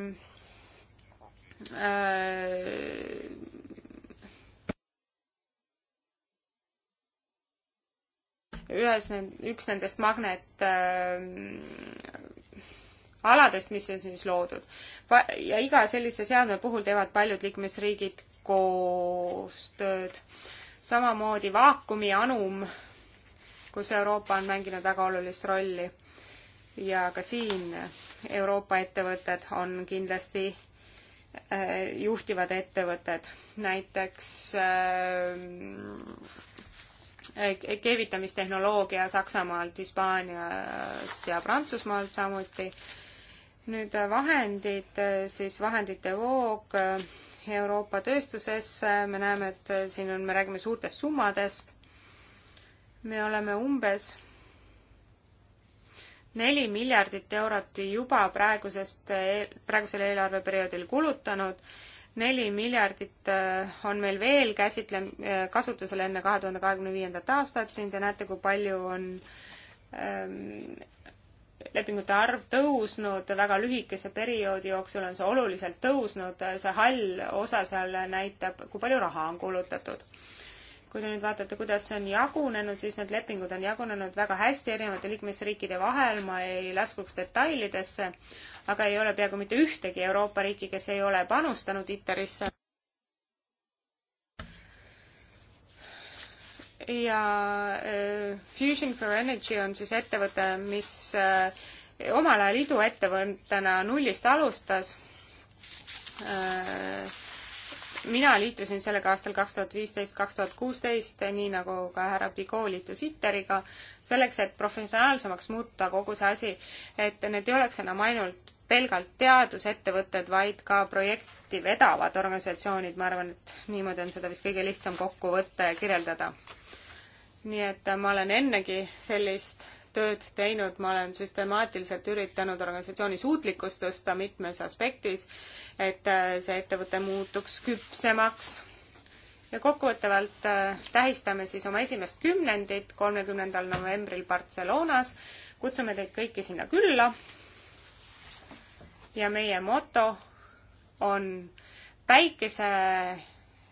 ühes, üks nendest magnet äh, aladest, mis on siis loodud. ja iga sellise seadme puhul teevad paljud liikmesriigid koostööd. samamoodi vaakumi anum, kus Euroopa on mänginud väga olulist rolli. ja ka siin Euroopa ettevõtted on kindlasti äh, juhtivad ettevõtted, näiteks äh, äh, keevitamistehnoloogia Saksamaalt, Hispaaniast ja Prantsusmaalt samuti nüüd äh, vahendid, äh, siis vahendite voog äh, Euroopa tööstusesse, me näeme, et siin on, me räägime suurtest summadest. me oleme umbes neli miljardit eurot juba praegusest, praegusel eelarveperioodil kulutanud. neli miljardit on meil veel käsitle-, kasutusel enne kahe tuhande kahekümne viiendat aastat, siin te näete, kui palju on ähm, lepingute arv tõusnud väga lühikese perioodi jooksul, on see oluliselt tõusnud, see hall osa seal näitab, kui palju raha on kulutatud. kui te nüüd vaatate, kuidas see on jagunenud, siis need lepingud on jagunenud väga hästi erinevate liikmesriikide vahel, ma ei laskuks detailidesse, aga ei ole peaaegu mitte ühtegi Euroopa riiki, kes ei ole panustanud ITER-isse ja äh, Fusion for Energy on siis ettevõte, mis äh, omal ajal iduettevõttena nullist alustas. Äh, mina liitusin sellega aastal kaks tuhat viisteist, kaks tuhat kuusteist, nii nagu ka härra Pigot liitus ITER-iga, selleks, et professionaalsemaks muuta kogu see asi, et need ei oleks enam ainult pelgalt teadusettevõtted, vaid ka projekti vedavad organisatsioonid, ma arvan, et niimoodi on seda vist kõige lihtsam kokku võtta ja kirjeldada nii et ma olen ennegi sellist tööd teinud, ma olen süstemaatiliselt üritanud organisatsiooni suutlikkust tõsta mitmes aspektis, et äh, see ettevõte muutuks küpsemaks. ja kokkuvõttevalt äh, tähistame siis oma esimest kümnendit kolmekümnendal novembril Barcelonas. kutsume teid kõiki sinna külla. ja meie moto on päikese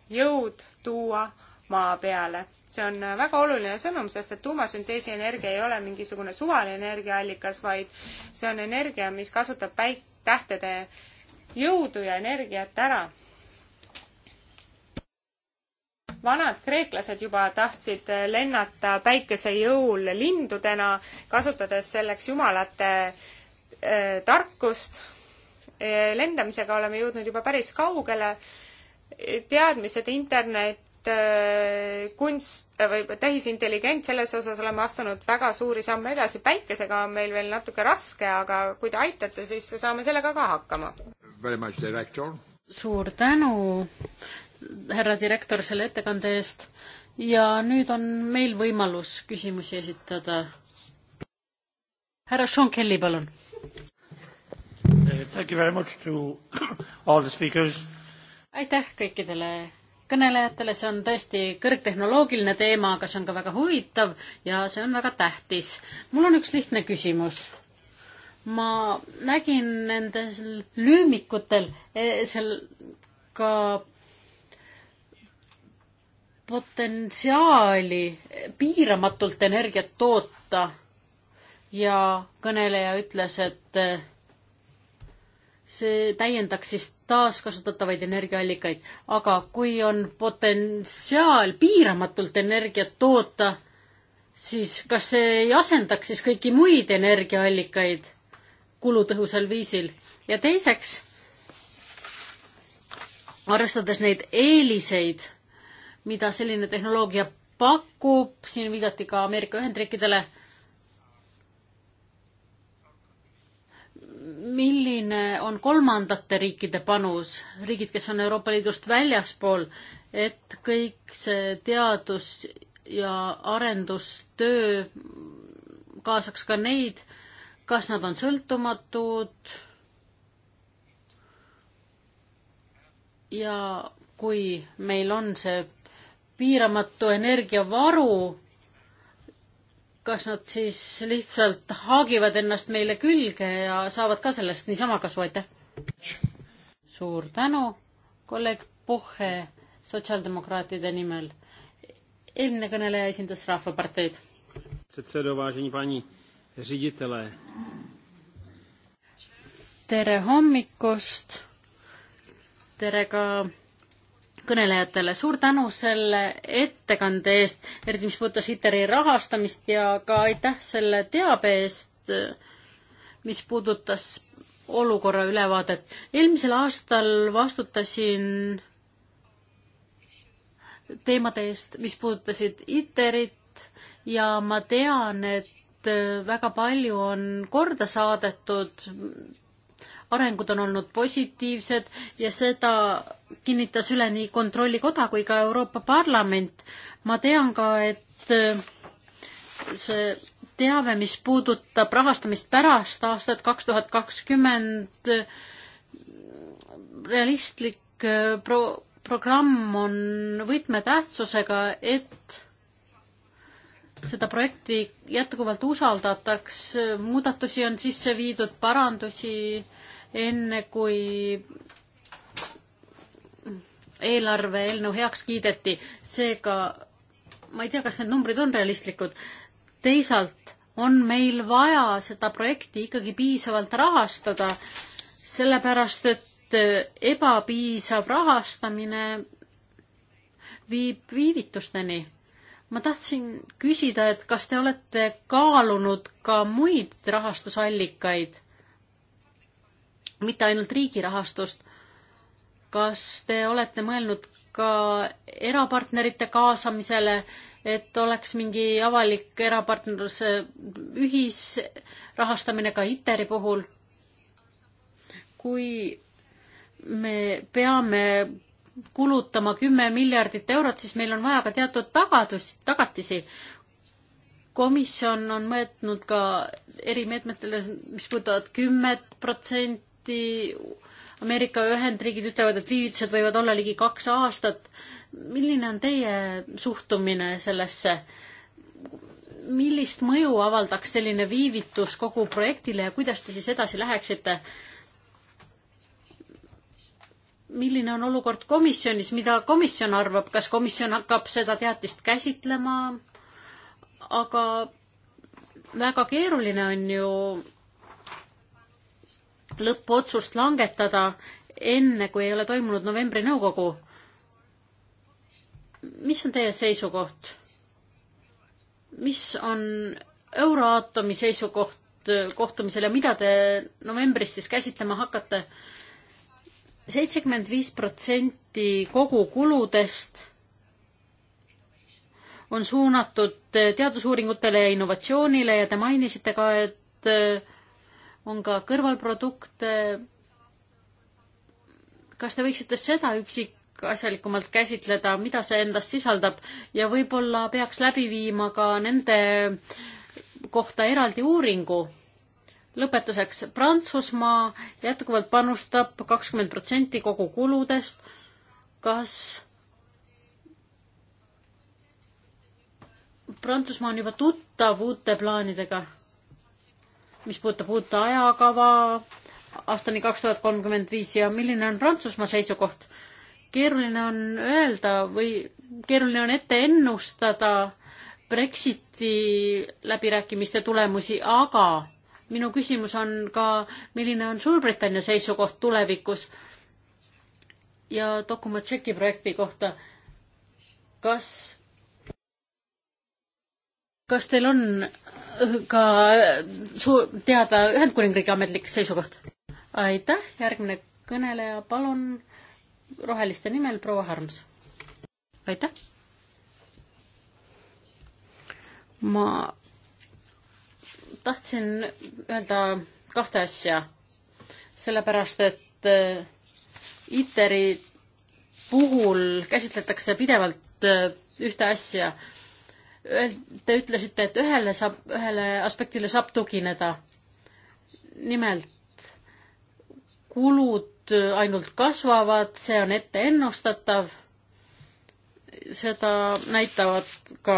jõud tuua maa peale. see on väga oluline sõnum, sest et tuumasünteesi energia ei ole mingisugune suvaline energiaallikas, vaid see on energia, mis kasutab päik-, tähtede jõudu ja energiat ära. vanad kreeklased juba tahtsid lennata päikese jõul lindudena, kasutades selleks jumalate äh, tarkust. Äh, lendamisega oleme jõudnud juba päris kaugele teadmised, internet, Äh, kunst äh, või tehisintelligent, selles osas oleme astunud väga suuri samme edasi. päikesega on meil veel natuke raske, aga kui te aitate, siis saame sellega ka hakkama. suur tänu, härra direktor, selle ettekande eest ja nüüd on meil võimalus küsimusi esitada. härra Sean Kelly, palun. Eh, thank you very much to all the speakers. aitäh kõikidele kõnelejatele, see on tõesti kõrgtehnoloogiline teema, aga see on ka väga huvitav ja see on väga tähtis. mul on üks lihtne küsimus. ma nägin nendel lüümikutel e, seal ka potentsiaali piiramatult energiat toota ja kõneleja ütles, et see täiendaks siis taaskasutatavaid energiaallikaid, aga kui on potentsiaal piiramatult energiat toota, siis kas see ei asendaks siis kõiki muid energiaallikaid kulutõhusal viisil? ja teiseks, arvestades neid eeliseid, mida selline tehnoloogia pakub, siin viidati ka Ameerika Ühendriikidele milline on kolmandate riikide panus, riigid, kes on Euroopa Liidust väljaspool, et kõik see teadus ja arendustöö kaasaks ka neid, kas nad on sõltumatud ja kui meil on see piiramatu energiavaru, kas nad siis lihtsalt haagivad ennast meile külge ja saavad ka sellest niisama kasu, aitäh! suur tänu, kolleeg Puhhe sotsiaaldemokraatide nimel. eelmine kõneleja esindas Rahvaparteid. tere hommikust, tere ka kõnelejatele suur tänu selle ettekande eest, eriti mis puudutas ITER-i rahastamist ja ka aitäh selle teabe eest, mis puudutas olukorra ülevaadet. eelmisel aastal vastutasin teemade eest, mis puudutasid ITER-it ja ma tean, et väga palju on korda saadetud, arengud on olnud positiivsed ja seda kinnitas üle nii Kontrollikoda kui ka Euroopa Parlament. ma tean ka, et äh, see teave, mis puudutab rahastamist pärast aastat kaks tuhat kakskümmend, äh, realistlik äh, pro-, programm on võtmetähtsusega, et seda projekti jätkuvalt usaldataks, muudatusi on sisse viidud, parandusi enne, kui eelarve eelnõu heaks kiideti, seega ma ei tea, kas need numbrid on realistlikud. teisalt on meil vaja seda projekti ikkagi piisavalt rahastada, sellepärast et äh, ebapiisav rahastamine viib viivitusteni. ma tahtsin küsida, et kas te olete kaalunud ka muid rahastusallikaid, mitte ainult riigi rahastust kas te olete mõelnud ka erapartnerite kaasamisele, et oleks mingi avalik erapartnerluse ühisrahastamine ka ITER-i puhul? kui me peame kulutama kümme miljardit eurot, siis meil on vaja ka teatud tagadus, tagatisi. komisjon on mõõtnud ka erimeetmetele, mis puudutavad kümmet protsenti Ameerika Ühendriigid ütlevad, et viivitused võivad olla ligi kaks aastat. milline on teie suhtumine sellesse? millist mõju avaldaks selline viivitus kogu projektile ja kuidas te siis edasi läheksite? milline on olukord komisjonis, mida komisjon arvab, kas komisjon hakkab seda teatist käsitlema? aga väga keeruline on ju lõppotsust langetada enne, kui ei ole toimunud novembri nõukogu. mis on teie seisukoht? mis on Euroatomi seisukoht eh, kohtumisel ja mida te novembris siis käsitlema hakkate? seitsekümmend viis protsenti kogukuludest on suunatud eh, teadusuuringutele ja innovatsioonile ja te mainisite ka, et eh, on ka kõrvalprodukte. kas te võiksite seda üksikasjalikumalt käsitleda, mida see endas sisaldab ja võib-olla peaks läbi viima ka nende kohta eraldi uuringu? lõpetuseks, Prantsusmaa jätkuvalt panustab kakskümmend protsenti kogu kuludest. kas Prantsusmaa on juba tuttav uute plaanidega? mis puudutab uut ajakava aastani kaks tuhat kolmkümmend viis ja milline on Prantsusmaa seisukoht? keeruline on öelda või keeruline on ette ennustada Brexiti läbirääkimiste tulemusi, aga minu küsimus on ka, milline on Suurbritannia seisukoht tulevikus ja dokument Tšeki projekti kohta. kas, kas teil on ka äh, suur, teada Ühendkuningriigi ametlik seisukoht. aitäh, järgmine kõneleja, palun roheliste nimel proua Harms. aitäh. ma tahtsin öelda kahte asja, sellepärast et äh, ITER-i puhul käsitletakse pidevalt äh, ühte asja te ütlesite, et ühele saab, ühele aspektile saab tugineda. nimelt kulud ainult kasvavad, see on ette ennustatav. seda näitavad ka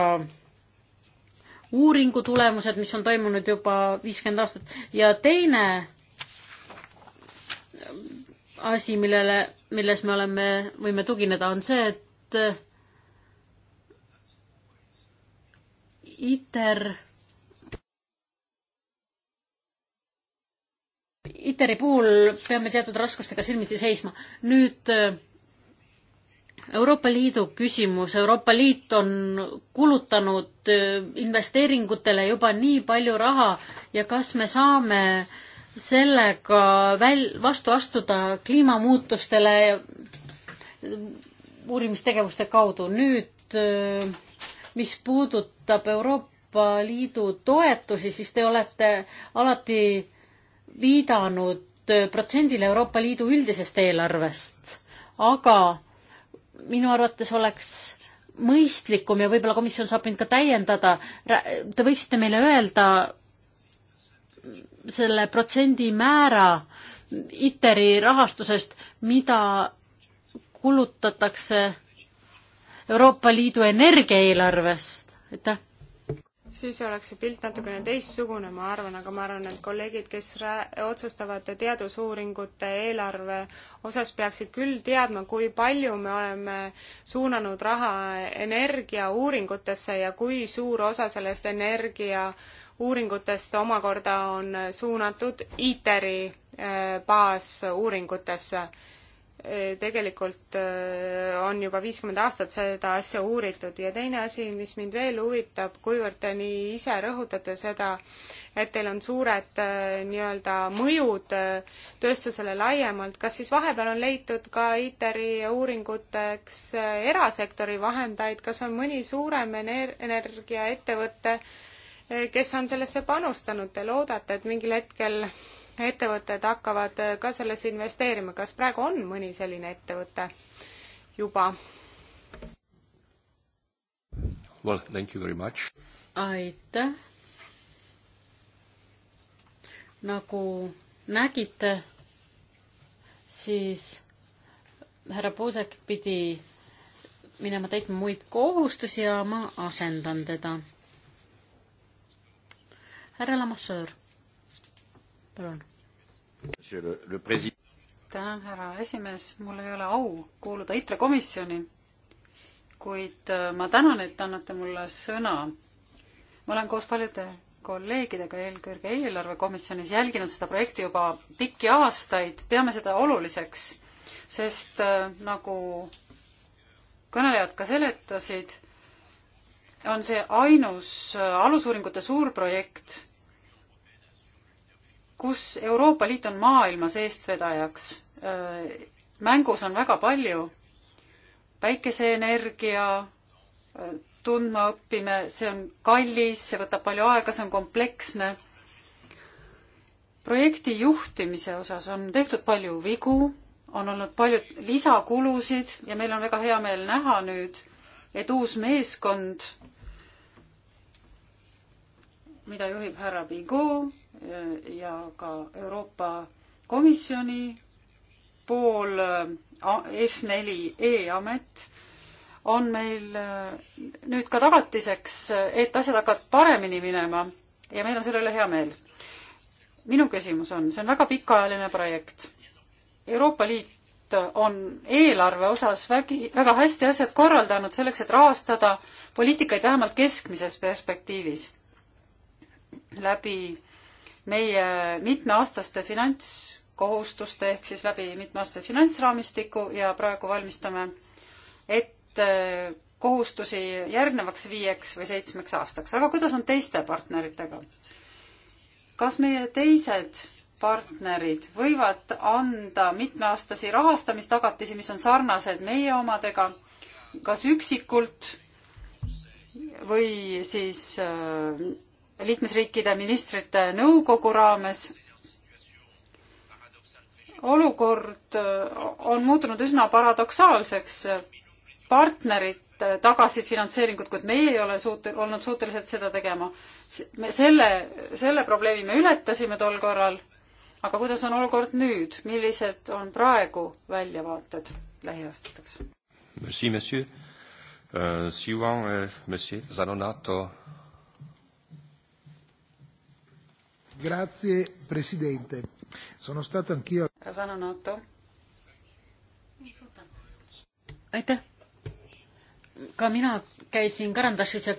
uuringu tulemused, mis on toimunud juba viiskümmend aastat ja teine asi, millele, milles me oleme, võime tugineda, on see, et ITER ITER-i puhul peame teatud raskustega silmitsi seisma. nüüd äh, Euroopa Liidu küsimus, Euroopa Liit on kulutanud äh, investeeringutele juba nii palju raha ja kas me saame sellega väl-, vastu astuda kliimamuutustele äh, uurimistegevuste kaudu. nüüd, mis puudutab puudutab Euroopa Liidu toetusi, siis te olete alati viidanud protsendile Euroopa Liidu üldisest eelarvest, aga minu arvates oleks mõistlikum ja võib-olla komisjon saab mind ka täiendada, te võiksite meile öelda selle protsendi määra ITER-i rahastusest, mida kulutatakse Euroopa Liidu energiaeelarvest aitäh! siis oleks see pilt natukene teistsugune, ma arvan, aga ma arvan, et kolleegid, kes rää-, otsustavad teadusuuringute eelarve osas, peaksid küll teadma, kui palju me oleme suunanud raha energiauuringutesse ja kui suur osa sellest energiauuringutest omakorda on suunatud ITER-i äh, baasuuringutesse tegelikult on juba viiskümmend aastat seda asja uuritud ja teine asi, mis mind veel huvitab, kuivõrd te nii ise rõhutate seda, et teil on suured nii-öelda mõjud tööstusele laiemalt, kas siis vahepeal on leitud ka ITER-i uuringuteks erasektori vahendajaid, kas on mõni suurem ener-, energiaettevõte, kes on sellesse panustanud, te loodate, et mingil hetkel ettevõtted hakkavad äh, ka sellesse investeerima, kas praegu on mõni selline ettevõte juba? Well, thank you very much. aitäh. nagu nägite, siis härra Puusek pidi minema täitma muid kohustusi ja ma asendan teda. härra Lamassöör palun. tänan, härra esimees, mul ei ole au kuuluda ITRE komisjoni, kuid äh, ma tänan, et annate mulle sõna. ma olen koos paljude kolleegidega eelkõige eelarvekomisjonis jälginud seda projekti juba pikki aastaid, peame seda oluliseks, sest äh, nagu kõnelejad ka seletasid, on see ainus äh, alusuuringute suurprojekt kus Euroopa Liit on maailmas eestvedajaks. Äh, mängus on väga palju päikeseenergia, äh, tundma õppime, see on kallis, see võtab palju aega, see on kompleksne. projekti juhtimise osas on tehtud palju vigu, on olnud palju lisakulusid ja meil on väga hea meel näha nüüd, et uus meeskond, mida juhib härra Bigot, Äh, ja ka Euroopa Komisjoni pool äh, F4E amet on meil äh, nüüd ka tagatiseks, et asjad hakkavad paremini minema ja meil on selle üle hea meel. minu küsimus on, see on väga pikaajaline projekt. Euroopa Liit on eelarve osas vägi, väga hästi asjad korraldanud selleks, et rahastada poliitikaid vähemalt keskmises perspektiivis läbi meie mitmeaastaste finantskohustuste ehk siis läbi mitmeaastase finantsraamistiku ja praegu valmistame ette äh, kohustusi järgnevaks viieks või seitsmeks aastaks. aga kuidas on teiste partneritega? kas meie teised partnerid võivad anda mitmeaastasi rahastamistagatisi, mis on sarnased meie omadega, kas üksikult või siis äh, liikmesriikide ministrite nõukogu raames. olukord äh, on muutunud üsna paradoksaalseks. partnerid tagasid finantseeringut, kuid meie ei ole suut-, olnud suutelised seda tegema. me selle, selle probleemi me ületasime tol korral, aga kuidas on olukord nüüd, millised on praegu väljavaated lähiaastateks? Merci, monsieur. Euh, suivant, euh, monsieur Zanonato Grazie Presidente. Sono stato anch'io. Sanonotto. aitäh. ka mina käisin Karandashis ja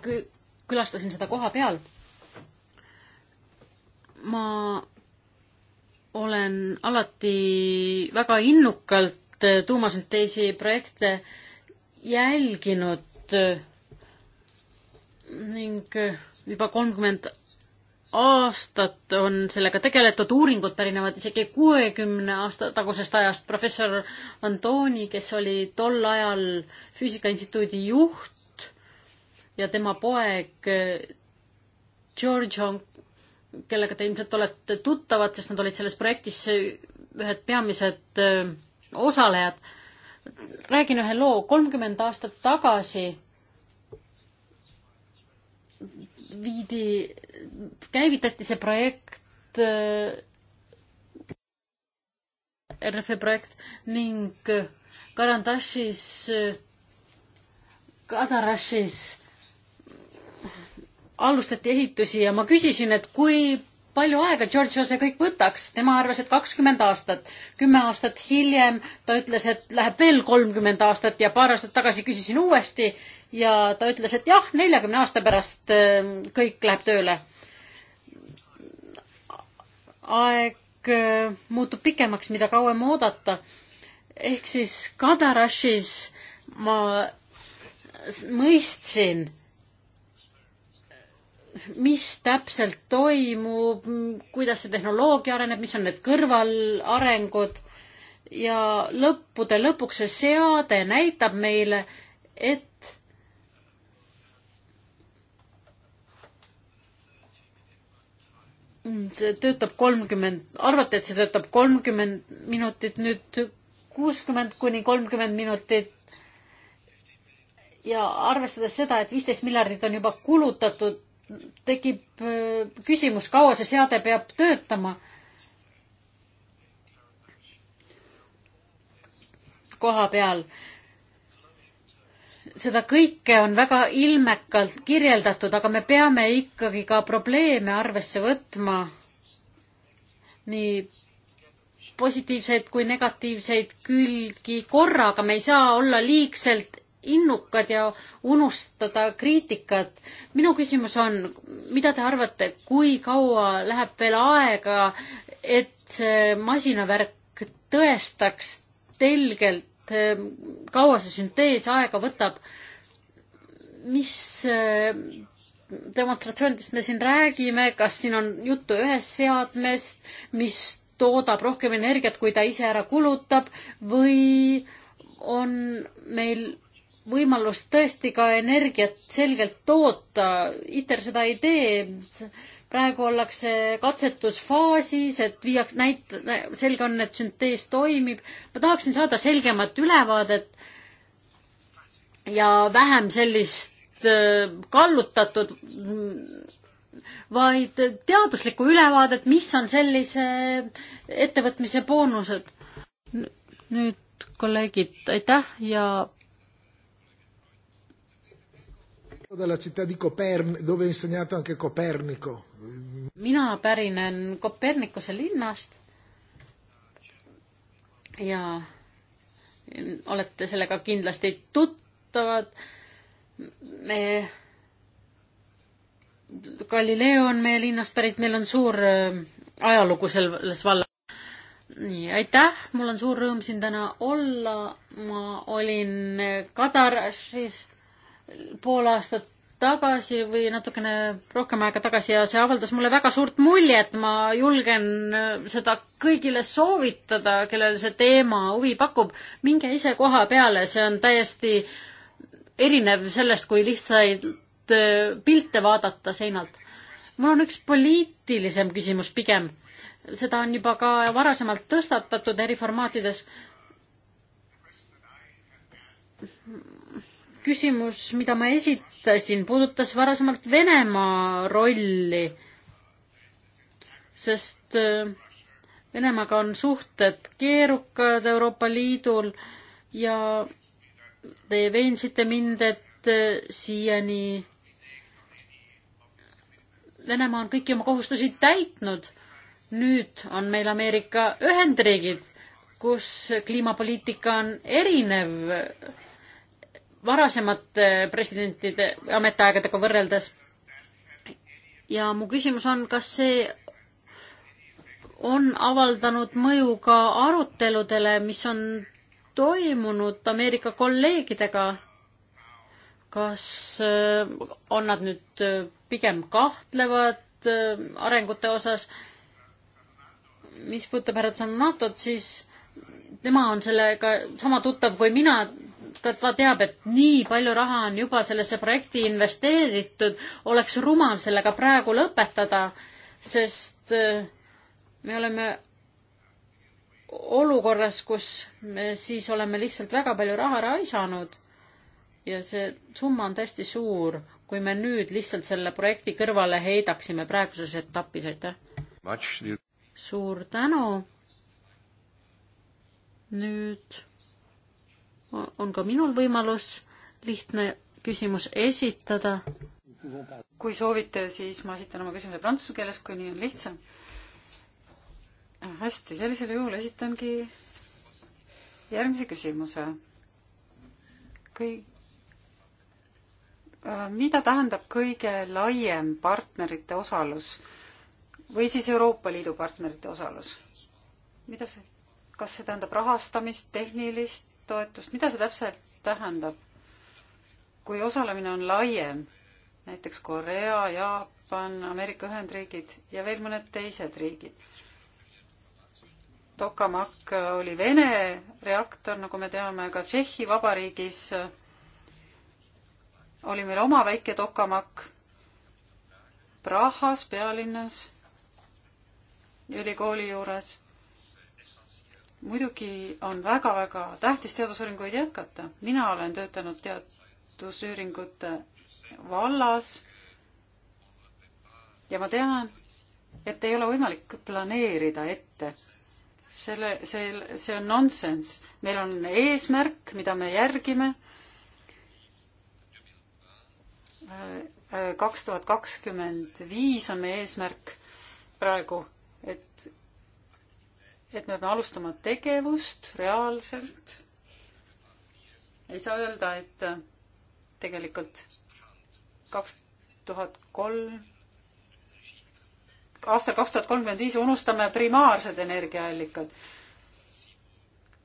külastasin seda koha peal. ma olen alati väga innukalt tuumasünteesi projekte jälginud ning juba kolmkümmend 30 aastat on sellega tegeletud, uuringud pärinevad isegi kuuekümne aasta tagusest ajast. professor Antoni, kes oli tol ajal Füüsika Instituudi juht ja tema poeg eh, George on, kellega te ilmselt olete tuttavad, sest nad olid selles projektis ühed peamised eh, osalejad. räägin ühe loo. kolmkümmend aastat tagasi viidi, käivitati see projekt, äh, RF-i e projekt ning Karandashis, Kadarashis alustati ehitusi ja ma küsisin, et kui palju aega Giorgio see kõik võtaks, tema arvas, et kakskümmend aastat. kümme aastat hiljem ta ütles, et läheb veel kolmkümmend aastat ja paar aastat tagasi küsisin uuesti ja ta ütles, et jah, neljakümne aasta pärast ehm, kõik läheb tööle. aeg ehm, muutub pikemaks, mida kauem oodata. ehk siis Kadarashis ma mõistsin mis täpselt toimub, kuidas see tehnoloogia areneb, mis on need kõrvalarengud ja lõppude lõpuks see seade näitab meile, et see töötab kolmkümmend, arvati, et see töötab kolmkümmend minutit, nüüd kuuskümmend kuni kolmkümmend minutit. ja arvestades seda, et viisteist miljardit on juba kulutatud, tekib äh, küsimus, kaua see seade peab töötama. koha peal. seda kõike on väga ilmekalt kirjeldatud, aga me peame ikkagi ka probleeme arvesse võtma. nii positiivseid kui negatiivseid külgi korraga, me ei saa olla liigselt innukad ja unustada kriitikat. minu küsimus on, mida te arvate, kui kaua läheb veel aega, et see masinavärk tõestaks selgelt, ehm, kaua see süntees aega võtab? mis ehm, demonstratsioonidest me siin räägime, kas siin on juttu ühest seadmest, mis toodab rohkem energiat, kui ta ise ära kulutab või on meil võimalus tõesti ka energiat selgelt toota. ITER seda ei tee. praegu ollakse katsetusfaasis, et viiaks näit-, selge on, et süntees toimib. ma tahaksin saada selgemat ülevaadet ja vähem sellist äh, kallutatud, vaid teaduslikku ülevaadet, mis on sellise ettevõtmise boonused. nüüd kolleegid, aitäh ja dalla città di Copern- dove ho insegnato anche Copernico. mina pärinen Kopernikuse linnast ja olete sellega kindlasti tuttavad. me, Galileo on meie linnast pärit, meil on suur äh, ajalugu selles vallas. nii, aitäh, mul on suur rõõm siin täna olla. ma olin Kadarashis pool aastat tagasi või natukene rohkem aega tagasi ja see avaldas mulle väga suurt muljet, ma julgen äh, seda kõigile soovitada, kellele see teema huvi pakub, minge ise koha peale, see on täiesti erinev sellest, kui lihtsaid äh, pilte vaadata seinalt. mul on üks poliitilisem küsimus pigem, seda on juba ka varasemalt tõstatatud eri formaatides küsimus, mida ma esitasin, puudutas varasemalt Venemaa rolli, sest äh, Venemaaga on suhted keerukad Euroopa Liidul ja te veensite mind, et äh, siiani Venemaa on kõiki oma kohustusi täitnud. nüüd on meil Ameerika Ühendriigid, kus kliimapoliitika on erinev varasemate presidentide ametiaegadega võrreldes. ja mu küsimus on, kas see on avaldanud mõju ka aruteludele, mis on toimunud Ameerika kolleegidega? kas äh, on nad nüüd äh, pigem kahtlevad äh, arengute osas? mis puudutab härra Zanatot, siis tema on sellega sama tuttav kui mina, ta teab, et nii palju raha on juba sellesse projekti investeeritud, oleks rumal sellega praegu lõpetada, sest äh, me oleme olukorras, kus me siis oleme lihtsalt väga palju raha raisanud ja see summa on tõesti suur, kui me nüüd lihtsalt selle projekti kõrvale heidaksime praeguses etapis, aitäh! suur tänu! nüüd on ka minul võimalus lihtne küsimus esitada. kui soovite, siis ma esitan oma küsimuse prantsuse keeles, kui nii on lihtsam. hästi, sellisel juhul esitangi järgmise küsimuse. kõik äh, mida tähendab kõige laiem partnerite osalus või siis Euroopa Liidu partnerite osalus? mida see, kas see tähendab rahastamist, tehnilist, toetust, mida see täpselt tähendab? kui osalemine on laiem, näiteks Korea, Jaapan, Ameerika Ühendriigid ja veel mõned teised riigid. Tokamak oli Vene reaktor, nagu me teame, ka Tšehhi Vabariigis oli meil oma väike Tokamak Prahas, pealinnas, ülikooli juures muidugi on väga-väga tähtis teadusuuringuid jätkata. mina olen töötanud teadusuuringute vallas ja ma tean, et ei ole võimalik planeerida ette. selle, see, see on nonsenss. meil on eesmärk, mida me järgime. Äh, äh, kaks tuhat kakskümmend viis on meie eesmärk praegu, et et me peame alustama tegevust reaalselt. ei saa öelda, et tegelikult kaks tuhat kolm, aastal kaks tuhat kolmkümmend viis unustame primaarsed energiaallikad.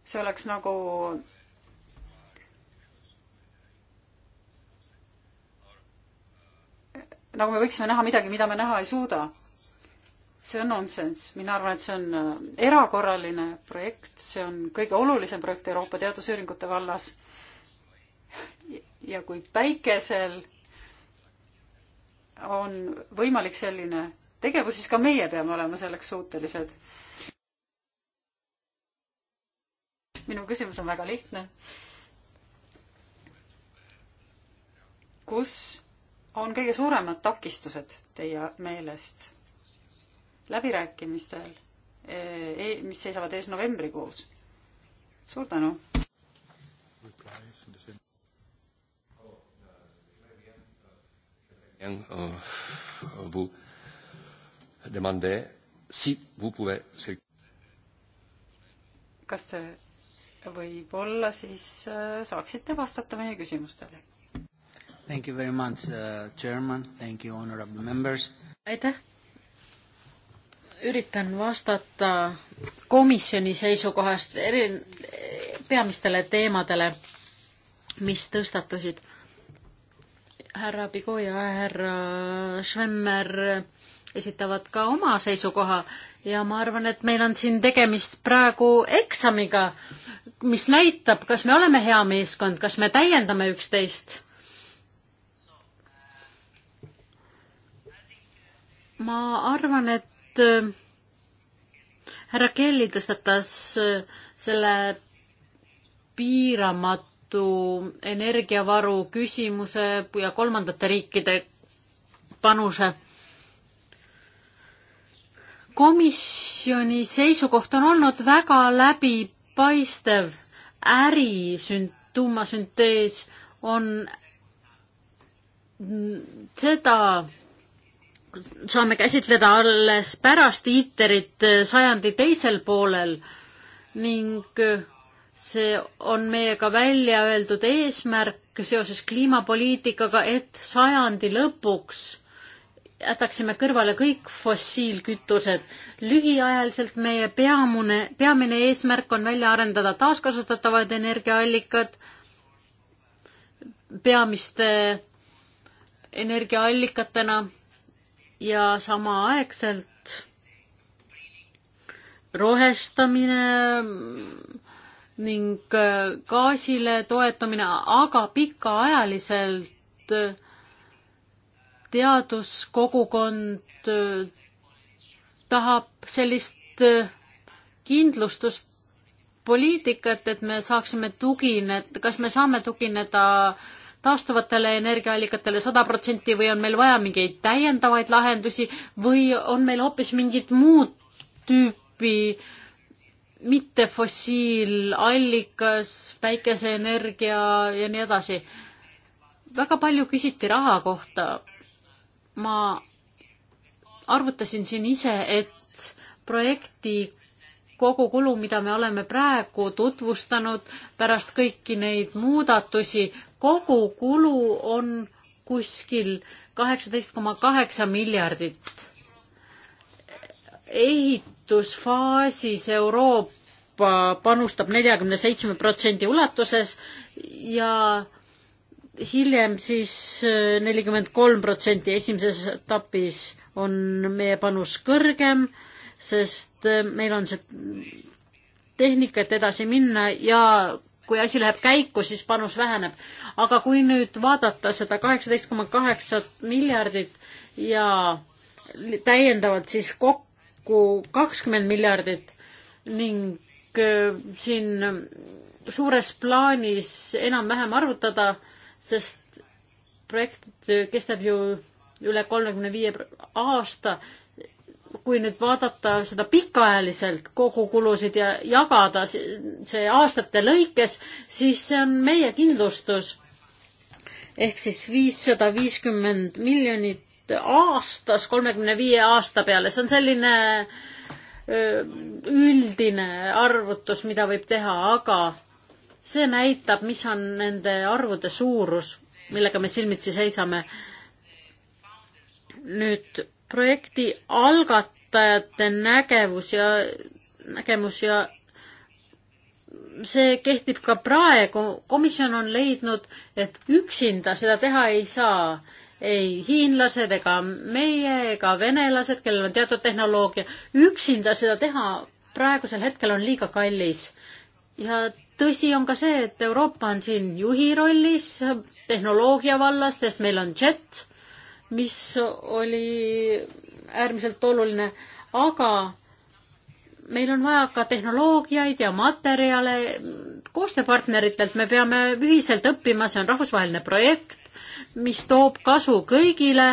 see oleks nagu nagu me võiksime näha midagi, mida me näha ei suuda see on nonsenss, mina arvan, et see on äh, erakorraline projekt, see on kõige olulisem projekt Euroopa teadusuuringute vallas. ja kui päikesel on võimalik selline tegevus, siis ka meie peame olema selleks suutelised. minu küsimus on väga lihtne. kus on kõige suuremad takistused teie meelest? läbirääkimistel, eh, e-, mis seisavad ees novembrikuus. suur tänu! Euh, vous demandait si vous pouvez kas te võib-olla siis äh, saaksite vastata meie küsimustele? Thank you very much uh,, chairman, thank you, honorable members. aitäh, üritan vastata komisjoni seisukohast eri, peamistele teemadele, mis tõstatusid. härra Pigo ja härra Schwemmer esitavad ka oma seisukoha ja ma arvan, et meil on siin tegemist praegu eksamiga, mis näitab, kas me oleme hea meeskond, kas me täiendame üksteist ma arvan, et nüüd äh, härra Kelly tõstatas äh, selle piiramatu energiavaru küsimuse ja kolmandate riikide panuse. komisjoni seisukoht on olnud väga läbipaistev. äri sünd-, tuumasüntees on seda saame käsitleda alles pärast Iiterit äh, sajandi teisel poolel ning äh, see on meiega välja öeldud eesmärk seoses kliimapoliitikaga, et sajandi lõpuks jätaksime kõrvale kõik fossiilkütused. lühiajaliselt meie peamune, peamine eesmärk on välja arendada taaskasutatavad energiaallikad, peamiste energiaallikatena ja samaaegselt rohestamine ning äh, gaasile toetamine, aga pikaajaliselt äh, teaduskogukond äh, tahab sellist kindlustuspoliitikat, et me saaksime tugineda, kas me saame tugineda äh, taastuvatele energiaallikatele sada protsenti või on meil vaja mingeid täiendavaid lahendusi või on meil hoopis mingid muud tüüpi mitte fossiilallikas, päikeseenergia ja nii edasi. väga palju küsiti raha kohta. ma arvutasin siin ise, et projekti kogukulu, mida me oleme praegu tutvustanud pärast kõiki neid muudatusi, kogukulu on kuskil kaheksateist koma kaheksa miljardit. ehitusfaasis Euroopa panustab neljakümne seitsme protsendi ulatuses ja hiljem siis äh, nelikümmend kolm protsenti esimeses etapis on meie panus kõrgem, sest äh, meil on see tehnikat edasi minna ja kui asi läheb käiku, siis panus väheneb. aga kui nüüd vaadata seda kaheksateist koma kaheksat miljardit ja täiendavalt siis kokku kakskümmend miljardit ning äh, siin suures plaanis enam-vähem arvutada, sest projekt kestab ju üle kolmekümne viie aasta, kui nüüd vaadata seda pikaajaliselt kogukulusid ja jagada see aastate lõikes, siis see on meie kindlustus. ehk siis viissada viiskümmend miljonit aastas kolmekümne viie aasta peale, see on selline üldine arvutus, mida võib teha, aga see näitab, mis on nende arvude suurus, millega me silmitsi seisame. nüüd projekti algatajate nägevus ja, nägemus ja see kehtib ka praegu, komisjon on leidnud, et üksinda seda teha ei saa. ei hiinlased ega meie ega venelased, kellel on teatud tehnoloogia, üksinda seda teha praegusel hetkel on liiga kallis. ja tõsi on ka see, et Euroopa on siin juhi rollis tehnoloogia vallas, sest meil on JET mis oli äärmiselt oluline, aga meil on vaja ka tehnoloogiaid ja materjale koostööpartneritelt, me peame ühiselt õppima, see on rahvusvaheline projekt, mis toob kasu kõigile,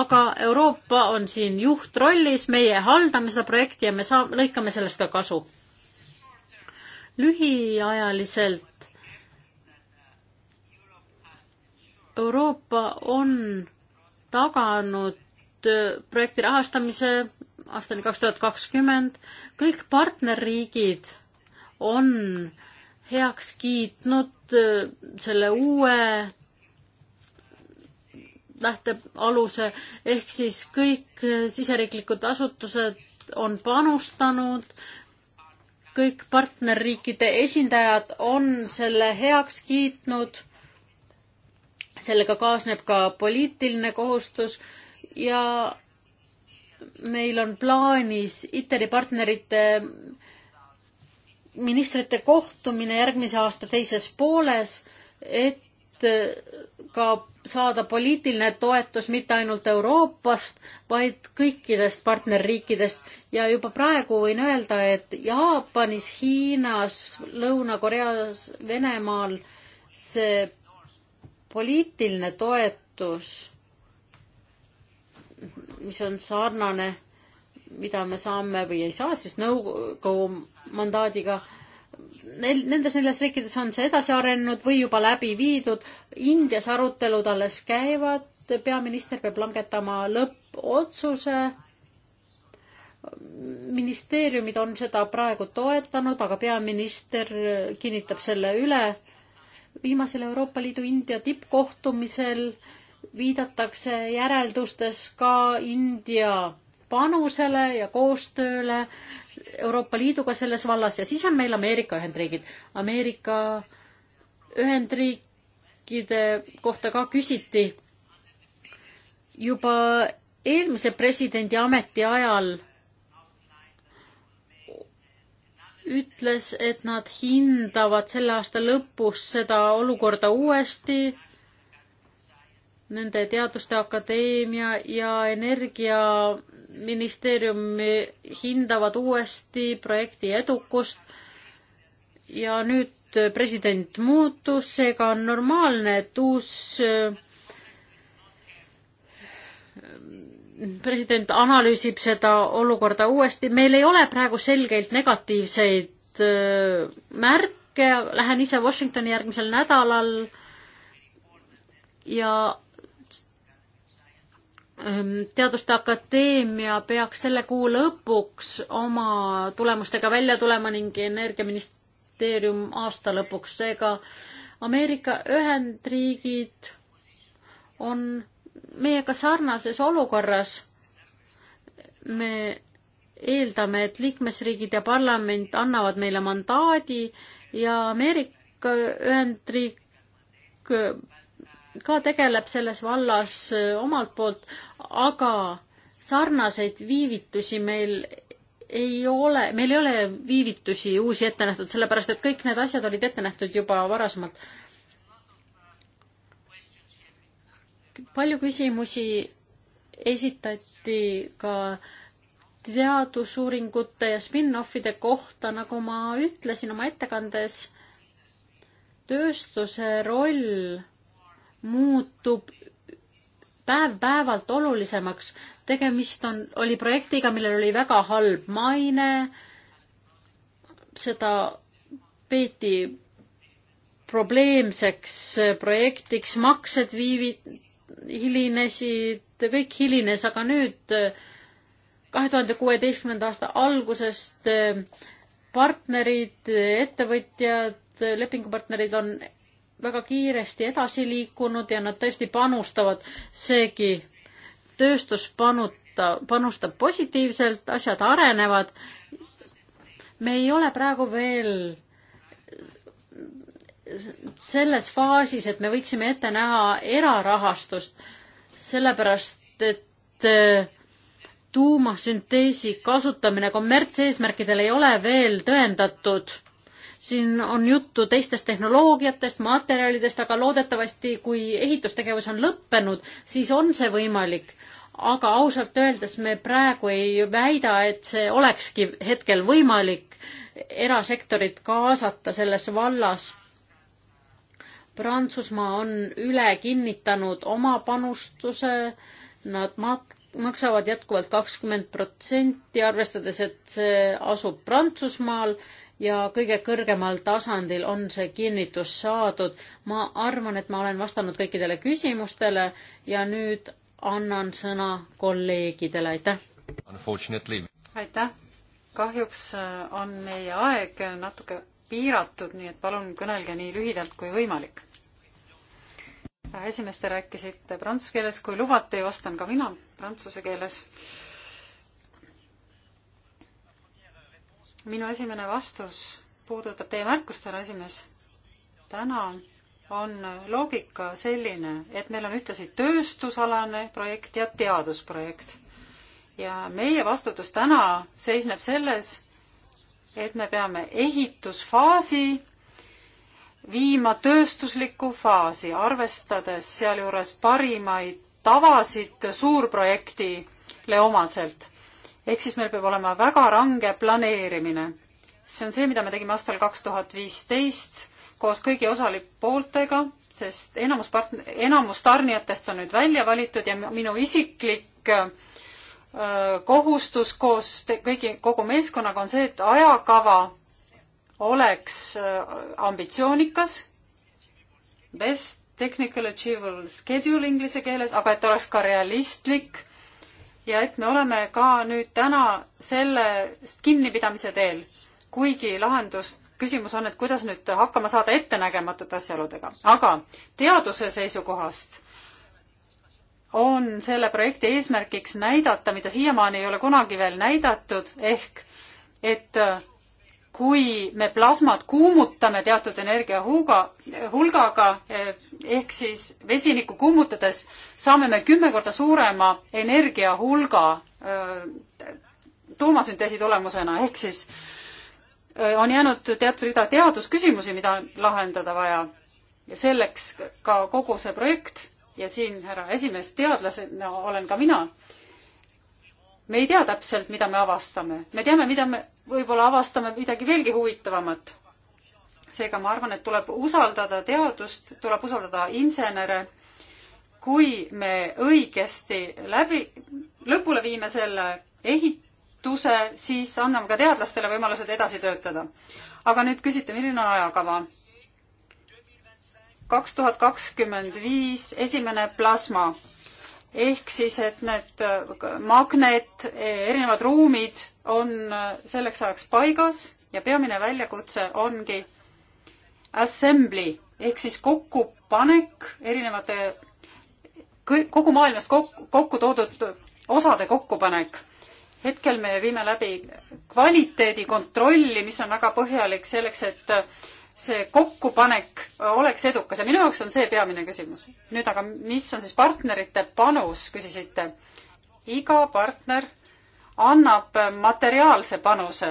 aga Euroopa on siin juhtrollis, meie haldame seda projekti ja me saa-, lõikame sellest ka kasu. lühiajaliselt Euroopa on taganud projekti rahastamise aastani kaks tuhat kakskümmend. kõik partnerriigid on heaks kiitnud selle uue lähtealuse ehk siis kõik siseriiklikud asutused on panustanud, kõik partnerriikide esindajad on selle heaks kiitnud sellega kaasneb ka poliitiline kohustus ja meil on plaanis ITER-i partnerite ministrite kohtumine järgmise aasta teises pooles, et ka saada poliitiline toetus mitte ainult Euroopast, vaid kõikidest partnerriikidest ja juba praegu võin öelda, et Jaapanis, Hiinas, Lõuna-Koreas, Venemaal see poliitiline toetus, mis on sarnane, mida me saame või ei saa siis nõukogu mandaadiga, neil, nendes neljas riikides on see edasi arenenud või juba läbi viidud, Indias arutelud alles käivad, peaminister peab langetama lõppotsuse, ministeeriumid on seda praegu toetanud, aga peaminister kinnitab selle üle viimasel Euroopa Liidu India tippkohtumisel viidatakse järeldustes ka India panusele ja koostööle Euroopa Liiduga selles vallas ja siis on meil Ameerika Ühendriigid. Ameerika Ühendriikide kohta ka küsiti juba eelmise presidendi ametiajal ütles, et nad hindavad selle aasta lõpus seda olukorda uuesti. Nende Teaduste Akadeemia ja Energiaministeerium hindavad uuesti projekti edukust. ja nüüd president muutus, seega on normaalne, et uus president analüüsib seda olukorda uuesti, meil ei ole praegu selgeid negatiivseid märke, lähen ise Washingtoni järgmisel nädalal ja Teaduste Akadeemia peaks selle kuu lõpuks oma tulemustega välja tulema ning Energiaministeerium aasta lõpuks, seega Ameerika Ühendriigid on meiega sarnases olukorras. me eeldame, et liikmesriigid ja parlament annavad meile mandaadi ja Ameerika Ühendriik ka tegeleb selles vallas omalt poolt, aga sarnaseid viivitusi meil ei ole, meil ei ole viivitusi uusi ette nähtud, sellepärast et kõik need asjad olid ette nähtud juba varasemalt palju küsimusi esitati ka teadusuuringute ja spin-offide kohta, nagu ma ütlesin oma ettekandes, tööstuse roll muutub päev-päevalt olulisemaks. tegemist on, oli projektiga, millel oli väga halb maine, seda peeti probleemseks projektiks, maksed viivi-, hilinesid, kõik hilines, aga nüüd äh, kahe tuhande kuueteistkümnenda aasta algusest äh, partnerid, ettevõtjad, lepingupartnerid on väga kiiresti edasi liikunud ja nad tõesti panustavad, seegi tööstus panuta, panustab positiivselt, asjad arenevad. me ei ole praegu veel selles faasis, et me võiksime ette näha erarahastust, sellepärast et äh, tuumasünteesi kasutamine kommertseesmärkidel ei ole veel tõendatud. siin on juttu teistest tehnoloogiatest, materjalidest, aga loodetavasti, kui ehitustegevus on lõppenud, siis on see võimalik aga ausalt öeldes me praegu ei väida, et see olekski hetkel võimalik erasektorit kaasata selles vallas. Prantsusmaa on üle kinnitanud oma panustuse, nad mat-, maksavad jätkuvalt kakskümmend protsenti, arvestades, et see asub Prantsusmaal ja kõige kõrgemal tasandil on see kinnitus saadud. ma arvan, et ma olen vastanud kõikidele küsimustele ja nüüd annan sõna kolleegidele, aitäh! aitäh! kahjuks äh, on meie aeg natuke piiratud, nii et palun kõnelge nii lühidalt kui võimalik. esimest te rääkisite prantsuse keeles, kui lubate, vastan ka mina prantsuse keeles. minu esimene vastus puudutab teie märkust, härra esimees. täna on loogika selline, et meil on ühtlasi tööstusalane projekt ja teadusprojekt. ja meie vastutus täna seisneb selles, et me peame ehitusfaasi viima tööstuslikku faasi, arvestades sealjuures parimaid tavasid suurprojektile omaselt. ehk siis meil peab olema väga range planeerimine. see on see, mida me tegime aastal kaks tuhat viisteist koos kõigi osalippooltega, sest enamus part-, enamus tarnijatest on nüüd välja valitud ja minu isiklik kohustus koos kõigi, kogu meeskonnaga on see, et ajakava oleks ambitsioonikas, best technical achievable schedule inglise keeles, aga et oleks ka realistlik ja et me oleme ka nüüd täna sellest kinnipidamise teel, kuigi lahendus, küsimus on, et kuidas nüüd hakkama saada ettenägematute asjaoludega, aga teaduse seisukohast on selle projekti eesmärgiks näidata, mida siiamaani ei ole kunagi veel näidatud, ehk et äh, kui me plasmat kuumutame teatud energia hulga, hulgaga eh, ehk siis vesinikku kuumutades, saame me kümme korda suurema energia hulga äh, tuumasünteesi tulemusena, ehk siis äh, on jäänud teatud rida teadusküsimusi, mida on lahendada vaja. ja selleks ka kogu see projekt ja siin, härra esimees, teadlasena no, olen ka mina, me ei tea täpselt, mida me avastame. me teame, mida me võib-olla avastame midagi veelgi huvitavamat. seega ma arvan, et tuleb usaldada teadust, tuleb usaldada insenere. kui me õigesti läbi, lõpule viime selle ehituse, siis anname ka teadlastele võimalused edasi töötada. aga nüüd küsite, milline on ajakava? kaks tuhat kakskümmend viis esimene plasma ehk siis, et need äh, magnet, e, erinevad ruumid on äh, selleks ajaks paigas ja peamine väljakutse ongi assembly ehk siis kokkupanek erinevate, kogu maailmast kokku, kokku toodud osade kokkupanek. hetkel me viime läbi kvaliteedikontrolli, mis on väga põhjalik selleks, et äh, see kokkupanek äh, oleks edukas ja minu jaoks on see peamine küsimus. nüüd aga, mis on siis partnerite panus, küsisite. iga partner annab äh, materiaalse panuse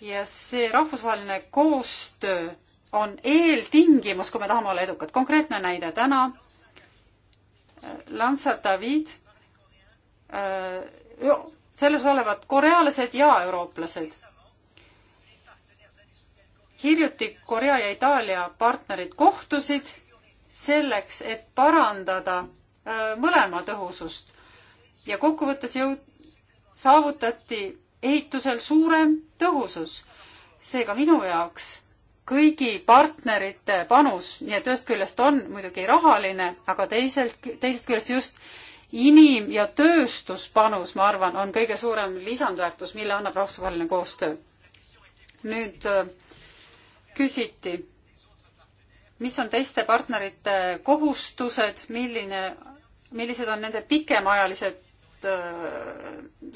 ja see rahvusvaheline koostöö on eeltingimus, kui me tahame olla edukad. konkreetne näide täna. Äh, Lansa David, selles olevat korealased ja eurooplased hiljuti Korea ja Itaalia partnerid kohtusid selleks, et parandada äh, mõlema tõhusust ja kokkuvõttes jõud-, saavutati ehitusel suurem tõhusus. seega minu jaoks kõigi partnerite panus, nii et ühest küljest on muidugi rahaline, aga teiselt, teisest küljest just inim- ja tööstuspanus, ma arvan, on kõige suurem lisandväärtus, mille annab rahvusvaheline koostöö. nüüd äh, küsiti, mis on teiste partnerite kohustused, milline, millised on nende pikemaajalised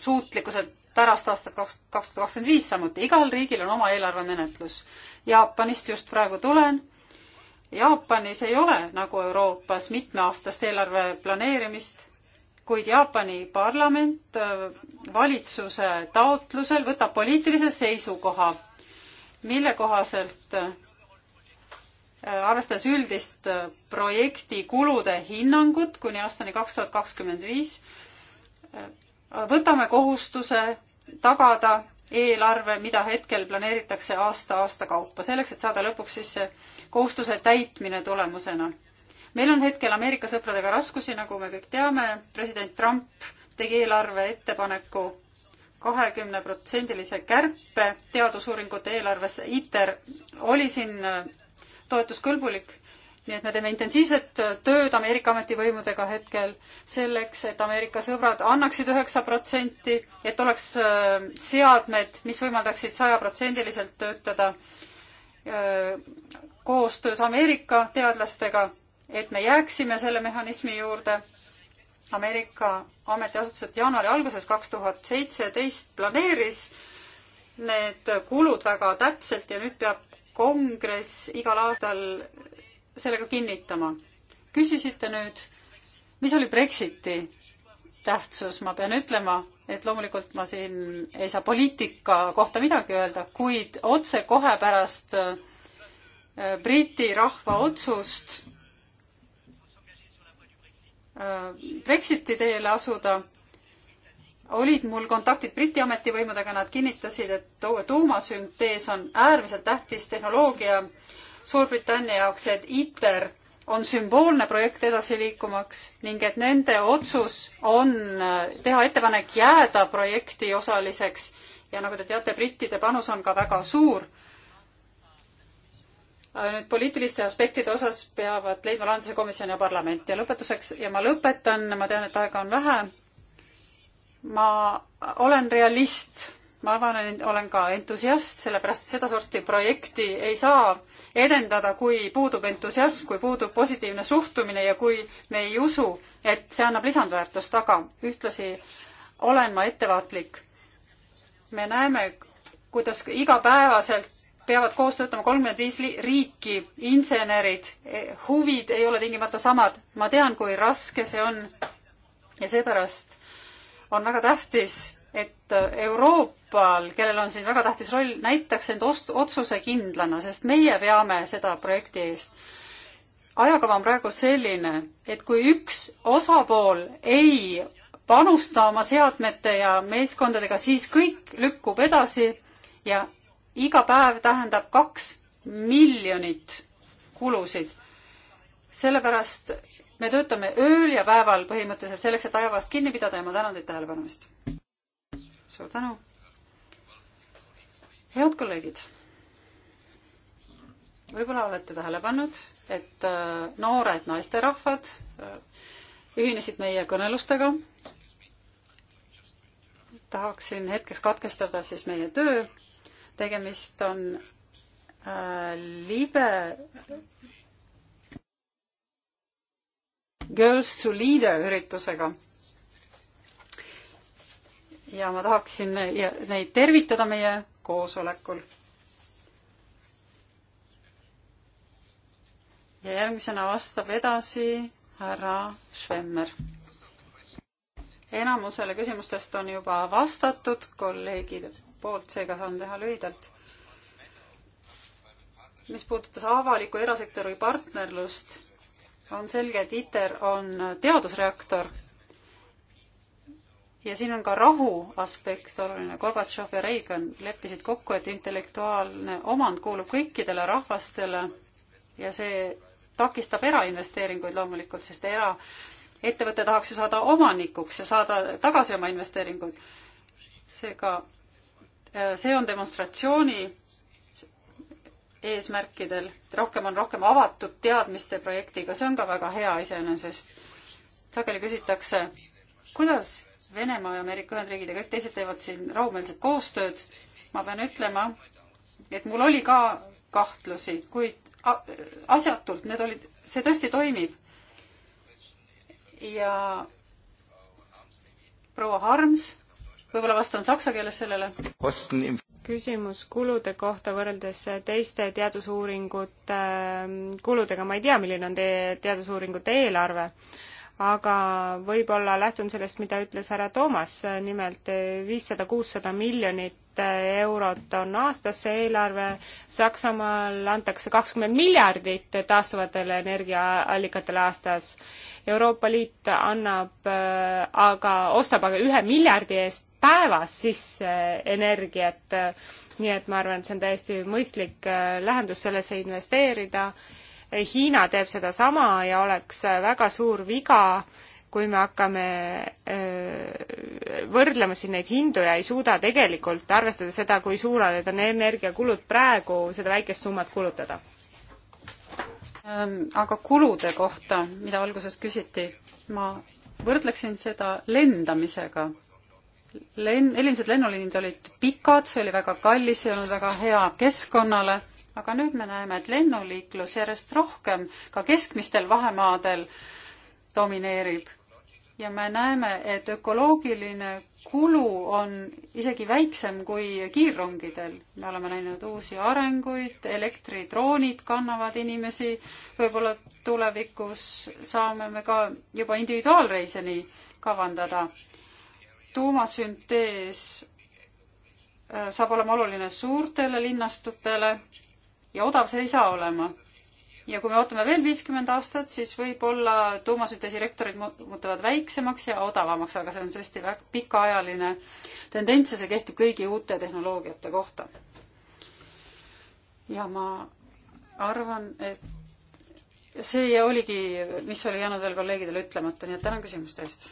suutlikkused pärast aastat kaks, kaks tuhat kakskümmend viis samuti. igal riigil on oma eelarvemenetlus. Jaapanist just praegu tulen. Jaapanis ei ole nagu Euroopas mitmeaastast eelarve planeerimist, kuid Jaapani parlament valitsuse taotlusel võtab poliitilise seisukoha mille kohaselt äh, arvestades üldist äh, projekti kulude hinnangut kuni aastani kaks tuhat kakskümmend viis, äh, võtame kohustuse tagada eelarve, mida hetkel planeeritakse aasta-aasta kaupa, selleks et saada lõpuks siis see kohustuse täitmine tulemusena. meil on hetkel Ameerika sõpradega raskusi, nagu me kõik teame, president Trump tegi eelarve ettepaneku kahekümneprotsendilise kärpe teadusuuringute eelarves. ITER oli siin äh, toetuskõlbulik, nii et me teeme intensiivset äh, tööd Ameerika ametivõimudega hetkel selleks, et Ameerika sõbrad annaksid üheksa protsenti, et oleks äh, seadmed, mis võimaldaksid sajaprotsendiliselt töötada koostöös Ameerika teadlastega, et me jääksime selle mehhanismi juurde Ameerika ametiasutused jaanuari alguses kaks tuhat seitseteist planeeris need kulud väga täpselt ja nüüd peab kongress igal aastal sellega kinnitama. küsisite nüüd, mis oli Brexiti tähtsus, ma pean ütlema, et loomulikult ma siin ei saa poliitika kohta midagi öelda, kuid otsekohe pärast äh, Briti rahva otsust Äh, Brexiti teele asuda, olid mul kontaktid Briti ametivõimudega, nad kinnitasid, et tuumasüntees on äärmiselt tähtis tehnoloogia Suurbritannia jaoks, et ITER on sümboolne projekt edasi liikumaks ning et nende otsus on äh, teha ettepanek jääda projekti osaliseks ja nagu te teate, brittide panus on ka väga suur Äh, nüüd poliitiliste aspektide osas peavad leidma lahenduse komisjon ja parlament ja lõpetuseks ja ma lõpetan, ma tean, et aega on vähe. ma olen realist, ma arvan, olen ka entusiast, sellepärast et sedasorti projekti ei saa edendada, kui puudub entusiasm, kui puudub positiivne suhtumine ja kui me ei usu, et see annab lisandväärtust, aga ühtlasi olen ma ettevaatlik. me näeme, kuidas igapäevaselt peavad koos töötama kolmkümmend viis riiki, insenerid, eh, huvid ei ole tingimata samad. ma tean, kui raske see on. ja seepärast on väga tähtis, et eh, Euroopal, kellel on siin väga tähtis roll, näitaks end ost-, otsusekindlana, sest meie veame seda projekti eest. ajakava on praegu selline, et kui üks osapool ei panusta oma seadmete ja meeskondadega, siis kõik lükkub edasi ja iga päev tähendab kaks miljonit kulusid. sellepärast me töötame ööl ja päeval põhimõtteliselt selleks, et ajavahest kinni pidada ja ma tänan teid tähelepanu eest. suur tänu. head kolleegid. võib-olla olete tähele pannud, et äh, noored naisterahvad äh, ühinesid meie kõnelustega. tahaksin hetkeks katkestada siis meie töö tegemist on äh, libe Girls to Leader üritusega. ja ma tahaksin neid tervitada meie koosolekul. ja järgmisena vastab edasi härra Schwemmer. enamusele küsimustest on juba vastatud, kolleegid poolt, seega saan teha lühidalt. mis puudutas avaliku erasektori partnerlust, on selge, et ITER on teadusreaktor ja siin on ka rahu aspekt oluline. Gorbatšov ja Reagan leppisid kokku, et intellektuaalne omand kuulub kõikidele rahvastele ja see takistab erainvesteeringuid loomulikult, sest eraettevõte tahaks ju saada omanikuks ja saada tagasi oma investeeringuid. seega see on demonstratsiooni eesmärkidel, rohkem on rohkem avatud teadmiste projektiga, see on ka väga hea iseenesest. sageli küsitakse, kuidas Venemaa ja Ameerika Ühendriigid ja kõik teised teevad siin rahumeelset koostööd. ma pean ütlema, et mul oli ka kahtlusi, kuid asjatult need olid, see tõesti toimib. ja proua Harms võib-olla vastan saksa keeles sellele. küsimus kulude kohta võrreldes teiste teadusuuringute ähm, kuludega, ma ei tea, milline on teie teadusuuringute eelarve aga võib-olla lähtun sellest, mida ütles härra Toomas, nimelt viissada, kuussada miljonit eurot on aastas see eelarve, Saksamaal antakse kakskümmend miljardit taastuvatele energiaallikatele aastas. Euroopa Liit annab äh, aga, ostab aga ühe miljardi eest päevas sisse energiat, nii et ma arvan, et see on täiesti mõistlik äh, lahendus sellesse investeerida Hiina teeb sedasama ja oleks äh, väga suur viga, kui me hakkame äh, võrdlema siin neid hindu ja ei suuda tegelikult arvestada seda, kui suured on energiakulud praegu, seda väikest summat kulutada. Ähm, aga kulude kohta, mida alguses küsiti, ma võrdleksin seda lendamisega. Len-, eelmised lennuliinid olid pikad, see oli väga kallis, ei olnud väga hea keskkonnale aga nüüd me näeme, et lennuliiklus järjest rohkem ka keskmistel vahemaadel domineerib. ja me näeme, et ökoloogiline kulu on isegi väiksem kui kiirrongidel. me oleme näinud uusi arenguid, elektridroonid kannavad inimesi, võib-olla tulevikus saame me ka juba individuaalreiseni kavandada. tuumasüntees äh, saab olema oluline suurtele linnastutele ja odav see ei saa olema. ja kui me ootame veel viiskümmend aastat, siis võib-olla tuumasüntesi rektorid muutuvad väiksemaks ja odavamaks, aga see on tõesti väga pikaajaline tendents ja see kehtib kõigi uute tehnoloogiate kohta. ja ma arvan, et see oligi, mis oli jäänud veel kolleegidele ütlemata, nii et tänan küsimuste eest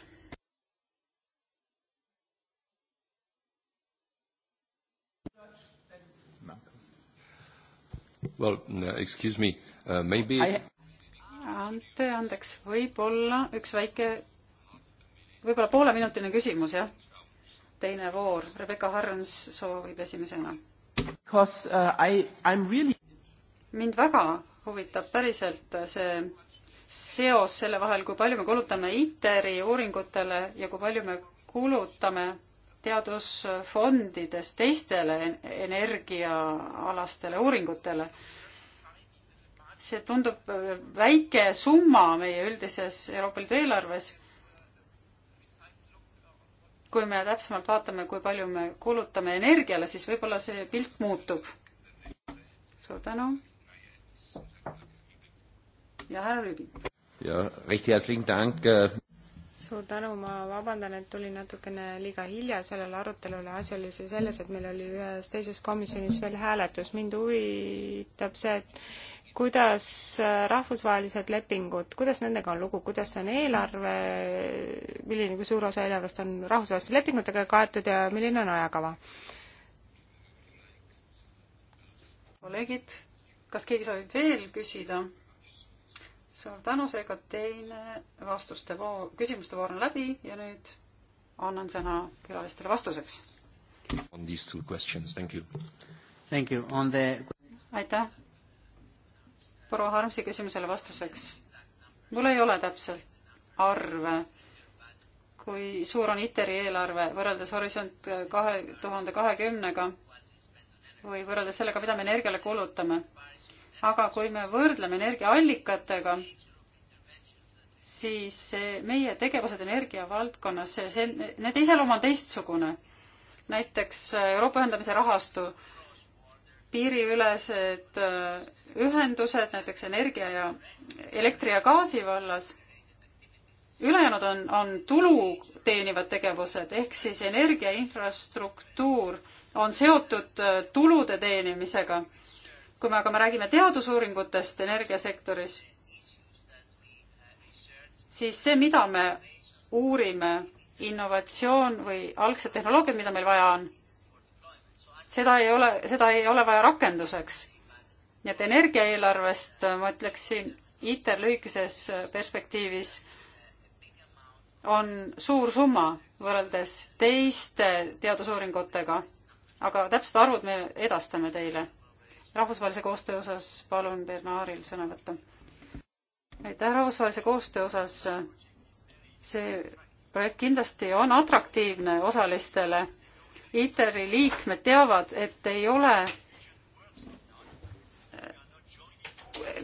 Well, excuse me uh,, maybe I... Ante andeks, võib-olla üks väike, võib-olla pooleminutiline küsimus, jah? teine voor, Rebecca Harms soovib esimesena. Because uh, I, I am really mind väga huvitab päriselt uh, see seos selle vahel, kui palju me kulutame ITER-i uuringutele ja kui palju me kulutame teadusfondides teistele energiaalastele uuringutele. see tundub äh, väike summa meie üldises Euroopa Liidu eelarves. kui me täpsemalt vaatame, kui palju me kulutame energiale, siis võib-olla see pilt muutub. suur tänu. ja härra Rüübin. ja, recht herzlichen Dank äh, suur tänu, ma vabandan, et tulin natukene liiga hilja sellele arutelule, asi oli see selles, et meil oli ühes teises komisjonis veel hääletus, mind huvitab see, et kuidas äh, rahvusvahelised lepingud, kuidas nendega on lugu, kuidas on eelarve, milline, kui suur osa eelarvest on rahvusvaheliste lepingutega kaetud ja milline on ajakava? kolleegid, kas keegi soovib veel küsida? suur tänu, seega teine vastuste voor, küsimuste voor on läbi ja nüüd annan sõna külalistele vastuseks. On these two questions, thank you. Thank you, on the aitäh. proua Harmsi küsimusele vastuseks. mul ei ole täpselt arve, kui suur on ITER-i eelarve võrreldes Horisont kahe tuhande kahekümnega või võrreldes sellega, mida me energiale kulutame aga kui me võrdleme energiaallikatega, siis meie tegevused energiavaldkonnas, see, see, nende iseloom on teistsugune. näiteks Euroopa ühendamise rahastu, piiriülesed äh, ühendused näiteks energia ja elektri ja gaasi vallas, ülejäänud on, on tulu teenivad tegevused, ehk siis energiainfrastruktuur on seotud äh, tulude teenimisega kui me aga me räägime teadusuuringutest energiasektoris, siis see, mida me uurime, innovatsioon või algsed tehnoloogiad, mida meil vaja on, seda ei ole, seda ei ole vaja rakenduseks. nii et energiaeelarvest äh, ma ütleksin, ITER lühikeses äh, perspektiivis on suur summa võrreldes teiste teadusuuringutega, aga täpsed arvud me edastame teile rahvusvahelise koostöö osas palun Bernardil sõna võtta. aitäh rahvusvahelise koostöö osas. Äh, see projekt kindlasti on atraktiivne osalistele. ITER-i liikmed teavad, et ei ole, äh,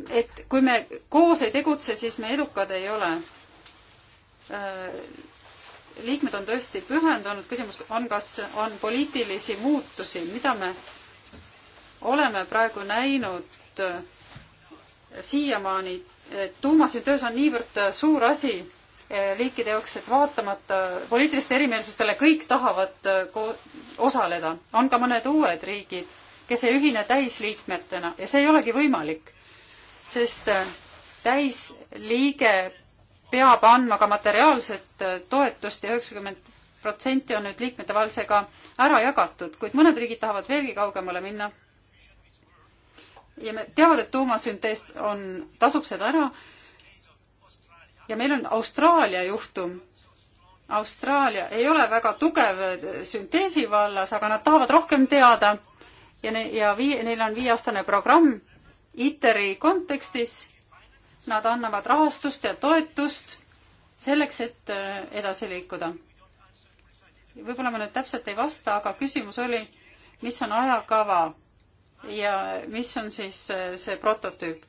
et kui me koos ei tegutse, siis me edukad ei ole. Äh, liikmed on tõesti pühendunud, küsimus on, kas on poliitilisi muutusi, mida me oleme praegu näinud äh, siiamaani, et tuumasüntöös on niivõrd äh, suur asi liikide äh, jaoks, et vaatamata poliitilistele erimeelsustele kõik tahavad osaleda. on ka mõned uued riigid, kes ei ühine täisliikmetena ja see ei olegi võimalik, sest täisliige peab andma ka materiaalset toetust ja üheksakümmend protsenti on nüüd liikmete vahel see ka ära jagatud, kuid mõned riigid tahavad veelgi kaugemale minna ja me teavad, et tuumasünteest on, tasub seda ära. ja meil on Austraalia juhtum. Austraalia ei ole väga tugev sünteesi vallas, aga nad tahavad rohkem teada ja ne-, ja vii-, neil on viieaastane programm ITER-i kontekstis. Nad annavad rahastust ja toetust selleks, et äh, edasi liikuda. võib-olla ma nüüd täpselt ei vasta, aga küsimus oli, mis on ajakava ja mis on siis äh, see prototüüp?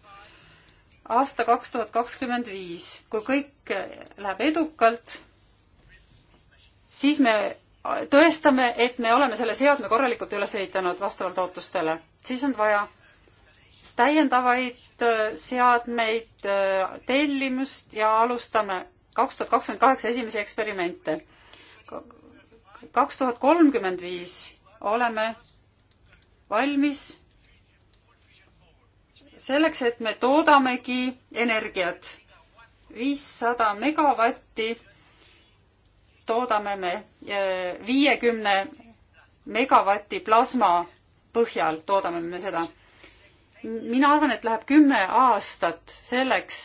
aasta kaks tuhat kakskümmend viis, kui kõik äh, läheb edukalt, siis me äh, tõestame, et me oleme selle seadme korralikult üles ehitanud vastavalt ootustele. siis on vaja täiendavaid seadmeid, tellimust ja alustame kaks tuhat kakskümmend kaheksa esimesi eksperimente. kaks tuhat kolmkümmend viis oleme valmis selleks, et me toodamegi energiat. viissada megavatti toodame me viiekümne megavati plasma põhjal toodame me seda. mina arvan, et läheb kümme aastat selleks,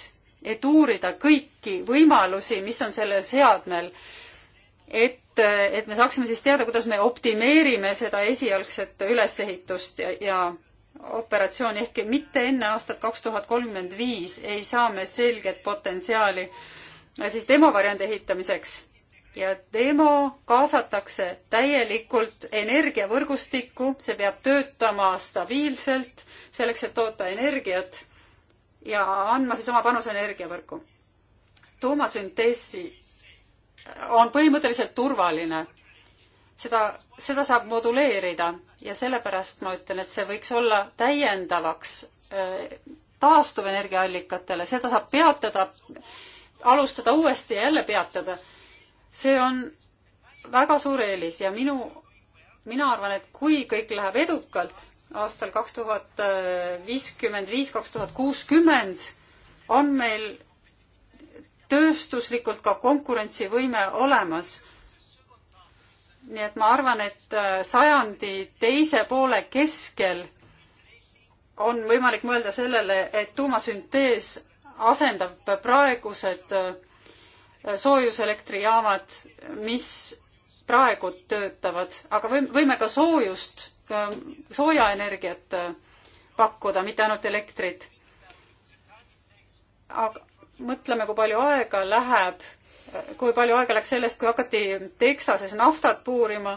et uurida kõiki võimalusi, mis on sellel seadmel. et, et me saaksime siis teada, kuidas me optimeerime seda esialgset ülesehitust ja, ja operatsiooni ehk mitte enne aastat kaks tuhat kolmkümmend viis ei saa me selget potentsiaali äh, siis demovariandi ehitamiseks ja demo kaasatakse täielikult energiavõrgustikku, see peab töötama stabiilselt selleks, et toota energiat ja andma siis oma panuse energiavõrku. tuumasünteesi on põhimõtteliselt turvaline seda, seda saab moduleerida ja sellepärast ma ütlen, et see võiks olla täiendavaks äh, taastuvenergiaallikatele, seda saab peatada, alustada uuesti ja jälle peatada. see on väga suur eelis ja minu, mina arvan, et kui kõik läheb edukalt aastal kaks tuhat viiskümmend viis, kaks tuhat kuuskümmend, on meil tööstuslikult ka konkurentsivõime olemas nii et ma arvan, et äh, sajandi teise poole keskel on võimalik mõelda sellele, et tuumasüntees asendab praegused äh, soojuselektrijaamad, mis praegu töötavad, aga võime ka soojust, äh, soojaenergiat pakkuda, mitte ainult elektrit. aga mõtleme, kui palju aega läheb kui palju aega läks sellest, kui hakati Texases naftat puurima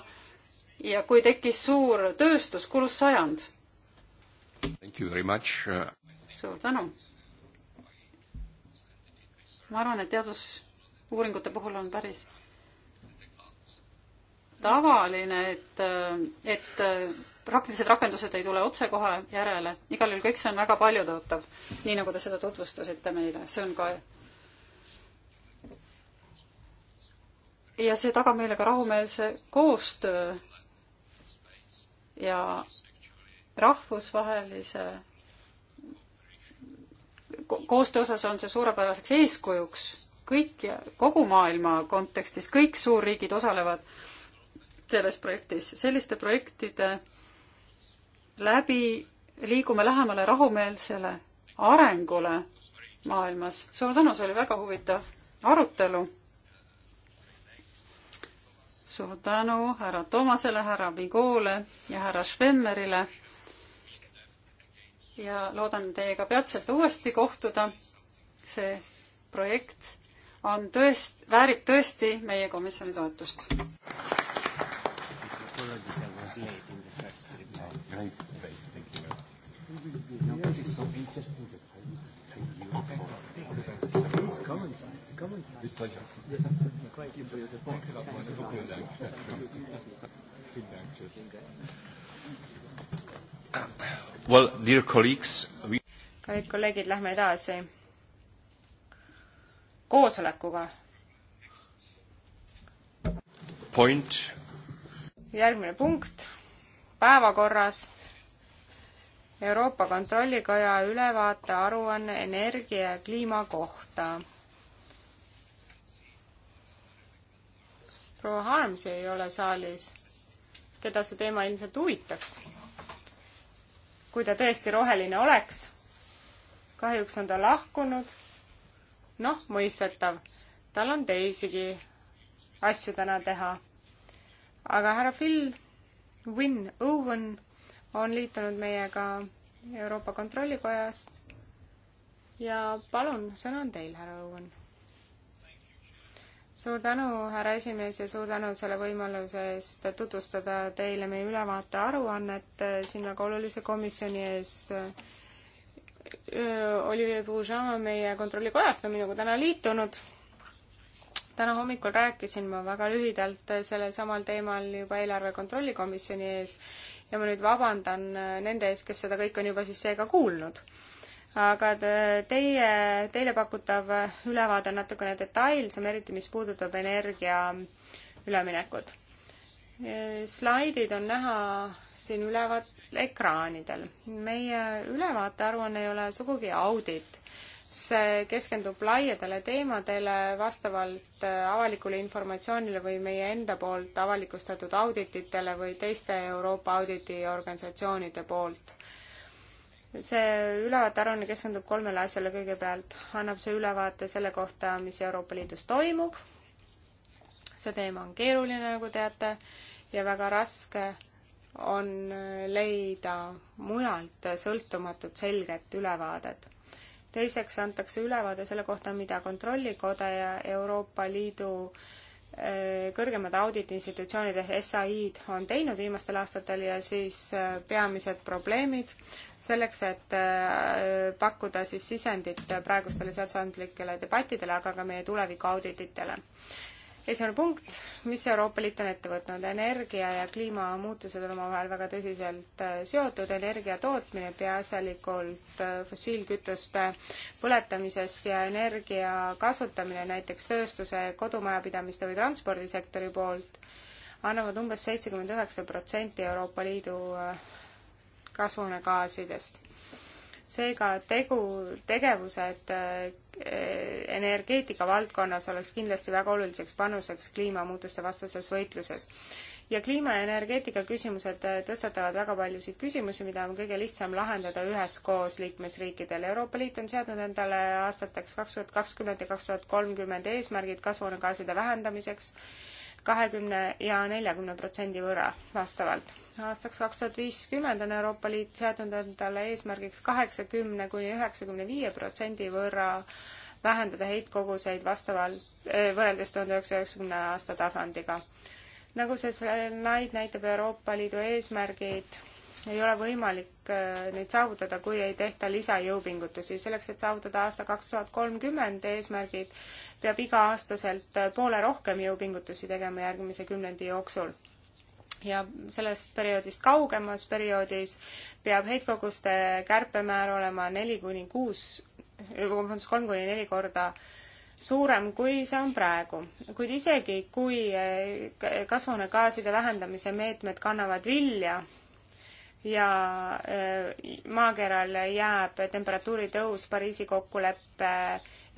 ja kui tekkis suur tööstus, kulus sajand. suur tänu. ma arvan, et teadusuuringute puhul on päris tavaline, et, et praktilised rakendused ei tule otsekohe järele, igal juhul kõik see on väga paljutõotav, nii nagu te seda tutvustasite meile, see on ka ja see tagab meile ka rahumeelse koostöö ja rahvusvahelise koostöö osas on see suurepäraseks eeskujuks kõik, kogu maailma kontekstis, kõik suurriigid osalevad selles projektis. selliste projektide läbi liigume lähemale rahumeelsele arengule maailmas. suur tänu, see oli väga huvitav arutelu suur tänu härra Toomasele, härra Bigole ja härra Schlemmerile. ja loodan teiega peatselt uuesti kohtuda. see projekt on tõest-, väärib tõesti meie komisjoni toetust. No, but it's so interesting that I, I, you, thank you. Please come inside. Österreich hat Vielen Dank. Vielen Dank. Tschüss. Well, dear colleagues, we... kallid kolleegid, lähme edasi koosolekuga. Point. järgmine punkt päevakorras Euroopa Kontrollikoja ülevaate aruanne energia ja kliima kohta proua Harmsi ei ole saalis, keda see teema ilmselt huvitaks. kui ta tõesti roheline oleks. kahjuks on ta lahkunud. noh, mõistetav, tal on teisigi asju täna teha. aga härra Phil Wynne Owen on liitunud meiega Euroopa Kontrollikojast ja palun, sõna on teil, härra Owen suur tänu, härra esimees, ja suur tänu selle võimaluse eest tutvustada teile meie ülevaate aruannet äh, siin väga olulise komisjoni ees. Äh, Olivier Bourgeois on meie kontrollikojast on minuga täna liitunud. täna hommikul rääkisin ma väga lühidalt äh, sellel samal teemal juba eelarve kontrolli komisjoni ees ja ma nüüd vabandan nende ees, kes seda kõike on juba siis seega kuulnud aga teie, teile pakutav ülevaade on natukene detailsem, eriti mis puudutab energia üleminekut. slaidid on näha siin üleval ekraanidel. meie ülevaatearuanne ei ole sugugi audit. see keskendub laiadele teemadele vastavalt avalikule informatsioonile või meie enda poolt avalikustatud audititele või teiste Euroopa auditiorganisatsioonide poolt see ülevaate aruanne keskendub kolmele asjale kõigepealt. annab see ülevaate selle kohta, mis Euroopa Liidus toimub. see teema on keeruline, nagu teate, ja väga raske on leida mujalt sõltumatut selget ülevaadet. teiseks antakse ülevaade selle kohta, mida Kontrollikoda ja Euroopa Liidu äh, Äh, kõrgemad auditinstitutsioonid ehk SAI-d on teinud viimastel aastatel ja siis äh, peamised probleemid selleks, et äh, pakkuda siis sisendit praegustele seadusandlikele debattidele, aga ka meie tuleviku audititele esimene punkt, mis Euroopa Liit on ette võtnud, energia ja kliimamuutused on omavahel väga tõsiselt äh, seotud, energia tootmine peaasjalikult äh, fossiilkütuste põletamisest ja energia kasutamine näiteks tööstuse, kodumajapidamiste või transpordisektori poolt annavad umbes seitsekümmend üheksa protsenti Euroopa Liidu äh, kasvuhoonegaasidest seega tegu, tegevused äh, energeetika valdkonnas oleks kindlasti väga oluliseks panuseks kliimamuutuste vastases võitluses. ja kliima ja energeetika küsimused äh, tõstatavad väga paljusid küsimusi, mida on kõige lihtsam lahendada üheskoos liikmesriikidel. Euroopa Liit on seadnud endale aastateks kaks tuhat kakskümmend ja kaks tuhat kolmkümmend eesmärgid kasvuhoonegaaside vähendamiseks kahekümne ja neljakümne protsendi võrra vastavalt. aastaks kaks tuhat viiskümmend on Euroopa Liit seadnud endale eesmärgiks kaheksakümne kuni üheksakümne viie protsendi võrra vähendada heitkoguseid vastavalt, eh, võrreldes tuhande üheksasaja üheksakümne aasta tasandiga. nagu see slaid näitab, Euroopa Liidu eesmärgid ei ole võimalik äh, neid saavutada, kui ei tehta lisajõupingutusi. selleks, et saavutada aasta kaks tuhat kolmkümmend eesmärgid, peab iga-aastaselt äh, poole rohkem jõupingutusi tegema järgmise kümnendi jooksul. ja sellest perioodist kaugemas perioodis peab heitkoguste kärpemäär olema neli kuni kuus, äh, vabandust, kolm kuni neli korda suurem, kui see on praegu. kuid isegi, kui kasvuhoonegaaside vähendamise meetmed kannavad vilja, ja eh, maakeral jääb temperatuuri tõus Pariisi kokkuleppe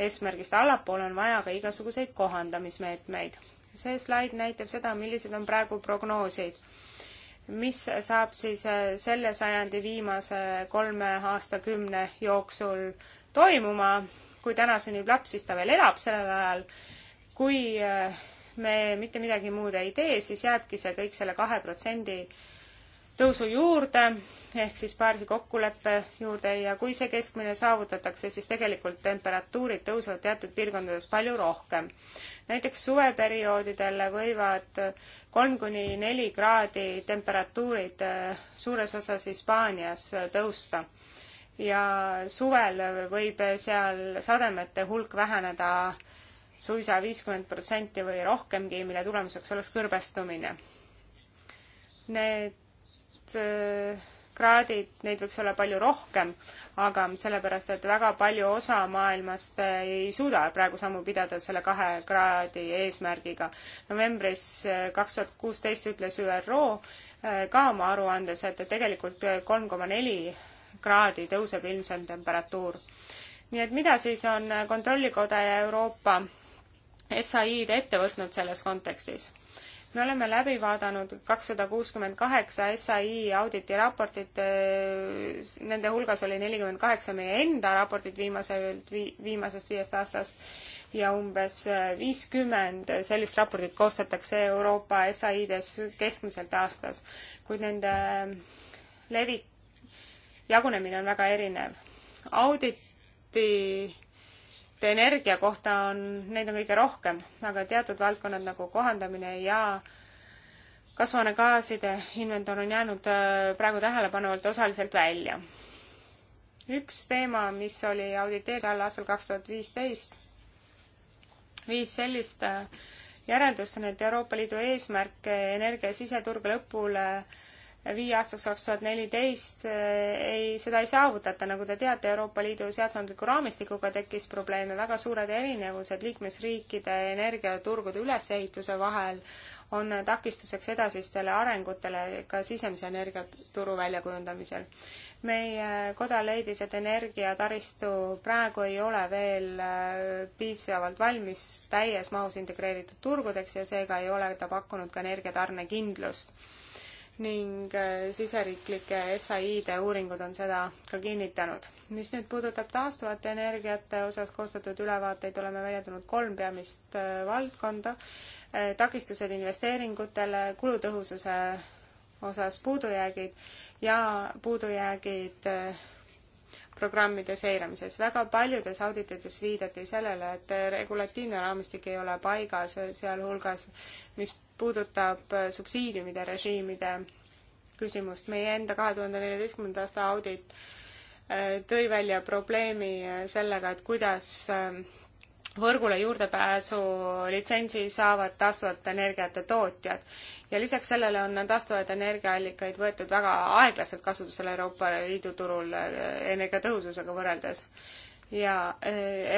eesmärgist allapoole, on vaja ka igasuguseid kohandamismeetmeid. see slaid näitab seda, millised on praegu prognoosid. mis saab siis eh, selle sajandi viimase kolme aastakümne jooksul toimuma, kui täna sünnib laps, siis ta veel elab sellel ajal, kui eh, me mitte midagi muud ei tee, siis jääbki see kõik selle kahe protsendi tõusu juurde ehk siis Pariisi kokkuleppe juurde ja kui see keskmine saavutatakse, siis tegelikult temperatuurid tõusevad teatud piirkondades palju rohkem. näiteks suveperioodidel võivad kolm kuni neli kraadi temperatuurid suures osas Hispaanias tõusta ja suvel võib seal sademete hulk väheneda suisa viiskümmend protsenti või rohkemgi, mille tulemuseks oleks kõrbestumine need Äh, kraadid, neid võiks olla palju rohkem, aga sellepärast, et väga palju osa maailmast äh, ei suuda praegu sammu pidada selle kahe kraadi eesmärgiga. novembris äh, kaks tuhat kuusteist ütles ÜRO ka oma aruandes, et tegelikult kolm koma neli kraadi tõuseb ilmselt temperatuur. nii et mida siis on Kontrollikoda ja Euroopa SAI-d ette võtnud selles kontekstis? me oleme läbi vaadanud kakssada kuuskümmend kaheksa SI auditi raportit, äh, nende hulgas oli nelikümmend kaheksa meie enda raportit viimaselt, viimasest viiest aastast ja umbes äh, viiskümmend sellist raportit koostatakse Euroopa SI-des keskmiselt aastas, kuid nende levi, jagunemine on väga erinev. auditi energia kohta on, neid on kõige rohkem, aga teatud valdkonnad nagu kohandamine ja kasvuhoonegaaside inventar on jäänud äh, praegu tähelepanu alt osaliselt välja. üks teema, mis oli auditeerimise all aastal kaks tuhat viisteist, viis sellist äh, järeldusteni, et Euroopa Liidu eesmärk äh, energia siseturg lõpule äh, viie aastaks kaks tuhat neliteist eh, ei, seda ei saavutata, nagu te teate, Euroopa Liidu seadusandliku raamistikuga tekkis probleeme, väga suured erinevused liikmesriikide energiaturgude ülesehituse vahel on takistuseks edasistele arengutele ka sisemise energiaturu väljakujundamisel. meie koda leidis, et energiataristu praegu ei ole veel eh, piisavalt valmis täies mahus integreeritud turgudeks ja seega ei ole ta pakkunud ka energiatarnekindlust ning äh, siseriiklike SAI-de uuringud on seda ka kinnitanud. mis nüüd puudutab taastuvate energiate osas koostatud ülevaateid, oleme välja tulnud kolm peamist äh, valdkonda. Äh, takistused investeeringutele, kulutõhususe osas puudujäägid ja puudujäägid programmide seiramises. väga paljudes auditites viidati sellele, et regulatiivne raamistik ei ole paigas, sealhulgas mis puudutab subsiidiumide režiimide küsimust. meie enda kahe tuhande neljateistkümnenda aasta audit äh, tõi välja probleemi äh, sellega, et kuidas äh, võrgule juurdepääsu litsentsi saavad taastuvate energiate tootjad ja lisaks sellele on taastuvaid energiaallikaid võetud väga aeglaselt kasutusele Euroopa Liidu turul energiatõhususega võrreldes. ja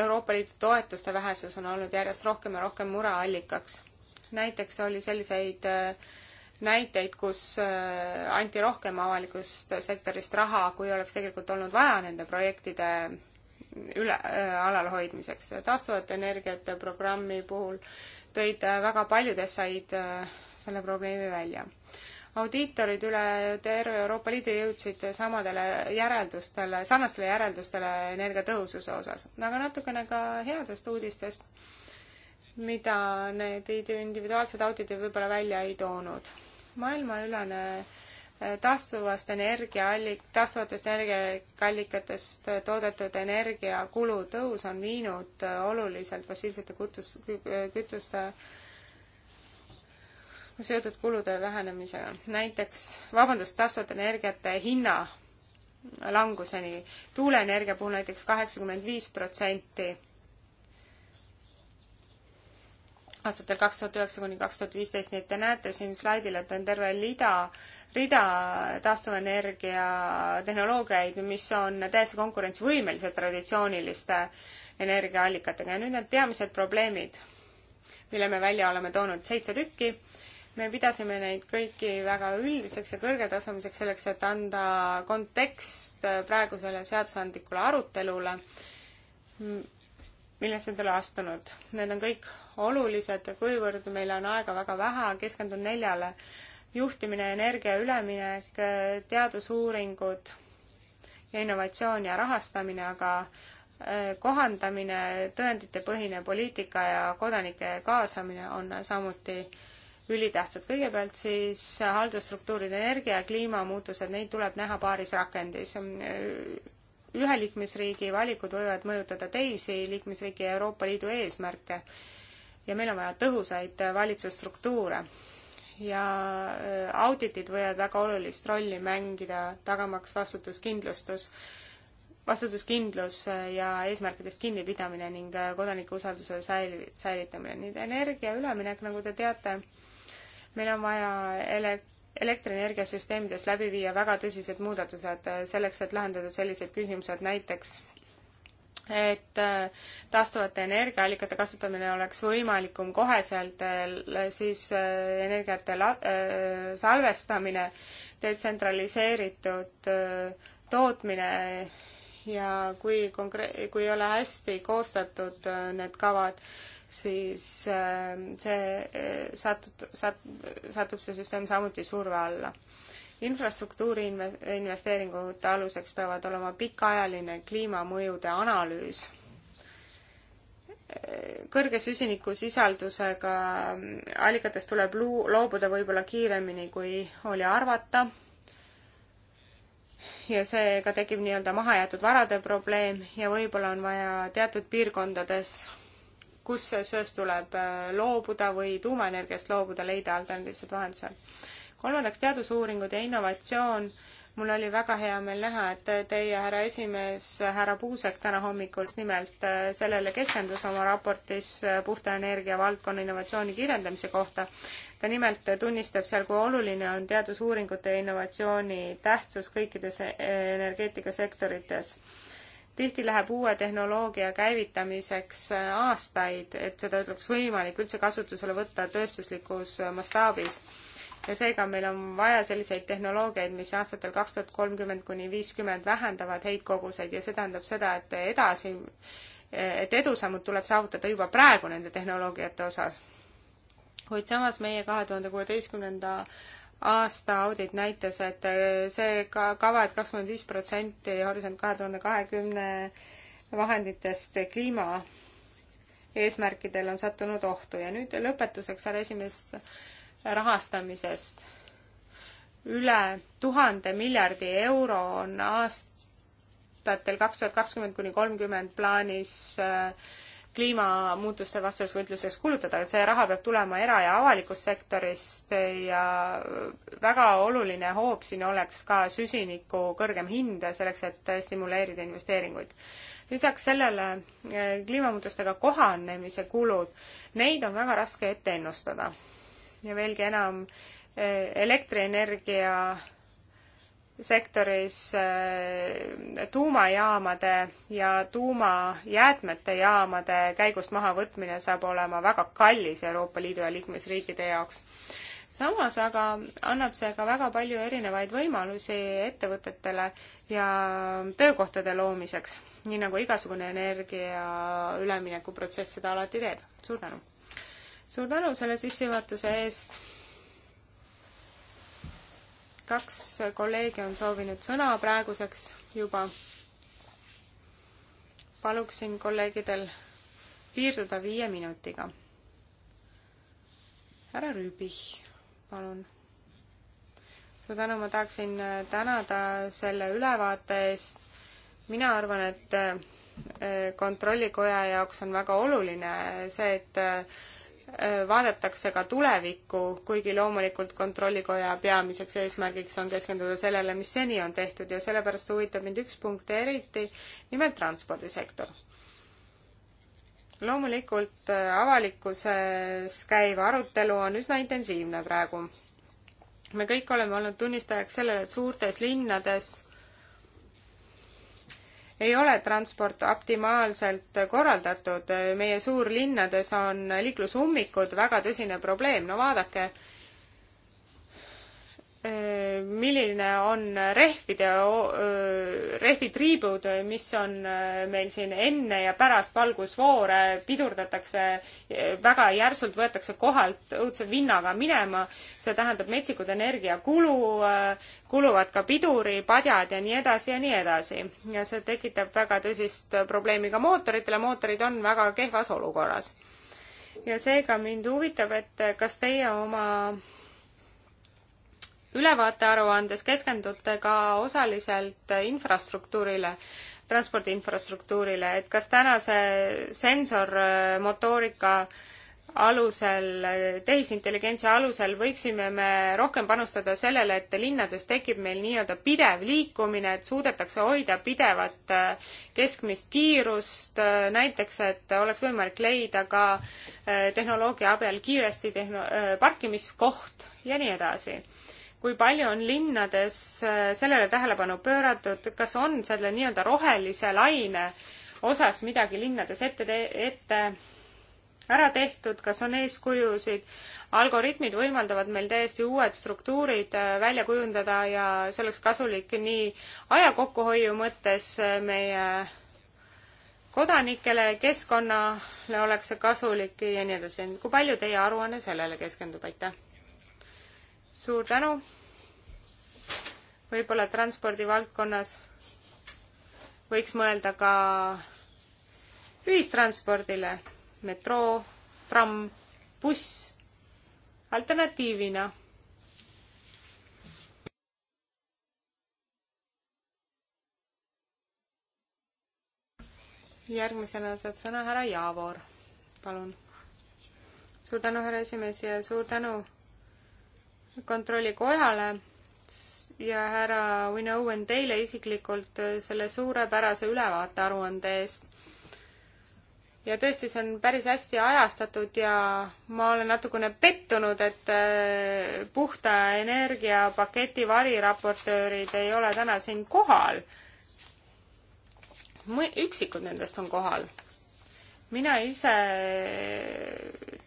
Euroopa Liidu toetuste vähesus on olnud järjest rohkem ja rohkem mureallikaks näiteks oli selliseid äh, näiteid, kus äh, anti rohkem avalikust sektorist raha, kui oleks tegelikult olnud vaja nende projektide üle äh,, alalhoidmiseks. taastuvate energiate programmi puhul tõid äh, väga paljud SAI-d äh, selle probleemi välja. audiitorid üle terve Euroopa Liidu jõudsid samadele järeldustele, sarnastele järeldustele energiatõhususe osas, aga natukene ka headest uudistest mida need individuaalsed auditid võib-olla välja ei toonud. maailmaülane eh, taastuvast energiaallik-, taastuvatest energiaallikatest eh, toodetud energia kulutõus on viinud eh, oluliselt fossiilsete kutus, kütuste seotud kulude vähenemisega. näiteks, vabandust, taastuvate energiate hinna languseni. tuuleenergia puhul näiteks kaheksakümmend viis protsenti aastatel kaks tuhat üheksa kuni kaks tuhat viisteist, nii et te näete siin slaidil, et on terve lida, rida taastuvenergia tehnoloogiaid, mis on täiesti konkurentsivõimelised traditsiooniliste energiaallikatega ja nüüd need peamised probleemid, mille me välja oleme toonud, seitse tükki me pidasime neid kõiki väga üldiseks ja kõrgetasemiseks selleks, et anda kontekst praegusele seadusandlikule arutelule, millesse te olete astunud. Need on kõik olulised, kuivõrd meil on aega väga vähe, keskendun neljale. juhtimine, energia üleminek, teadusuuringud ja innovatsioon ja rahastamine, aga äh, kohandamine, tõenditepõhine poliitika ja kodanike kaasamine on samuti ülitähtsad. kõigepealt siis haldusstruktuurid, energia ja kliimamuutused, neid tuleb näha paaris rakendis. ühe liikmesriigi valikud võivad mõjutada teisi liikmesriigi ja Euroopa Liidu eesmärke ja meil on vaja tõhusaid valitsusstruktuure. ja äh, auditid võivad väga olulist rolli mängida, tagamaks vastutuskindlustus, vastutuskindlus äh, ja eesmärkidest kinnipidamine ning äh, kodanike usalduse säil-, säilitamine. nüüd energia üleminek, nagu te teate, meil on vaja elek-, elektrienergiasüsteemides läbi viia väga tõsised muudatused selleks, et lahendada sellised küsimused näiteks et äh, taastuvate energiaallikate kasutamine oleks võimalikum koheselt, äh, siis äh, energiate la-, salvestamine, detsentraliseeritud tootmine ja kui konkre-, kui ei ole hästi koostatud need kavad, siis see satut-, sat-, satub see süsteem samuti surve alla infrastruktuuri investeeringute aluseks peavad olema pikaajaline kliimamõjude analüüs. kõrge süsinikusisaldusega mm, allikatest tuleb luu-, loobuda võib-olla kiiremini, kui oli arvata ja seega tekib nii-öelda mahajäetud varade probleem ja võib-olla on vaja teatud piirkondades, kus sööst tuleb äh, loobuda või tuumaenergiast loobuda, leida alternatiivsed lahendused kolmandaks, teadusuuringud ja innovatsioon. mul oli väga hea meel näha, et teie, härra esimees, härra Puusek täna hommikul nimelt äh, sellele keskendus oma raportis äh, puhta energia valdkonna innovatsiooni kirjeldamise kohta. ta nimelt tunnistab seal, kui oluline on teadusuuringute ja innovatsiooni tähtsus kõikides e-, energeetikasektorites tihti läheb uue tehnoloogia käivitamiseks äh, aastaid, et seda oleks võimalik üldse kasutusele võtta tööstuslikus mastaabis ja seega meil on vaja selliseid tehnoloogiaid, mis aastatel kaks tuhat kolmkümmend kuni viiskümmend vähendavad heitkoguseid ja see tähendab seda, et edasi, et edusammud tuleb saavutada juba praegu nende tehnoloogiate osas. kuid samas meie kahe tuhande kuueteistkümnenda aasta audit näitas, et see ka kava et, et kakskümmend viis protsenti Horisont kahe tuhande kahekümne vahenditest kliima eesmärkidel on sattunud ohtu ja nüüd lõpetuseks, härra esimees, rahastamisest. üle tuhande miljardi euro on aastatel kaks tuhat kakskümmend kuni kolmkümmend plaanis äh, kliimamuutuste vastases võitluses kulutada, see raha peab tulema era- ja avalikust sektorist ja väga oluline hoob siin oleks ka süsiniku kõrgem hind selleks, et stimuleerida investeeringuid lisaks sellele äh, kliimamuutustega kohanemise kulud, neid on väga raske ette ennustada ja veelgi enam eh, elektrienergia sektoris eh, tuumajaamade ja tuumajäätmete jaamade käigust mahavõtmine saab olema väga kallis Euroopa Liidu ja liikmesriikide jaoks samas aga annab see ka väga palju erinevaid võimalusi ettevõtetele ja töökohtade loomiseks, nii nagu igasugune energia üleminekuprotsess seda alati teeb. suur tänu! suur tänu selle sissejuhatuse eest. kaks kolleegi on soovinud sõna praeguseks juba. paluksin kolleegidel piirduda viie minutiga. härra Rüübich, palun suur tänu, ma tahaksin tänada selle ülevaate eest. mina arvan, et eh, kontrollikoja jaoks on väga oluline see, et eh, Äh, vaadatakse ka tulevikku, kuigi loomulikult Kontrollikoja peamiseks eesmärgiks on keskenduda sellele, mis seni on tehtud ja sellepärast huvitab mind üks punkt eriti, nimelt transpordisektor. loomulikult äh, avalikkuses käiv arutelu on üsna intensiivne praegu. me kõik oleme olnud tunnistajaks sellele, et suurtes linnades ei ole transport optimaalselt korraldatud. meie suurlinnades on liiklusummikud väga tõsine probleem. no vaadake Äh, milline on rehvide, rehvitriibud, mis on äh, meil siin enne ja pärast valgusfoore, pidurdatakse äh, väga järsult, võetakse kohalt õudse vinnaga minema, see tähendab metsikud energiakulu, kuluvad ka piduripadjad ja nii edasi ja nii edasi. ja see tekitab väga tõsist probleemi ka mootoritele, mootorid on väga kehvas olukorras. ja seega mind huvitab, et kas teie oma ülevaatearuandes keskendute ka osaliselt infrastruktuurile, transpordi infrastruktuurile, et kas tänase sensormotoorika äh, alusel, tehisintelligentsi alusel võiksime me rohkem panustada sellele, et linnades tekib meil nii-öelda pidev liikumine, et suudetakse hoida pidevat äh, keskmist kiirust, äh, näiteks et oleks võimalik leida ka tehnoloogia abil kiiresti tehno-, parkimiskoht ja nii edasi kui palju on linnades äh, sellele tähelepanu pööratud, kas on selle nii-öelda rohelise laine osas midagi linnades ette, ette ära tehtud, kas on eeskujusid, algoritmid võimaldavad meil täiesti uued struktuurid äh, välja kujundada ja see oleks kasulik nii aja kokkuhoiu mõttes äh, meie kodanikele, keskkonnale oleks see kasulik ja nii edasi. kui palju teie aruanne sellele keskendub, aitäh? suur tänu. võib-olla transpordivaldkonnas võiks mõelda ka ühistranspordile, metroo, tramm, buss alternatiivina järgmisena saab sõna härra Javor, palun. suur tänu, härra esimees ja suur tänu kontrollikojale ja härra Winowen teile isiklikult äh, selle suurepärase ülevaate aruande eest. ja tõesti, see on päris hästi ajastatud ja ma olen natukene pettunud, et äh, puhta energiapaketi variraportöörid ei ole täna siin kohal. üksikud nendest on kohal mina ise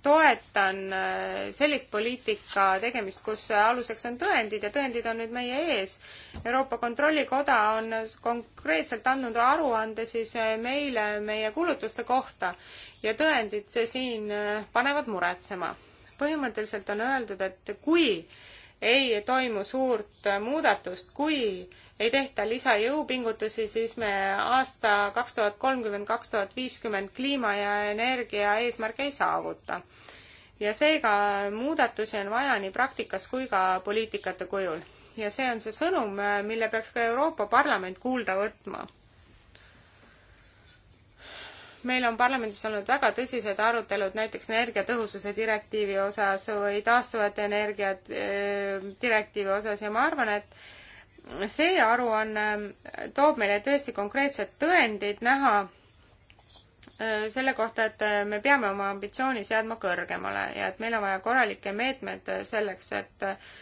toetan äh, sellist poliitika tegemist, kus aluseks on tõendid ja tõendid on nüüd meie ees. Euroopa Kontrollikoda on konkreetselt andnud aruande siis äh, meile meie kulutuste kohta ja tõendid siin äh, panevad muretsema. põhimõtteliselt on öeldud, et kui ei toimu suurt muudatust, kui äh, ei tehta lisajõupingutusi, siis me aasta kaks tuhat kolmkümmend, kaks tuhat viiskümmend kliima ja energia eesmärke ei saavuta. ja seega muudatusi on vaja nii praktikas kui ka poliitikate kujul. ja see on see sõnum, mille peaks ka Euroopa Parlament kuulda võtma meil on parlamendis olnud väga tõsised arutelud näiteks energiatõhususe direktiivi osas või taastuvate energiat eh, direktiivi osas ja ma arvan, et see aruanne toob meile tõesti konkreetsed tõendid näha äh, selle kohta, et äh, me peame oma ambitsiooni seadma kõrgemale ja et meil on vaja korralikke meetmed selleks, et äh,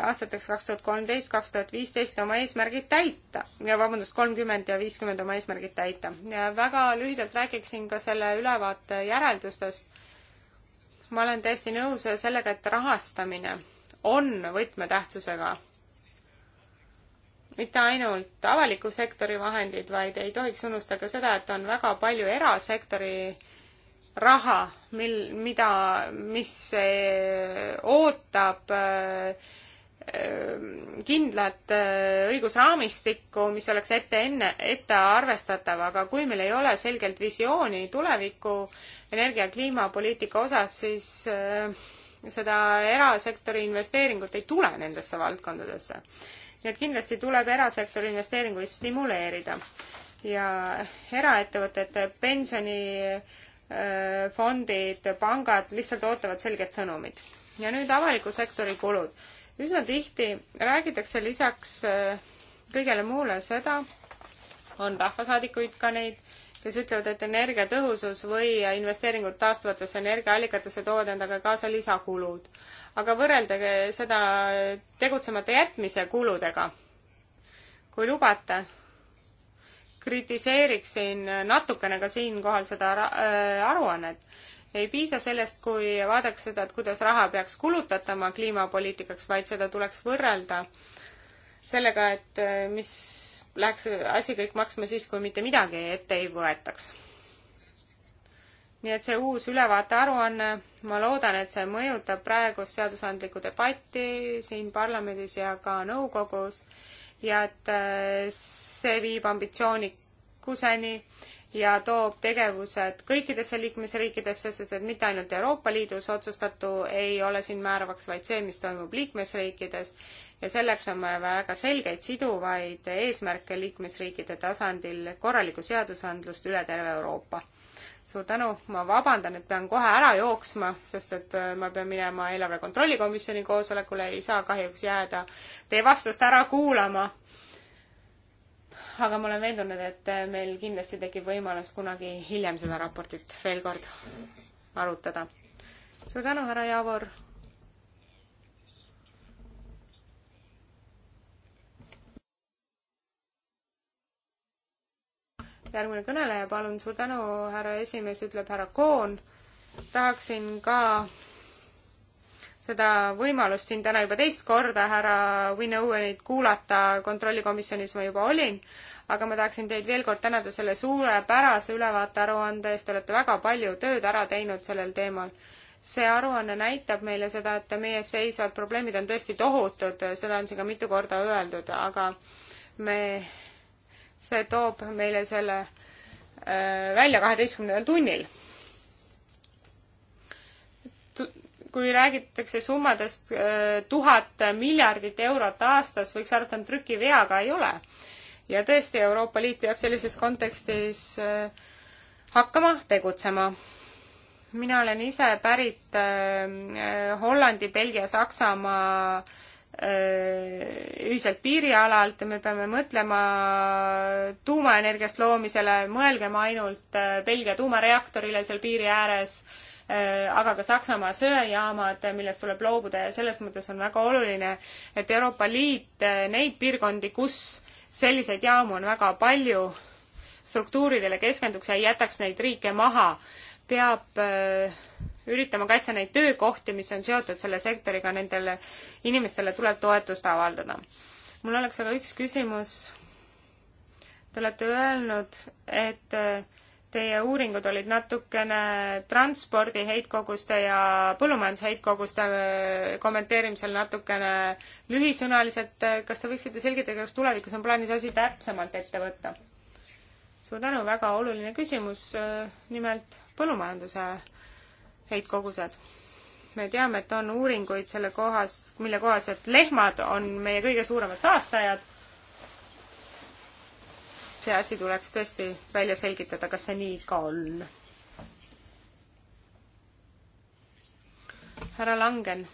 aastateks kaks tuhat kolmteist, kaks tuhat viisteist oma eesmärgid täita ja vabandust, kolmkümmend ja viiskümmend oma eesmärgid täita. ja väga lühidalt räägiksin ka selle ülevaate järeldustest. ma olen täiesti nõus sellega, et rahastamine on võtmetähtsusega mitte ainult avaliku sektori vahendid, vaid ei tohiks unustada ka seda, et on väga palju erasektori raha, mil, mida, mis eh, ootab eh, kindlat eh, õigusraamistikku, mis oleks ette enne, ette arvestatav, aga kui meil ei ole selgelt visiooni tuleviku energia- ja kliimapoliitika osas, siis seda erasektori investeeringut ei tule nendesse valdkondadesse nii et kindlasti tuleb erasektori investeeringuid stimuleerida ja eraettevõtete pensionifondid, äh, pangad lihtsalt ootavad selget sõnumit. ja nüüd avaliku sektori kulud. üsna tihti räägitakse lisaks äh, kõigele muule seda, on rahvasaadikuid ka neid, kes ütlevad, et energiatõhusus või investeeringud taastuvatesse energiaallikatesse toovad endaga kaasa lisakulud. aga võrreldage seda tegutsemata jätmise kuludega. kui lubate, kritiseeriksin natukene ka siinkohal seda äh, aruannet. ei piisa sellest, kui vaadaks seda, et kuidas raha peaks kulutatama kliimapoliitikaks, vaid seda tuleks võrrelda äh, sellega, et äh, mis läheks asi kõik maksma siis, kui mitte midagi ette ei võetaks. nii et see uus ülevaate aruanne, ma loodan, et see mõjutab praegust seadusandlikku debatti siin parlamendis ja ka nõukogus ja et äh, see viib ambitsioonikuseni ja toob tegevused kõikidesse liikmesriikidesse, sest et mitte ainult Euroopa Liidus otsustatu ei ole siin määravaks, vaid see, mis toimub liikmesriikides. ja selleks on vaja väga selgeid siduvaid eesmärke liikmesriikide tasandil, korralikku seadusandlust üle terve Euroopa. suur tänu, ma vabandan, et pean kohe ära jooksma, sest et äh, ma pean minema eelarve kontrollikomisjoni koosolekule, ei saa kahjuks jääda teie vastust ära kuulama aga ma olen veendunud, et äh, meil kindlasti tekib võimalus kunagi hiljem seda raportit veel kord arutada. suur tänu, härra Javor. järgmine kõneleja, palun, suur tänu, härra esimees, ütleb härra Koon. tahaksin ka seda võimalust siin täna juba teist korda härra Win Owenit kuulata, kontrollikomisjonis ma juba olin, aga ma tahaksin teid veel kord tänada selle suurepärase ülevaate aruande eest, te olete väga palju tööd ära teinud sellel teemal. see aruanne näitab meile seda, et meie ees seisvad probleemid on tõesti tohutud, seda on siin ka mitu korda öeldud, aga me, see toob meile selle äh, välja kaheteistkümnendal tunnil kui räägitakse summadest äh, tuhat miljardit eurot aastas, võiks arvata, et trükiveaga ei ole. ja tõesti, Euroopa Liit peab sellises kontekstis äh, hakkama tegutsema. mina olen ise pärit äh, Hollandi, Belgia, Saksamaa ühiselt piirialalt ja me peame mõtlema tuumaenergiast loomisele, mõelgem ainult Belgia tuumareaktorile seal piiri ääres Äh, aga ka Saksamaa söejaamad, millest tuleb loobuda ja selles mõttes on väga oluline, et Euroopa Liit äh, neid piirkondi, kus selliseid jaamu on väga palju, struktuuridele keskenduks ja ei jätaks neid riike maha, peab äh, üritama kaitsta neid töökohti, mis on seotud selle sektoriga, nendele inimestele tuleb toetust avaldada. mul oleks aga üks küsimus. Te olete öelnud, et äh, Teie uuringud olid natukene transpordi heitkoguste ja põllumajandusheitkoguste äh, kommenteerimisel natukene lühisõnalised. kas te võiksite selgitada, kas tulevikus on plaanis asi täpsemalt ette võtta? suur tänu, väga oluline küsimus, äh, nimelt põllumajanduse heitkogused me teame, et on uuringuid selle kohas, mille kohaselt lehmad on meie kõige suuremad saastajad see asi tuleks tõesti välja selgitada, kas see nii ka on. härra Langen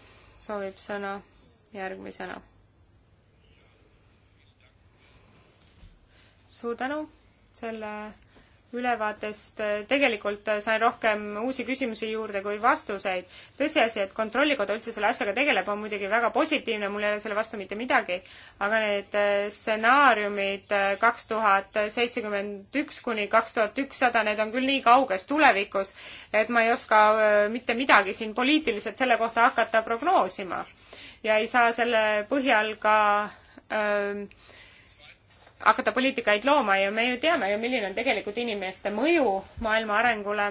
soovib sõna järgmisena. suur tänu selle ülevaatest. Äh, tegelikult sain rohkem uusi küsimusi juurde kui vastuseid. tõsiasi, et Kontrollikoda üldse selle asjaga tegeleb, on muidugi väga positiivne, mul ei ole selle vastu mitte midagi, aga need äh, stsenaariumid äh, kaks tuhat seitsekümmend üks kuni kaks tuhat ükssada, need on küll nii kauges tulevikus, et ma ei oska mitte midagi siin poliitiliselt selle kohta hakata prognoosima. ja ei saa selle põhjal ka öö, ähm, hakata poliitikaid looma ja me ju teame ju, milline on tegelikult inimeste mõju maailma arengule.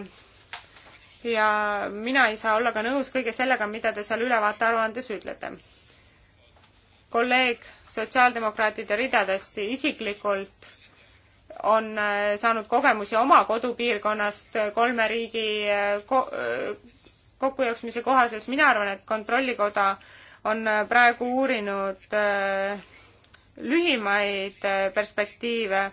ja mina ei saa olla ka nõus kõige sellega, mida te seal ülevaatearuandes ütlete. kolleeg sotsiaaldemokraatide ridadest isiklikult on äh, saanud kogemusi oma kodupiirkonnast äh, kolme riigi äh, ko kokkujooksmise kohaselt. mina arvan, et Kontrollikoda on praegu uurinud äh, lühimaid äh, perspektiive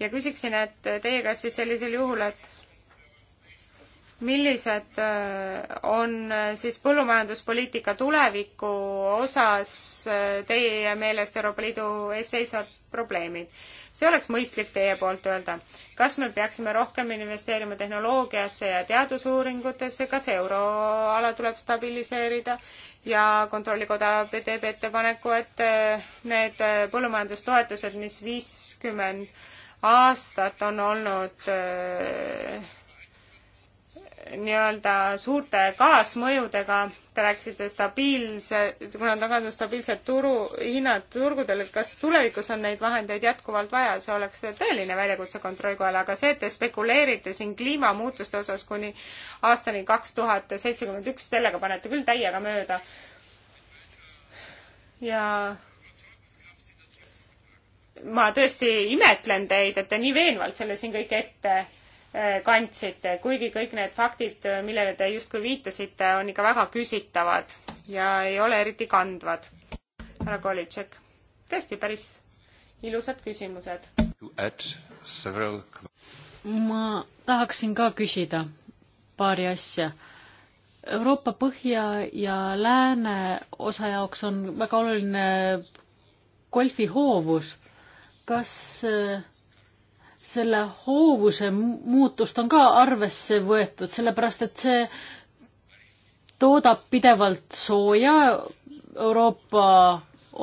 ja küsiksin, et äh, teie käest siis sellisel juhul, et millised äh, on siis põllumajanduspoliitika tuleviku osas teie meelest Euroopa Liidu ees seisvad probleemid. see oleks mõistlik teie poolt öelda. kas me peaksime rohkem investeerima tehnoloogiasse ja teadusuuringutesse, kas euroala tuleb stabiliseerida ja Kontrollikoda teeb ettepaneku, et eh, need eh, põllumajandustoetused, mis viiskümmend aastat on olnud eh, nii-öelda suurte kaasmõjudega, te rääkisite stabiilse, kuna on taganud stabiilsed turu, hinnad turgudel, et kas tulevikus on neid vahendeid jätkuvalt vaja, see oleks tõeline väljakutse kontrollkojale, aga see, et te spekuleerite siin kliimamuutuste osas kuni aastani kaks tuhat seitsekümmend üks, sellega panete küll täiega mööda. ja ma tõesti imetlen teid, et te nii veenvalt selle siin kõik ette Äh, kandsite, kuigi kõik need faktid, millele te justkui viitasite, on ikka väga küsitavad ja ei ole eriti kandvad. härra Kolitšek, tõesti päris ilusad küsimused. ma tahaksin ka küsida paari asja. Euroopa põhja ja lääne osa jaoks on väga oluline golfi hoovus. kas äh, selle hoovuse muutust on ka arvesse võetud, sellepärast et see toodab pidevalt sooja Euroopa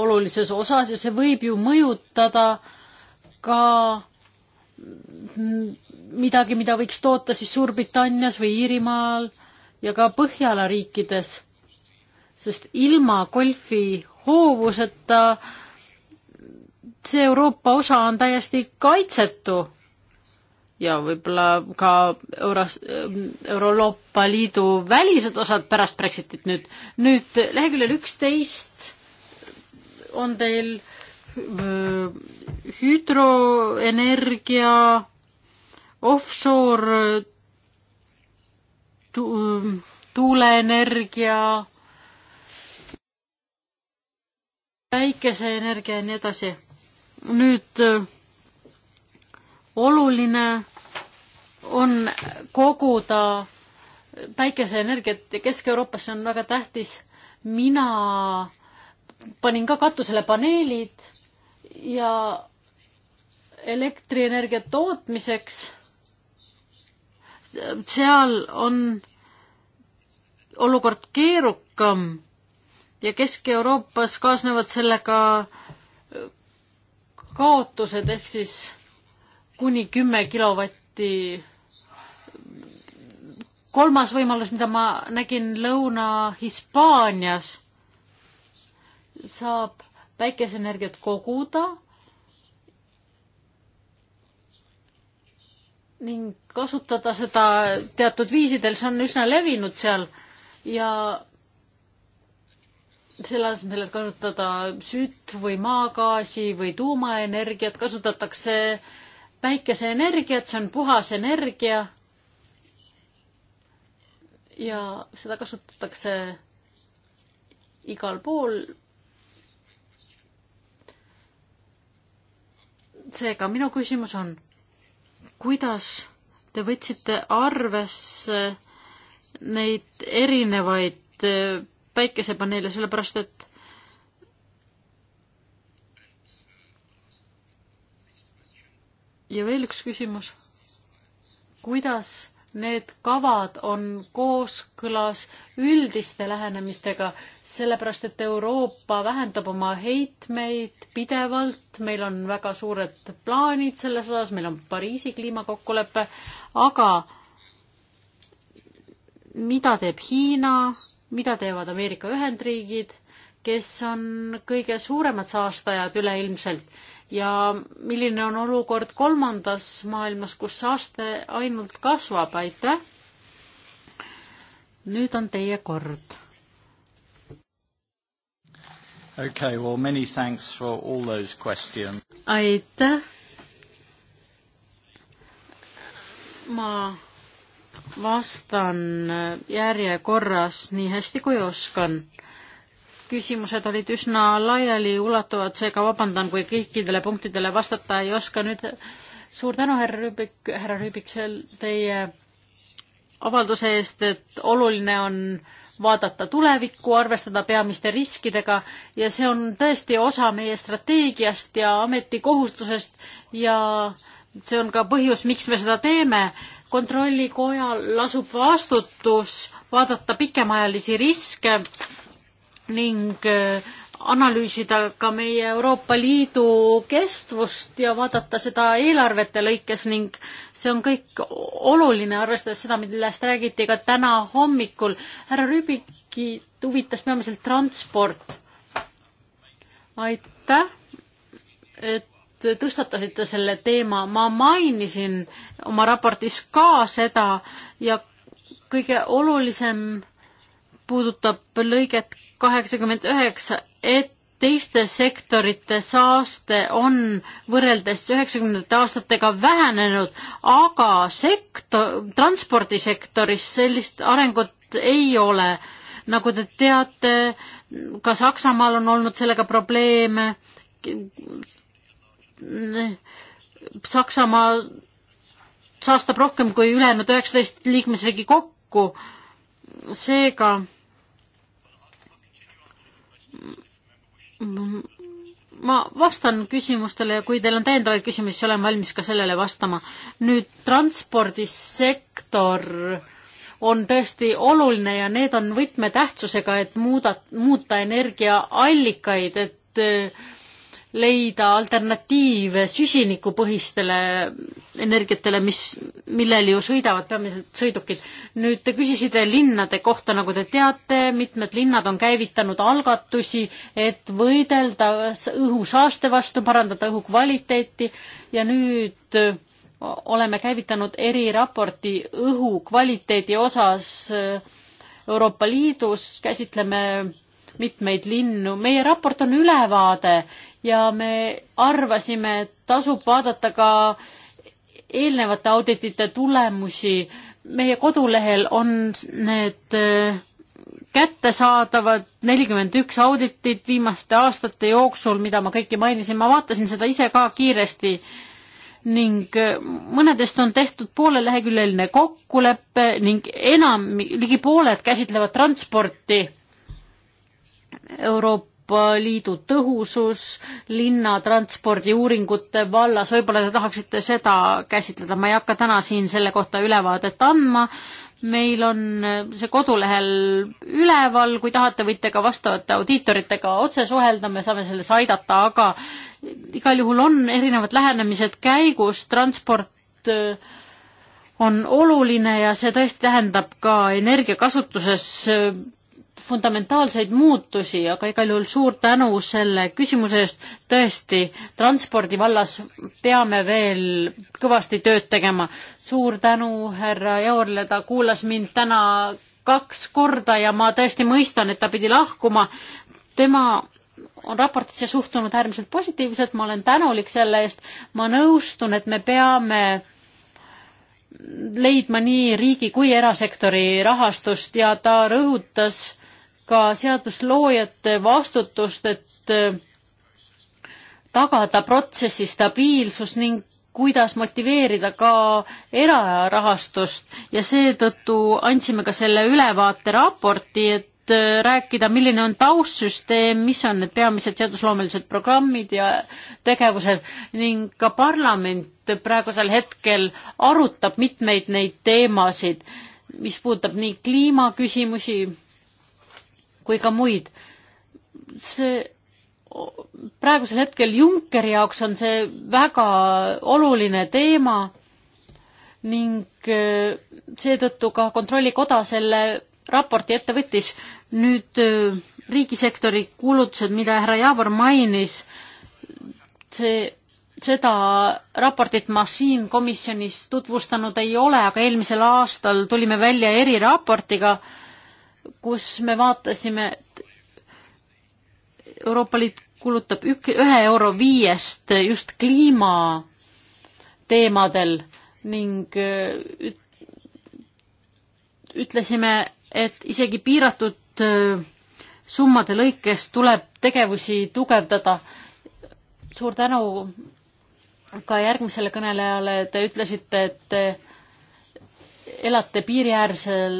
olulises osas ja see võib ju mõjutada ka midagi, mida võiks toota siis Suurbritannias või Iirimaal ja ka Põhjala riikides. sest ilma golfi hoovuseta äh, see Euroopa osa on täiesti kaitsetu ja võib-olla ka Euros-, Euroopa Liidu välised osad pärast Brexitit nüüd. nüüd leheküljel üksteist on teil hüdroenergia, offshore tu, tuuleenergia, päikeseenergia ja nii edasi nüüd äh, oluline on koguda päikeseenergiat ja Kesk-Euroopas see on väga tähtis. mina panin ka katusele paneelid ja elektrienergia tootmiseks seal on olukord keerukam ja Kesk-Euroopas kaasnevad sellega kaotused ehk siis kuni kümme kilovatti. kolmas võimalus, mida ma nägin Lõuna-Hispaanias, saab päikeseenergiat koguda ning kasutada seda teatud viisidel, see on üsna levinud seal ja selle asemel, et kasutada sütt või maagaasi või tuumaenergiat, kasutatakse päikeseenergiat, see on puhas energia. ja seda kasutatakse igal pool. seega minu küsimus on, kuidas te võtsite arvesse neid erinevaid päikesepaneele, sellepärast et ja veel üks küsimus. kuidas need kavad on kooskõlas üldiste lähenemistega, sellepärast et Euroopa vähendab oma heitmeid pidevalt, meil on väga suured plaanid selles osas, meil on Pariisi kliimakokkulepe, aga mida teeb Hiina, mida teevad Ameerika Ühendriigid, kes on kõige suuremad saastajad üleilmselt ja milline on olukord kolmandas maailmas, kus saaste ainult kasvab, aitäh. nüüd on teie kord. Okay, well many thanks for all those questions. aitäh. ma vastan äh, järjekorras nii hästi, kui oskan. küsimused olid üsna laialiulatuvad, seega vabandan, kui kõikidele punktidele vastata ei oska. nüüd suur tänu, härra Rüübik, härra Rüübik, seal teie avalduse eest, et oluline on vaadata tulevikku, arvestada peamiste riskidega ja see on tõesti osa meie strateegiast ja ametikohustusest ja see on ka põhjus, miks me seda teeme kontrollikojal lasub vastutus vaadata pikemaajalisi riske ning äh, analüüsida ka meie Euroopa Liidu kestvust ja vaadata seda eelarvete lõikes ning see on kõik oluline, arvestades seda, millest räägiti ka täna hommikul. härra Rüübiki huvitas peamiselt transport. aitäh, et tõstatasite selle teema, ma mainisin oma raportis ka seda ja kõige olulisem puudutab lõiget kaheksakümmend üheksa, et teiste sektorite saaste on võrreldes üheksakümnendate aastatega vähenenud, aga sektor, transpordisektoris sellist arengut ei ole. nagu te teate, ka Saksamaal on olnud sellega probleeme, Saksamaa saastab rohkem kui ülejäänud üheksateist liikmesriigi kokku. seega ma vastan küsimustele ja kui teil on täiendavaid küsimusi, siis olen valmis ka sellele vastama. nüüd transpordisektor on tõesti oluline ja need on võtmetähtsusega, et muuda, muuta energiaallikaid, et äh, leida alternatiive süsinikupõhistele energiatele, mis, millel ju sõidavad peamiselt sõidukid. nüüd te küsisite linnade kohta, nagu te teate, mitmed linnad on käivitanud algatusi, et võidelda õhusaaste vastu, parandada õhukvaliteeti ja nüüd oleme käivitanud eriraporti õhukvaliteedi osas e, Euroopa Liidus, käsitleme mitmeid linnu. meie raport on ülevaade ja me arvasime, et tasub vaadata ka eelnevate auditite tulemusi. meie kodulehel on need äh, kättesaadavad nelikümmend üks auditit viimaste aastate jooksul, mida ma kõiki mainisin, ma vaatasin seda ise ka kiiresti ning äh, mõnedest on tehtud pooleleheküljeline kokkulepe ning enam, ligi pooled käsitlevad transporti Euroopa Liidu tõhusus linnatranspordi uuringute vallas, võib-olla te tahaksite seda käsitleda, ma ei hakka täna siin selle kohta ülevaadet andma, meil on see kodulehel üleval, kui tahate, võite ka vastavate audiitoritega otse suhelda, me saame selles aidata, aga igal juhul on erinevad lähenemised käigus, transport äh, on oluline ja see tõesti tähendab ka energiakasutuses äh, fundamentaalseid muutusi, aga igal juhul suur tänu selle küsimuse eest. tõesti, transpordi vallas peame veel kõvasti tööd tegema. suur tänu härra Jaorle, ta kuulas mind täna kaks korda ja ma tõesti mõistan, et ta pidi lahkuma. tema on raportisse suhtunud äärmiselt positiivselt, ma olen tänulik selle eest. ma nõustun, et me peame leidma nii riigi kui erasektori rahastust ja ta rõhutas ka seadusloojate vastutust, et äh, tagada protsessi stabiilsus ning kuidas motiveerida ka erarahastust ja seetõttu andsime ka selle ülevaate raporti, et äh, rääkida, milline on taustsüsteem, mis on need peamised seadusloomelised programmid ja tegevused ning ka parlament praegusel hetkel arutab mitmeid neid teemasid, mis puudutab nii kliimaküsimusi, kui ka muid. see praegusel hetkel Junckeri jaoks on see väga oluline teema ning e, seetõttu ka Kontrollikoda selle raporti ette võttis. nüüd e, riigisektori kulutused, mida härra Javor mainis, see, seda raportit ma siin komisjonis tutvustanud ei ole, aga eelmisel aastal tulime välja eriraportiga äh, kus me vaatasime, et Euroopa Liit kulutab ük-, ühe euro viiest just kliimateemadel ning äh, ütlesime, et isegi piiratud äh, summade lõikes tuleb tegevusi tugevdada. suur tänu ka järgmisele kõnelejale, te ütlesite, et elate piiriäärsel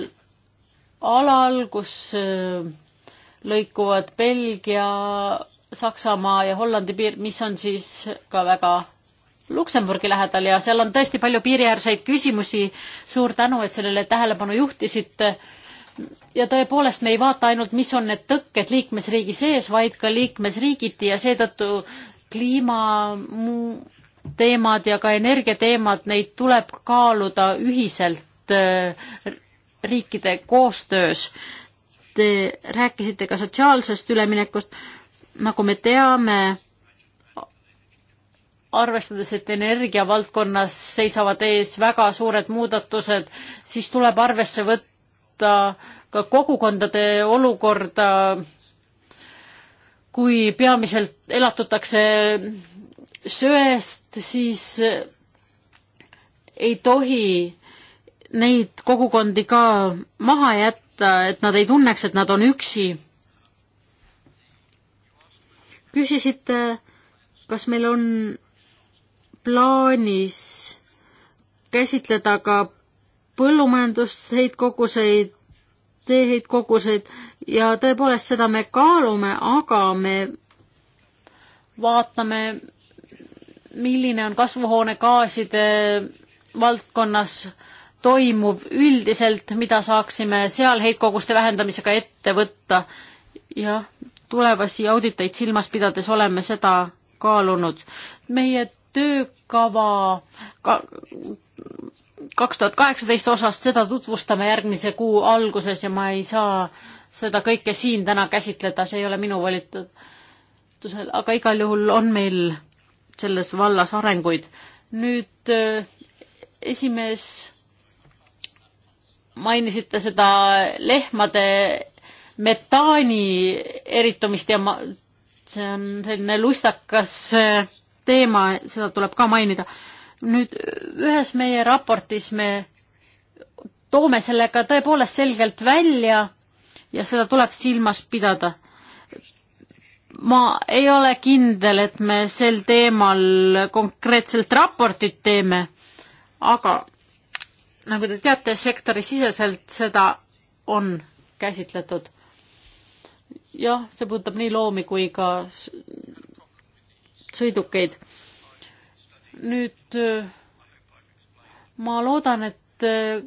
alal, kus äh, lõikuvad Belgia, Saksamaa ja Hollandi piir, mis on siis ka väga Luksemburgi lähedal ja seal on tõesti palju piiriäärseid küsimusi. suur tänu, et sellele tähelepanu juhtisite. ja tõepoolest, me ei vaata ainult, mis on need tõkked liikmesriigi sees, vaid ka liikmesriigiti ja seetõttu kliima teemad ja ka energiateemad, neid tuleb kaaluda ühiselt äh, riikide koostöös. Te rääkisite ka sotsiaalsest üleminekust. nagu me teame, arvestades, et energiavaldkonnas seisavad ees väga suured muudatused, siis tuleb arvesse võtta ka kogukondade olukorda, kui peamiselt elatutakse söest, siis ei tohi neid kogukondi ka maha jätta, et nad ei tunneks, et nad on üksi. küsisite, kas meil on plaanis käsitleda ka põllumajandust, heitkoguseid, teeheitkoguseid ja tõepoolest seda me kaalume, aga me vaatame, milline on kasvuhoonegaaside valdkonnas toimuv üldiselt, mida saaksime seal heitkoguste vähendamisega ette võtta. jah, tulevasi auditeid silmas pidades oleme seda kaalunud. meie töökava ka, kaks tuhat kaheksateist osast, seda tutvustame järgmise kuu alguses ja ma ei saa seda kõike siin täna käsitleda, see ei ole minu volitusel, aga igal juhul on meil selles vallas arenguid. nüüd äh, esimees mainisite seda lehmade metaani eritumist ja ma, see on selline lustakas äh, teema, seda tuleb ka mainida. nüüd ühes meie raportis me toome selle ka tõepoolest selgelt välja ja seda tuleb silmas pidada. ma ei ole kindel, et me sel teemal konkreetselt raportit teeme, aga nagu te teate, sektorisiseselt seda on käsitletud. jah, see puudutab nii loomi kui ka sõidukeid. nüüd äh, ma loodan, et äh,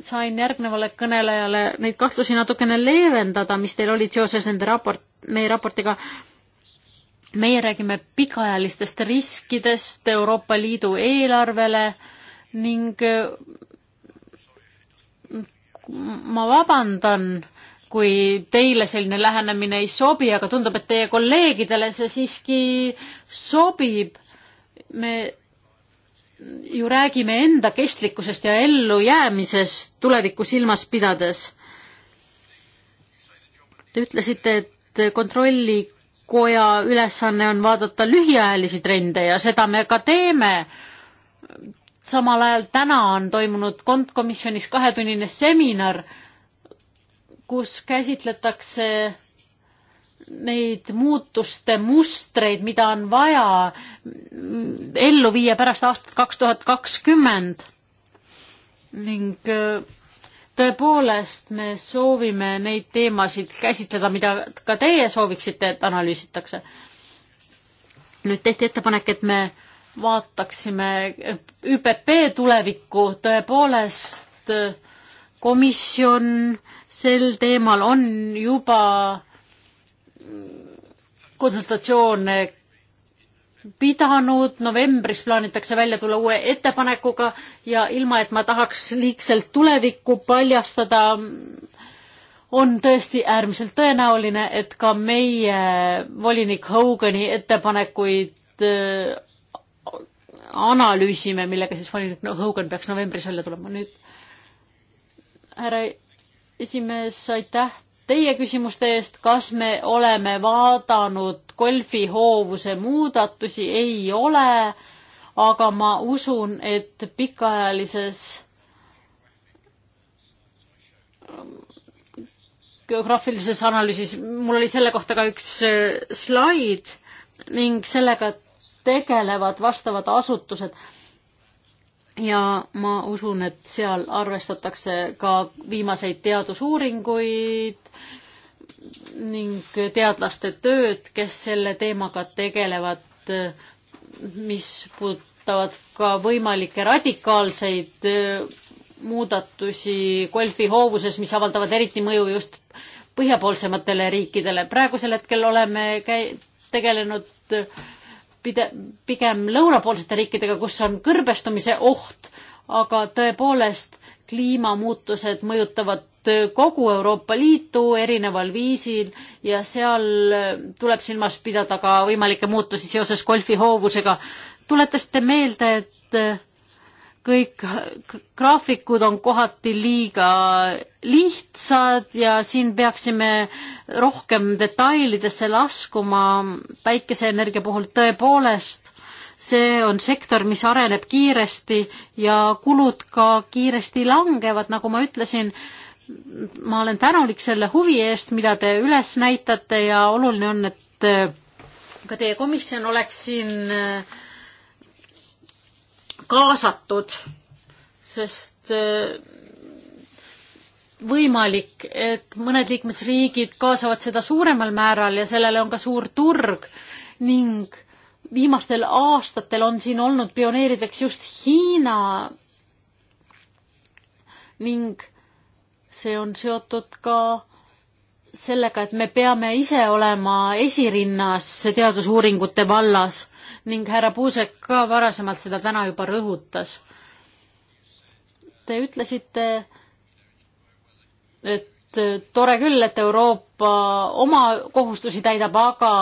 sain järgnevale kõnelejale neid kahtlusi natukene leevendada, mis teil olid seoses nende raport, meie raportiga. meie räägime pikaajalistest riskidest Euroopa Liidu eelarvele ning äh, ma vabandan, kui teile selline lähenemine ei sobi, aga tundub, et teie kolleegidele see siiski sobib. me ju räägime enda kestlikkusest ja ellujäämisest tulevikku silmas pidades. Te ütlesite, et kontrollikoja ülesanne on vaadata lühiajalisi trende ja seda me ka teeme samal ajal täna on toimunud kontkomisjonis kahetunnine seminar, kus käsitletakse neid muutuste mustreid, mida on vaja ellu viia pärast aastat kaks tuhat kakskümmend. ning äh, tõepoolest me soovime neid teemasid käsitleda, mida ka teie sooviksite, et analüüsitakse. nüüd tehti ettepanek, et me vaataksime ÜPP tulevikku, tõepoolest komisjon sel teemal on juba konsultatsioone pidanud, novembris plaanitakse välja tulla uue ettepanekuga ja ilma, et ma tahaks liigselt tulevikku paljastada, on tõesti äärmiselt tõenäoline, et ka meie volinik Hogani ettepanekuid analüüsime, millega siis volinik Hogan peaks novembris välja tulema. nüüd härra esimees, aitäh teie küsimuste eest, kas me oleme vaadanud golfihoovuse muudatusi, ei ole, aga ma usun, et pikaajalises ähm, geograafilises analüüsis, mul oli selle kohta ka üks äh, slaid ning sellega tegelevad vastavad asutused. ja ma usun, et seal arvestatakse ka viimaseid teadusuuringuid ning teadlaste tööd, kes selle teemaga tegelevad, mis puudutavad ka võimalikke radikaalseid eh, muudatusi golfi hoovuses, mis avaldavad eriti mõju just põhjapoolsematele riikidele. praegusel hetkel oleme käi-, tegelenud eh, pide-, pigem lõunapoolsete riikidega, kus on kõrbestumise oht, aga tõepoolest kliimamuutused mõjutavad kogu Euroopa Liitu erineval viisil ja seal tuleb silmas pidada ka võimalikke muutusi seoses golfihoovusega. tuletasite meelde, et kõik graafikud on kohati liiga lihtsad ja siin peaksime rohkem detailidesse laskuma. päikeseenergia puhul tõepoolest, see on sektor, mis areneb kiiresti ja kulud ka kiiresti langevad, nagu ma ütlesin, ma olen tänulik selle huvi eest, mida te üles näitate ja oluline on, et ka teie komisjon oleks siin äh, kaasatud, sest äh, võimalik, et mõned liikmesriigid kaasavad seda suuremal määral ja sellele on ka suur turg ning viimastel aastatel on siin olnud pioneerideks just Hiina ning see on seotud ka sellega, et me peame ise olema esirinnas teadusuuringute vallas ning härra Puusek ka varasemalt seda täna juba rõhutas. Te ütlesite, et äh, tore küll, et Euroopa oma kohustusi täidab, aga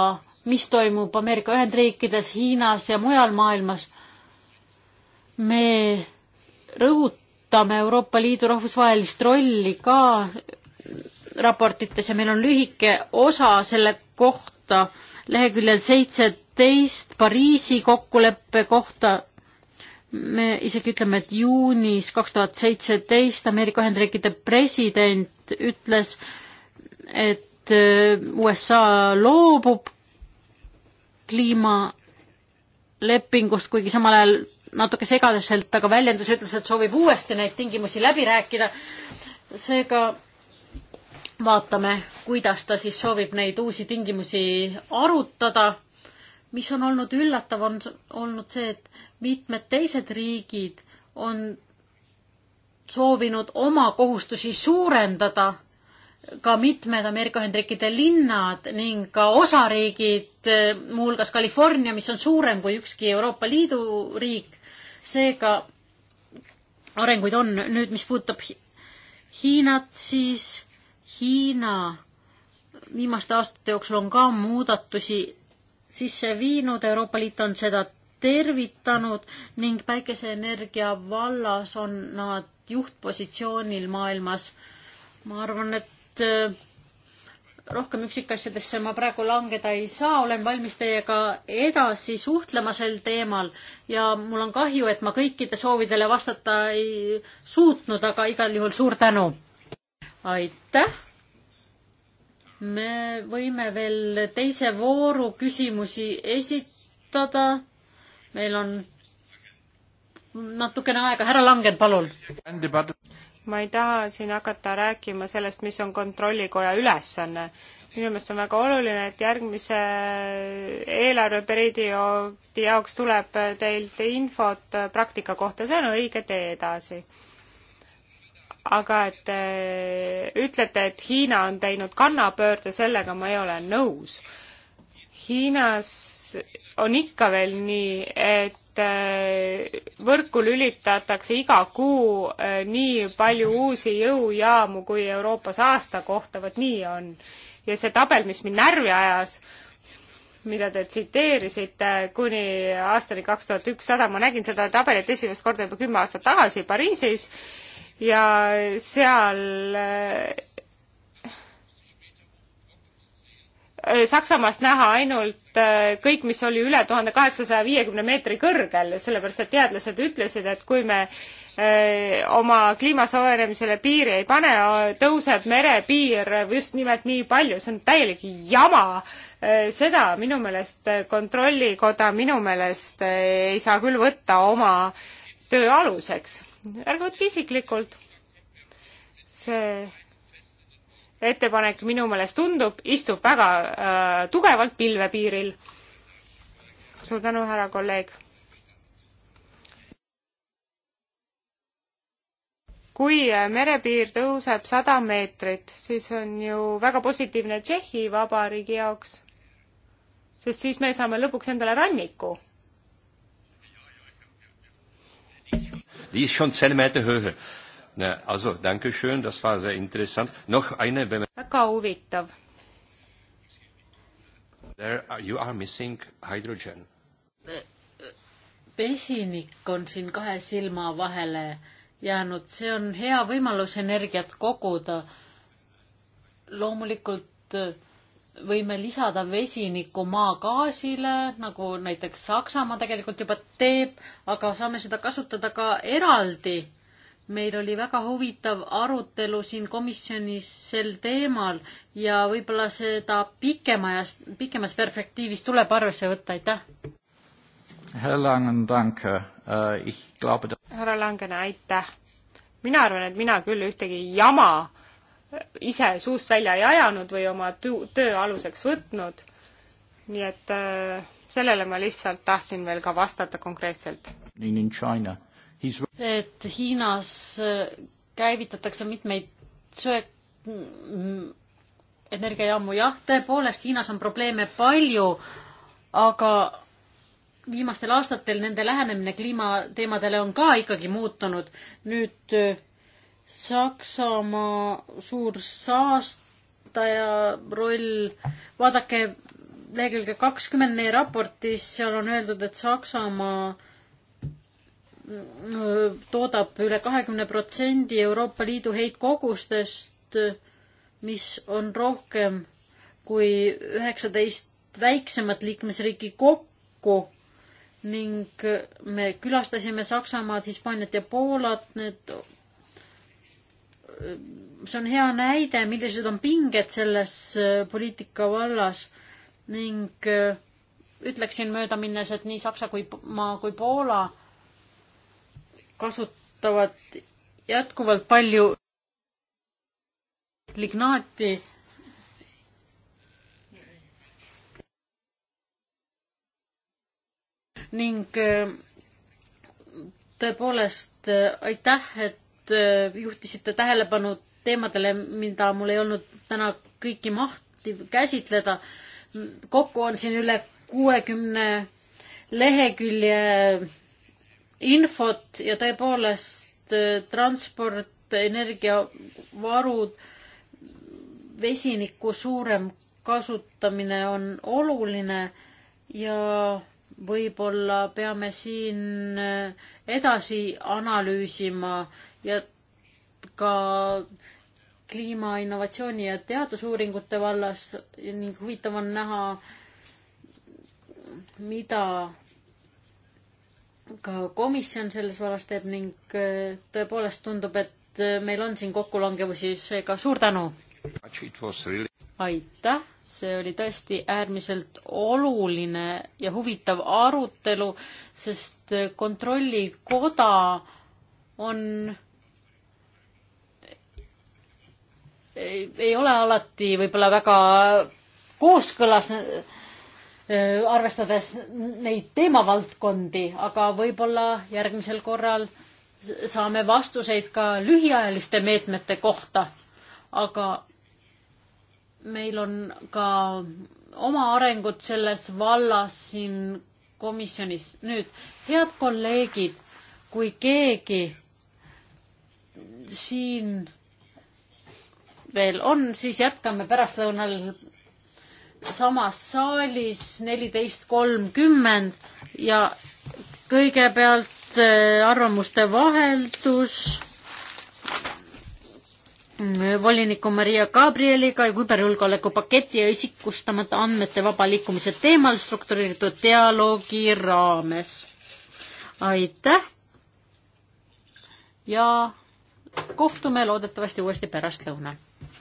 mis toimub Ameerika Ühendriikides, Hiinas ja mujal maailmas? me rõhutame Euroopa Liidu rahvusvahelist rolli ka raportites ja meil on lühike osa selle kohta leheküljel seitse teist Pariisi kokkuleppe kohta me isegi ütleme, et juunis kaks tuhat seitseteist Ameerika Ühendriikide president ütles, et äh, USA loobub kliimalepingust, kuigi samal ajal natuke segadeselt, aga väljendus ütles, et soovib uuesti neid tingimusi läbi rääkida. seega vaatame, kuidas ta siis soovib neid uusi tingimusi arutada mis on olnud üllatav, on olnud see, et mitmed teised riigid on soovinud oma kohustusi suurendada, ka mitmed Ameerika Ühendriikide linnad ning ka osariigid, muuhulgas California, mis on suurem kui ükski Euroopa Liidu riik, seega arenguid on. nüüd, mis puudutab Hiinat, siis Hiina viimaste aastate jooksul on ka muudatusi sisse viinud, Euroopa Liit on seda tervitanud ning päikeseenergia vallas on nad juhtpositsioonil maailmas. ma arvan, et äh, rohkem üksikasjadesse ma praegu langeda ei saa, olen valmis teiega edasi suhtlema sel teemal ja mul on kahju, et ma kõikide soovidele vastata ei suutnud, aga igal juhul suur tänu. aitäh me võime veel teise vooru küsimusi esitada. meil on natukene aega, härra Langen, palun. ma ei taha siin hakata rääkima sellest, mis on Kontrollikoja ülesanne. minu meelest on väga oluline, et järgmise eelarveperioodi jaoks tuleb teilt infot praktika kohta, see on õige tee edasi aga et te äh, ütlete, et Hiina on teinud kannapöörde, sellega ma ei ole nõus. Hiinas on ikka veel nii, et äh, võrku lülitatakse iga kuu äh, nii palju uusi jõujaamu kui Euroopas aasta kohta, vot nii on. ja see tabel, mis mind närvi ajas, mida te tsiteerisite kuni aastani kaks tuhat ükssada, ma nägin seda tabelit esimest korda juba kümme aastat tagasi Pariisis ja seal äh, Saksamaast näha ainult äh, kõik, mis oli üle tuhande kaheksasaja viiekümne meetri kõrgel, sellepärast et teadlased ütlesid, et kui me äh, oma kliima soojenemisele piiri ei pane, tõuseb merepiir just nimelt nii palju, see on täielik jama. seda minu meelest Kontrollikoda minu meelest ei saa küll võtta oma töö aluseks ärge võtke isiklikult. see ettepanek minu meelest tundub, istub väga äh, tugevalt pilvepiiril. suur tänu, härra kolleeg. kui äh, merepiir tõuseb sada meetrit, siis on ju väga positiivne Tšehhi Vabariigi jaoks, sest siis me saame lõpuks endale ranniku Die ist schon zehn Meter Höhe. Na, also, danke schön, das war sehr interessant. Noch eine Bemerkung. Väga huvitav. There are, uh, you are missing hydrogen. Äh, äh, vesinik on siin kahe silma vahele jäänud, see on hea võimalus energiat koguda. loomulikult äh, võime lisada vesinikku maagaasile, nagu näiteks Saksamaa tegelikult juba teeb, aga saame seda kasutada ka eraldi. meil oli väga huvitav arutelu siin komisjonis sel teemal ja võib-olla seda pikema ja pikemas perspektiivis tuleb arvesse võtta, aitäh. Äh, härra Langene, aitäh. mina arvan, et mina küll ühtegi jama ise suust välja ei ajanud või oma töö aluseks võtnud. nii et äh, sellele ma lihtsalt tahtsin veel ka vastata konkreetselt. see, et Hiinas äh, käivitatakse mitmeid söök-, mm, energiajaamu, jah, tõepoolest Hiinas on probleeme palju, aga viimastel aastatel nende lähenemine kliimateemadele on ka ikkagi muutunud. nüüd äh, Saksamaa suur saastaja roll, vaadake lehekülge kakskümmend meie raportis, seal on öeldud, et Saksamaa mm, mm, toodab üle kahekümne protsendi Euroopa Liidu heitkogustest, mis on rohkem kui üheksateist väiksemat liikmesriiki kokku ning me külastasime Saksamaad, Hispaaniat ja Poolat, need see on hea näide, millised on pinged selles äh, poliitika vallas ning äh, ütleksin möödaminnes, et nii Saksa kui maa kui Poola kasutavad jätkuvalt palju lignaati. ning äh, tõepoolest aitäh, et Äh, juhtisite tähelepanu teemadele, mida mul ei olnud täna kõiki mahti käsitleda. kokku on siin üle kuuekümne lehekülje infot ja tõepoolest äh, transport, energiavarud, vesiniku suurem kasutamine on oluline ja võib-olla peame siin äh, edasi analüüsima ja ka kliimainnovatsiooni ja teadusuuringute vallas ning huvitav on näha, mida ka komisjon selles vallas teeb ning äh, tõepoolest tundub, et äh, meil on siin kokkulangevusi, seega suur tänu! aitäh, see oli tõesti äärmiselt oluline ja huvitav arutelu, sest äh, Kontrollikoda on ei ole alati võib-olla väga kooskõlas, arvestades neid teemavaldkondi, aga võib-olla järgmisel korral saame vastuseid ka lühiajaliste meetmete kohta. aga meil on ka oma arengut selles vallas siin komisjonis. nüüd, head kolleegid, kui keegi siin veel on, siis jätkame pärastlõunal samas saalis neliteist kolmkümmend ja kõigepealt äh, arvamuste vaheldus mm, voliniku Maria Gabrieliga küberjulgeoleku paketi ja isikustamata andmete vaba liikumise teemal struktureeritud dialoogi raames. aitäh ja kohtume loodetavasti uuesti pärastlõunal.